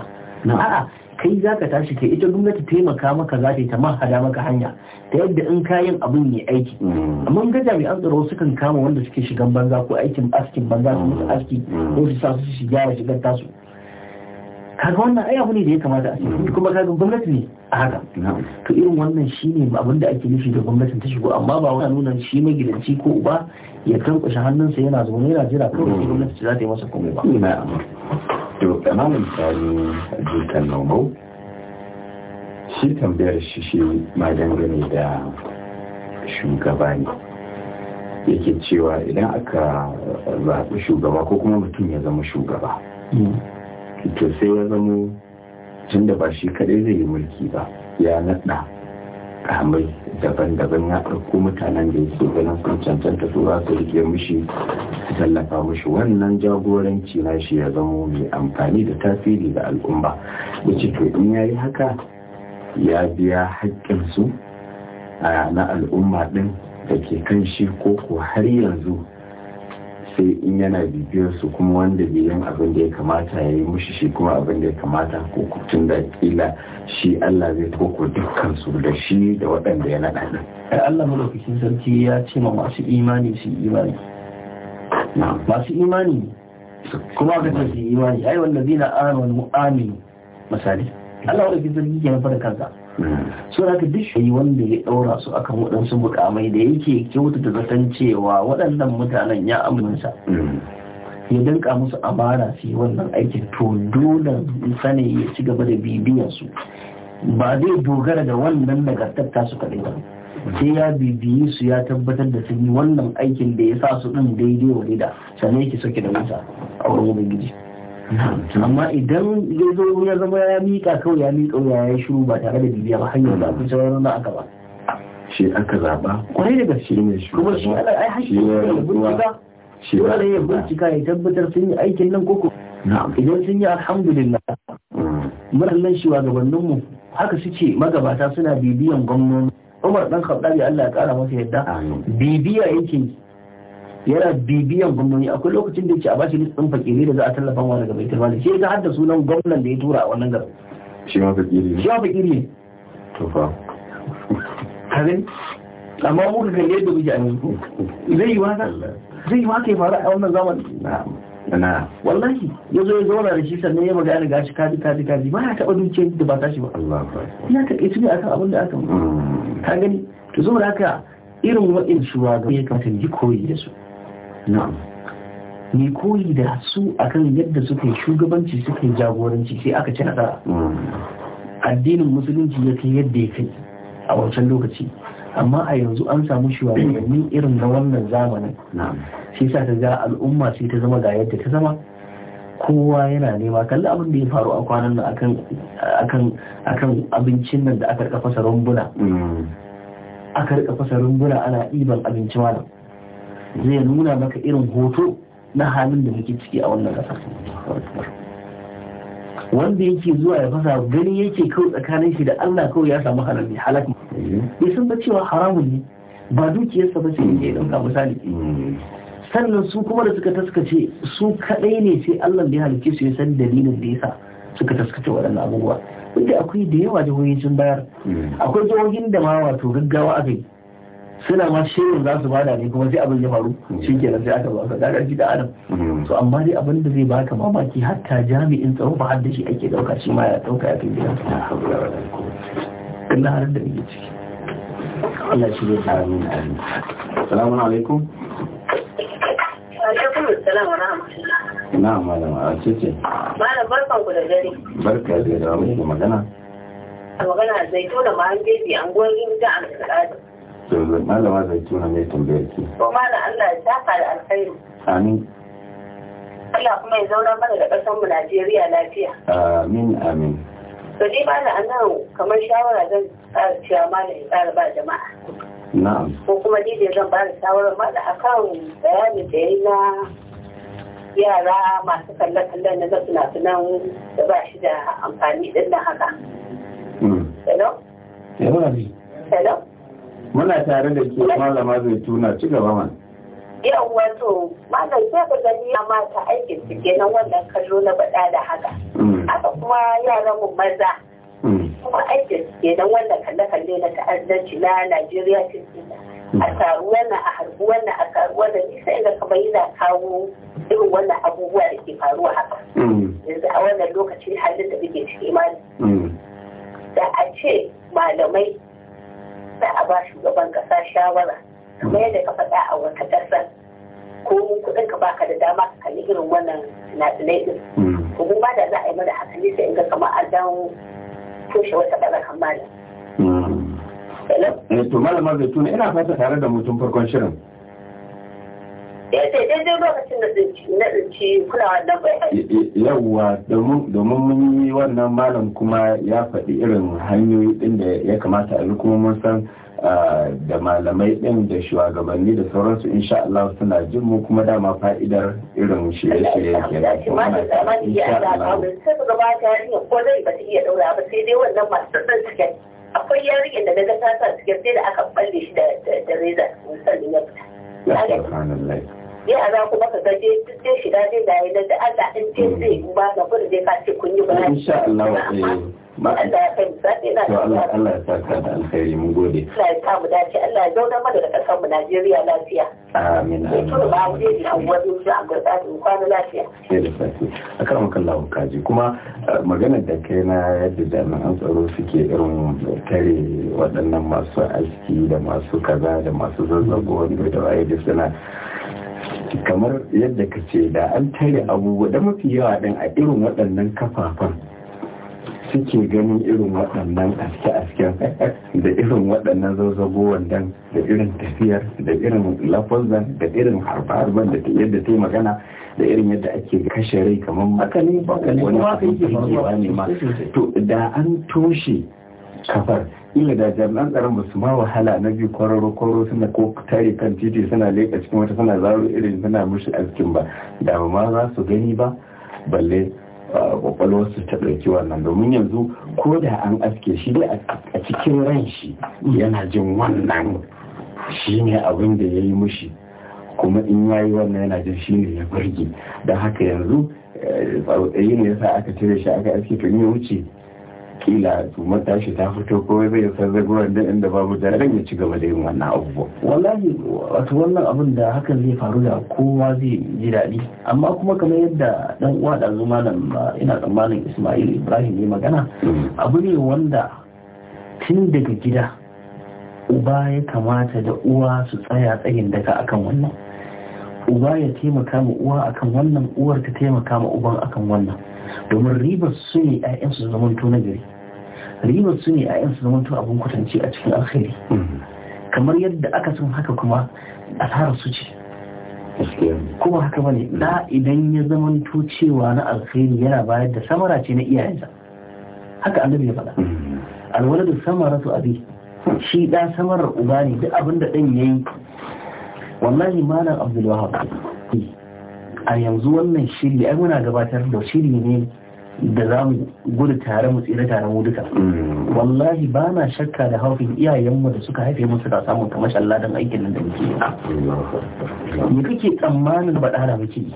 [SPEAKER 3] a'a kai za ka tashi kai ita gwamnati taimaka maka za ta yi ta mahada maka hanya ta yadda in kayan abin ya aiki mm. amma ga jami'an tsaro sukan kama wanda suke shigan banza ko aikin askin banza su musu mm. aski ko su sa su shi ya shigar tasu kaga wannan ai abu ne da ya kamata a cikin kuma kaga gwamnati ne a haka to irin wannan shine abin da ake nufi da gwamnatin ta shigo amma ba wani nuna shi magidanci ko uba ya tankwashe hannunsa yana zaune yana jira
[SPEAKER 2] wani gwamnati za ta yi masa komai ba to kamar tsari dukkan nomo shi tambayar shi shi ma dangane da shugaba ne yake cewa idan aka zaɓi shugaba ko kuma mutum ya zama shugaba hmm. to sai ya zamo tun da ba shi kadai zai yi mulki ba ya naɗa kamai daban-daban ya karko mutanen da yake ganin sun cancanta su za su rike mushi su tallafa mushi wannan jagoranci na shi ya zamo mai amfani da tasiri ga al'umma wuce to in ya yi haka ya biya haƙƙinsu na al'umma ɗin da ke kan shi ko ko har yanzu sai in yana bibiyar su kuma wanda bai yin abin da ya kamata ya yi mushi shi kuma abin da ya kamata ko kutun da kila shi Allah zai koko dukkan su da shi da waɗanda ya naɗa ne.
[SPEAKER 3] Allah malaukakin sarki ya ce ma masu imani su yi imani. Masu imani kuma aka ce su imani ai wanda zai na amanu aminu misali. Allah malaukakin sarki ke na fara kansa.
[SPEAKER 4] so
[SPEAKER 3] da ka duk wanda ya ɗaura su akan waɗansu mukamai da yake kyautata zaton cewa waɗannan mutanen ya aminsa ya danka musu amara su yi wannan aikin to dole sani ya ci gaba da bibiyan su ba zai dogara da wannan nagartatta su kaɗai ba sai ya bibiyi su ya tabbatar da sun yi wannan aikin da ya sa su ɗin daidai wa daida sannan yake sauke da wuta a wurin ubangiji amma idan ya zo ya zama ya miƙa kawai ya miƙa ya ya shiru ba tare da bibiya ba hanyar ba kun sauran na aka ba
[SPEAKER 2] shi aka zaɓa kwarai da gaske ne shi kuma shi ala ai hashi ya bincika
[SPEAKER 3] shi wala ya bincika ya tabbatar sun yi aikin nan koko idan sun yi alhamdulillah mm. muna nan shi gabaninmu haka suke magabata suna bibiyan gwamnoni umar dan khattabi Allah ya kara masa yadda bibiya yake yana bibiyan gwamnoni akwai lokacin da ya ce a bashi nufin fakiri da za a tallafa wa daga baitul mali shi ga hadda sunan gwamnan da ya tura a wannan garin
[SPEAKER 2] shi ma fakiri ne shi
[SPEAKER 3] ma fakiri ne to fa kare amma mu ga da muke amin. zai yi haka zai yi haka ya faru a wannan zamani na wallahi ya zo ya zauna da shi sannan ya magana gashi kaji kaji kaji ba ya taɓa dukiyar da ba tashi ba Allah ya ka ita ne akan abin da aka mm. ka gani to zo da haka irin wa'in shuwa ga ya kamata ji koyi da su ni koyi da su akan yadda suke shugabanci suke jagoranci sai aka ci nasara mm. addinin musulunci ya kai yadda ya kai a wancan lokaci amma a yanzu an samu shugabanni irin na wannan zamanin sai sa ta ga al'umma sai ta zama ga yadda ta zama kowa yana nema kalli abin da ya faru a kwanan nan akan abincin nan da aka rika fasa rumbuna mm. aka rika ana ɗiban abinci malam zai nuna maka irin hoto na halin da muke ciki a wannan ƙasar. wanda yake zuwa ya fasa gani yake kawai tsakanin shi da Allah kawai ya samu halal ne halal mm-hmm. bai san ba cewa haramun ne ba dukiyarsa ba ce mm-hmm. ya ɗauka misali mm-hmm. sannan su kuma da suka taskace su kaɗai ne sai Allah da ya halicce su ya san dalilin da yasa suka taskace waɗannan abubuwa wanda akwai da yawa jihohin sun bayar akwai jihohin da ma wato gaggawa a kai suna ma shirin za su bada ne kuma sai abin ya faru mm. shi kenan sai aka baka kaga shi da adam mm. to amma dai abin da zai baka mamaki hatta jami'in tsaro ba hadda shi ake dauka shi ma ya dauka ya kai
[SPEAKER 2] gidan kana har da yake ciki Allah shi ne tsara min amin assalamu alaikum
[SPEAKER 5] alaikum assalam wa rahmatullah
[SPEAKER 2] na malama a cece
[SPEAKER 5] malam barkan ku da dare
[SPEAKER 2] barka da dare mu magana
[SPEAKER 5] a magana zai ma an jeji an gwani da an kada
[SPEAKER 2] yanzu malama zai tuna mai tambayar ki
[SPEAKER 5] to malam Allah ya saka da alkhairu. amin Allah kuma ya zauna mana da ƙasar mu Najeriya lafiya
[SPEAKER 4] amin amin
[SPEAKER 5] to dai ba na nan kamar shawara zan tsara cewa malam ya tsara ba jama'a na'am ko kuma ni ne zan ba da ma da akan bayanin da ya yi na yara masu kalle-kalle na ga fina-finan da ba shi da amfani din na haka. Mm. Hello? Hello? Hello?
[SPEAKER 2] muna tare da ke malama zai tuna ci gaba mana
[SPEAKER 5] yau wato malam sai ka gani ya mata aikin su kenan wannan kallo na bada da haka mm. haka kuma yara mu maza mm. kuma aikin su kenan wannan kalle kalle na ta'addanci na Najeriya cikin mm. a taru wannan a harbu wannan a taru wannan ni sai ga kamar yana kawo irin wannan abubuwa da ke faruwa haka yanzu a wannan lokaci halin da muke ciki
[SPEAKER 4] malam
[SPEAKER 5] da a ce malamai za a ba shugaban kasa shawara kamar yadda ka faɗa a wata ƙasa ko kuɗin ka baka da dama ka kalli irin wannan sinadarai ɗin kuma mm. ba da za a yi mana haka ne sai in ga kamar an dawo toshe wata ɓarakan mm. eh,
[SPEAKER 2] malam. ina fata tare da mutum farkon shirin. yawwa eh, domin mun yi wannan malam kuma ya faɗi irin hanyoyi ɗin da ya kamata a kuma mun san ah, da malamai ɗin da shugabanni da sauransu insha Allah suna jin mu kuma dama fa'idar irin shirye-shirye ke da kuma na insha Allah.
[SPEAKER 5] Sai su gabata ko zai ba iya daura ba sai dai wannan masu sassan cikin akwai yarinyar da na ga ta sai da aka balle shi da reza musamman na fita. yara kuma ka gaje duk dai shiga dai da yi da Allah in ce zai ba ga fur dai kace kun yi ba insha Allah eh. Allah ya
[SPEAKER 2] saka da alkhairi mun gode. Allah
[SPEAKER 5] ya samu dace Allah ya zauna mana da ƙasar mu Najeriya lafiya. Amin. Ya tura ba mu dai an wani su a gurɓa da kwana lafiya.
[SPEAKER 2] Sai da safi. kaji kuma eh, maganar da kai na yadda jami'an tsaro suke irin tare waɗannan masu aski da masu kaza da masu zazzago wanda da waye da suna kamar yadda ka ce da an tare abubuwa da mafi yawa ɗin a irin waɗannan kafafen suke ganin irin waɗannan aske-asken da irin waɗannan zazzabo wandan da irin tafiyar da irin lafazan da irin harbar da yadda ta yi magana da irin yadda ake kashe rai kamar makanin wani ne ma to da an toshe kafar ila da jami'an tsaron ba ma wahala na biyu kwararo kwararo suna ko tare kan titi suna leƙa cikin wata suna zaro irin suna mushi askin ba da ba ma za su gani ba balle kwakwalwarsu ta ɗauki wannan domin yanzu ko da an aske shi dai a cikin ran shi yana jin wannan shi ne abin da ya yi mushi kuma in ya yi wannan yana jin shi ne ya burge don haka yanzu eh, tsautsayi ne yasa aka cire shi aka aske to ya wuce kila tumata matashi ta fito ko zai sarrafa da inda babu daren ya ci gaba da yin wannan abubuwa
[SPEAKER 3] wallahi wato wannan abin da hakan zai faru da kowa zai ji daɗi amma kuma kamar yadda dan uwa da zuma nan ina tsammanin Ismail Ibrahim ne magana mm. abu ne wanda tun daga gida uba ya kamata da uwa su tsaya tsayin daga akan wannan uba ya taimaka ma uwa akan wannan uwar ta taimaka ma uban akan wannan domin ribar su ne 'ya'yansu zaman na gari ribar su ne a yansu zamanto abin kwatance a cikin alkhairi mm-hmm. kamar yadda aka sun haka kuma asarar su ce kuma haka bane mm-hmm. da idan ya zamanto cewa na alkhairi yana bayar da samara ce na iyayensa haka annabi ya faɗa mm-hmm. samara su abi shi da samarar uba ne duk abin da ɗan yayi wallahi malam abdul wahab a yanzu wannan shiri ai muna gabatar da shiri ne da za mu gudu tare mu tsira tare mu duka mm. wallahi ba na shakka da haufin iyayenmu da suka haife mu suka samu kamar Allah dan aikin nan da muke yi me kake tsammanin ba da muke yi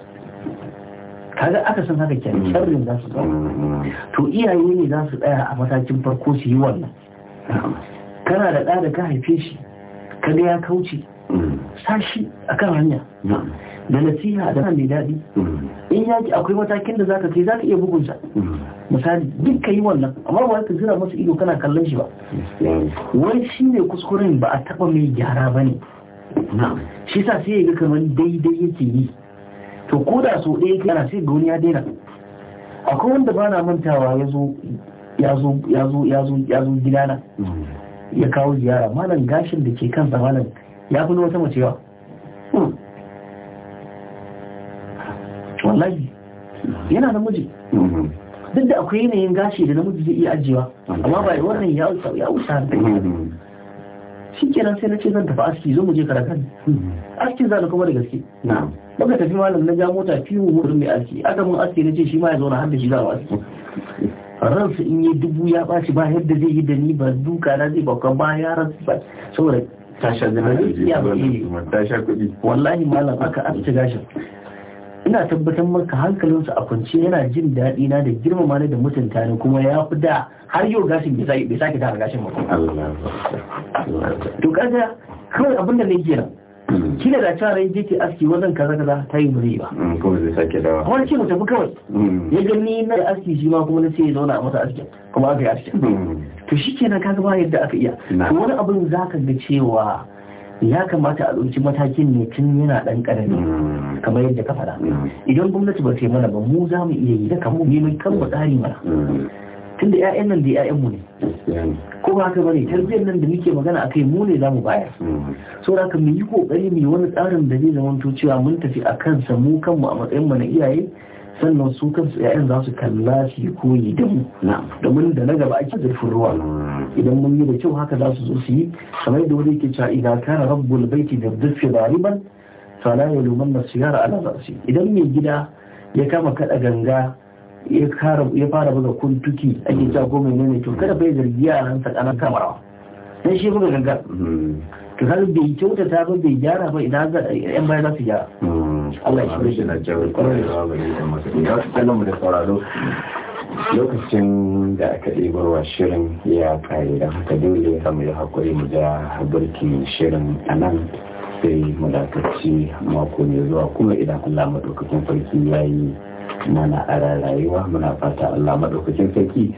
[SPEAKER 3] kaga aka san haka kenan mm. sharrin za su mm. to iyaye ne za su tsaya a matakin farko su yi wannan kana da ɗa da ka haife shi kaga ya kauce sashi akan hanya da nasiha da mai daɗi mm. in ya ce akwai matakin da zaka kai zaka iya bugunsa mm. misali duk ka yi wannan amma ba ka zira masa ido kana kallon shi ba mm. wai shi ne kuskuren ba a taba mai gyara ba ne shi sa sai ya ga kamar daidai yake yi to ko da so ɗaya kana sai ga wani ya daina akwai wanda ba na mantawa ya zo ya ya zo gidana ya kawo ziyara malam gashin da ke kansa malam ya fi wata mace yawa wallahi yana namiji mhm. duk da akwai yanayin gashi da namiji zai iya ajiyewa amma ba wannan ya wuce ya wuce har mhm. shi kenan sai na ce zan tafi aski zo mu je karakan mhm. askin za kuma da gaske muka tafi malam na ja mota fiye mu mai aski aka mun aski na ce shi ma ya zauna har da shi za a aski ransa in yi dubu ya ɓaci ba yadda zai yi da ni ba duka na zai bakon ba ya ransu ba saboda tasha da na zai iya ba iya wallahi malam aka aski gashin ina tabbatar maka hankalinsu a kwance yana jin daɗi na da girmama ni da mutunta ni kuma ya fi da har yau gashin bai sake tara gashin ba to kaga kawai abin da nake yana hmm. shi da cewa rai ke aski wajen kaza kaza ta yi muri ba hmm,
[SPEAKER 2] kuma zai sake dawa
[SPEAKER 3] kuma ce mu tafi kawai hmm. ya ga ni na aski shi ma kuma na ce ya zauna a masa aski kuma aka yi aski to shi kenan kaga ba yadda aka iya wani abin zaka ga cewa ya kamata a ɗauki matakin ne tun yana ɗan ƙarami mm. kamar yadda ka faɗa mm. idan gwamnati ba ta yi mana ba mu za mu iya yi da kanmu ne mun kan tsari mana mm. tun da 'ya'yan nan da 'ya'yan mu ne ko ba haka bane tarbiyyar nan da muke magana akai mu ne za mu bayar so da ka mu yi kokari mu wani tsarin da zai zama to cewa mun tafi a kansa mu kanmu a matsayin mu na iyaye sannan su kansu ‘ya'yan za su kalla su yi koyi da mu domin da na gaba ake zurfin ruwa idan mun yi da kyau haka za su zo su yi kamar da wani ke cewa idan kana rabbul baiti da zurfi da riban fala ya luman na siyara ala zarsi idan mai gida ya kama kada ganga ya fara buga kuntuki ake cewa ko mai nene to kada bai zargi a nan tsakanin kamarawa sai shi buga ganga mm. to har bai kyautata ba bai gyara ba
[SPEAKER 2] idan yan baya za su gyara mm. da lokacin da aka ɗibarwa shirin ya ƙari da haka dole samu ya haƙuri mu ja haɓarki shirin a nan sai mulakaci mako mai zuwa kuma idan Allah maɗaukacin sarki ya yi mana a rayuwa muna fata Allah maɗaukacin sarki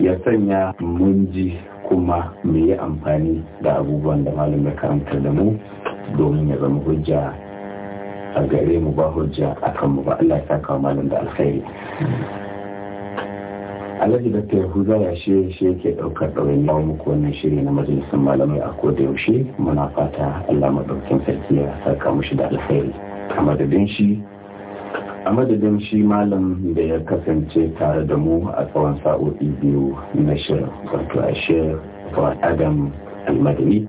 [SPEAKER 2] ya sanya mun ji kuma mu yi amfani da abubuwan da malamin ya karanta da mu domin ya zama hujja a gare mu ba hujja a kan mu ba Allah ya saka malam da alkhairi alhaji da ta yahuza ya shi shi yake ɗaukar ɗaurin yawon muku wannan shiri na majalisar malamai a koda yaushe muna fata Allah maɗaukin sarki ya saka shi da alkhairi a madadin shi a madadin shi malam da ya kasance tare da mu a tsawon sa'o'i biyu na shirin wato a shirin adam almadani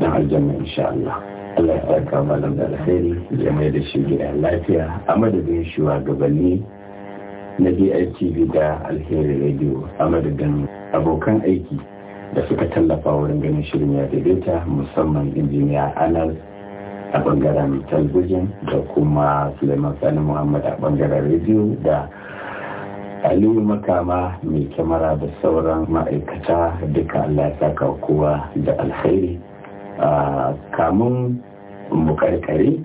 [SPEAKER 2] don aljanna insha Allah. Allah ya saka malam da alheri ya mai da shi gida lafiya a madadin shugabanni na DITV da alheri radio a madadin abokan aiki da suka tallafa wurin ganin shirin ya daidaita musamman injiniya anal a bangaren talbijin da kuma Suleiman Sani Muhammad a bangaren radio da aliyu makama mai kyamara da sauran ma'aikata duka allah ya saka kowa da alheri. kamun bukarkare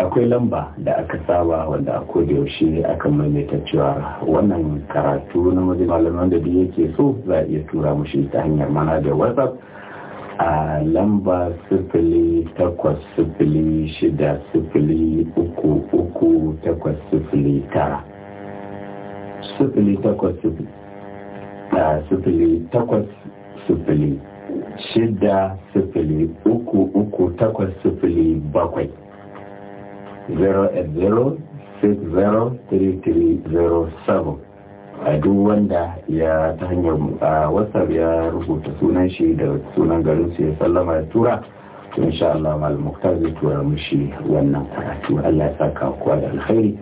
[SPEAKER 2] akwai lamba da aka saba wanda a yaushe aka maimaita cewa wannan karatu na wajen malaman da biyu yake so za a iya tura mushi ta hanyar mana da whatsapp a lamba sifili takwas sifili shida sifili uku uku takwas sifili tara sifili takwas sifili takwas sifili shida sifili uku uku takwas sifili bakwai seven a duk wanda ya ta hanyar a whatsapp ya rubuta sunan shi da sunan garin su ya sallama ya tura to insha Allah mal muktar zai tura mushi wannan karatu Allah ya saka kowa da alkhairi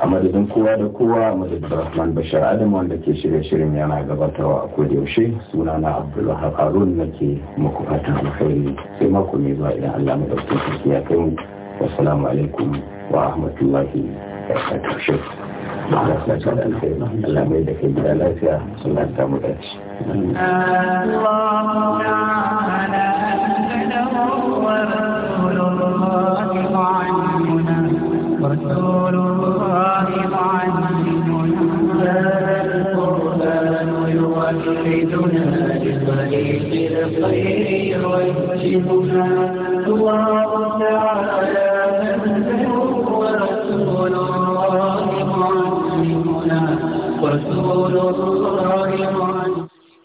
[SPEAKER 2] a madadin kowa da kowa madadin rahman bashar adam wanda ke shirye shirin yana gabatarwa a kodi yaushe suna na abdullahi harun na ke muku fatan alkhairi sai mako mai zuwa idan allah mai ɗauki sarki ya kai mu wasalamu alaikum wa rahmatullahi wa barakatuhu Allah mai da kai gida lafiya Allah ya samu dace
[SPEAKER 1] Allahu ta'ala wa rasulullahi wa وتوحدنا لطريق الخير ويوجبنا الله تعالى منزل ورسول
[SPEAKER 4] الله رسول الله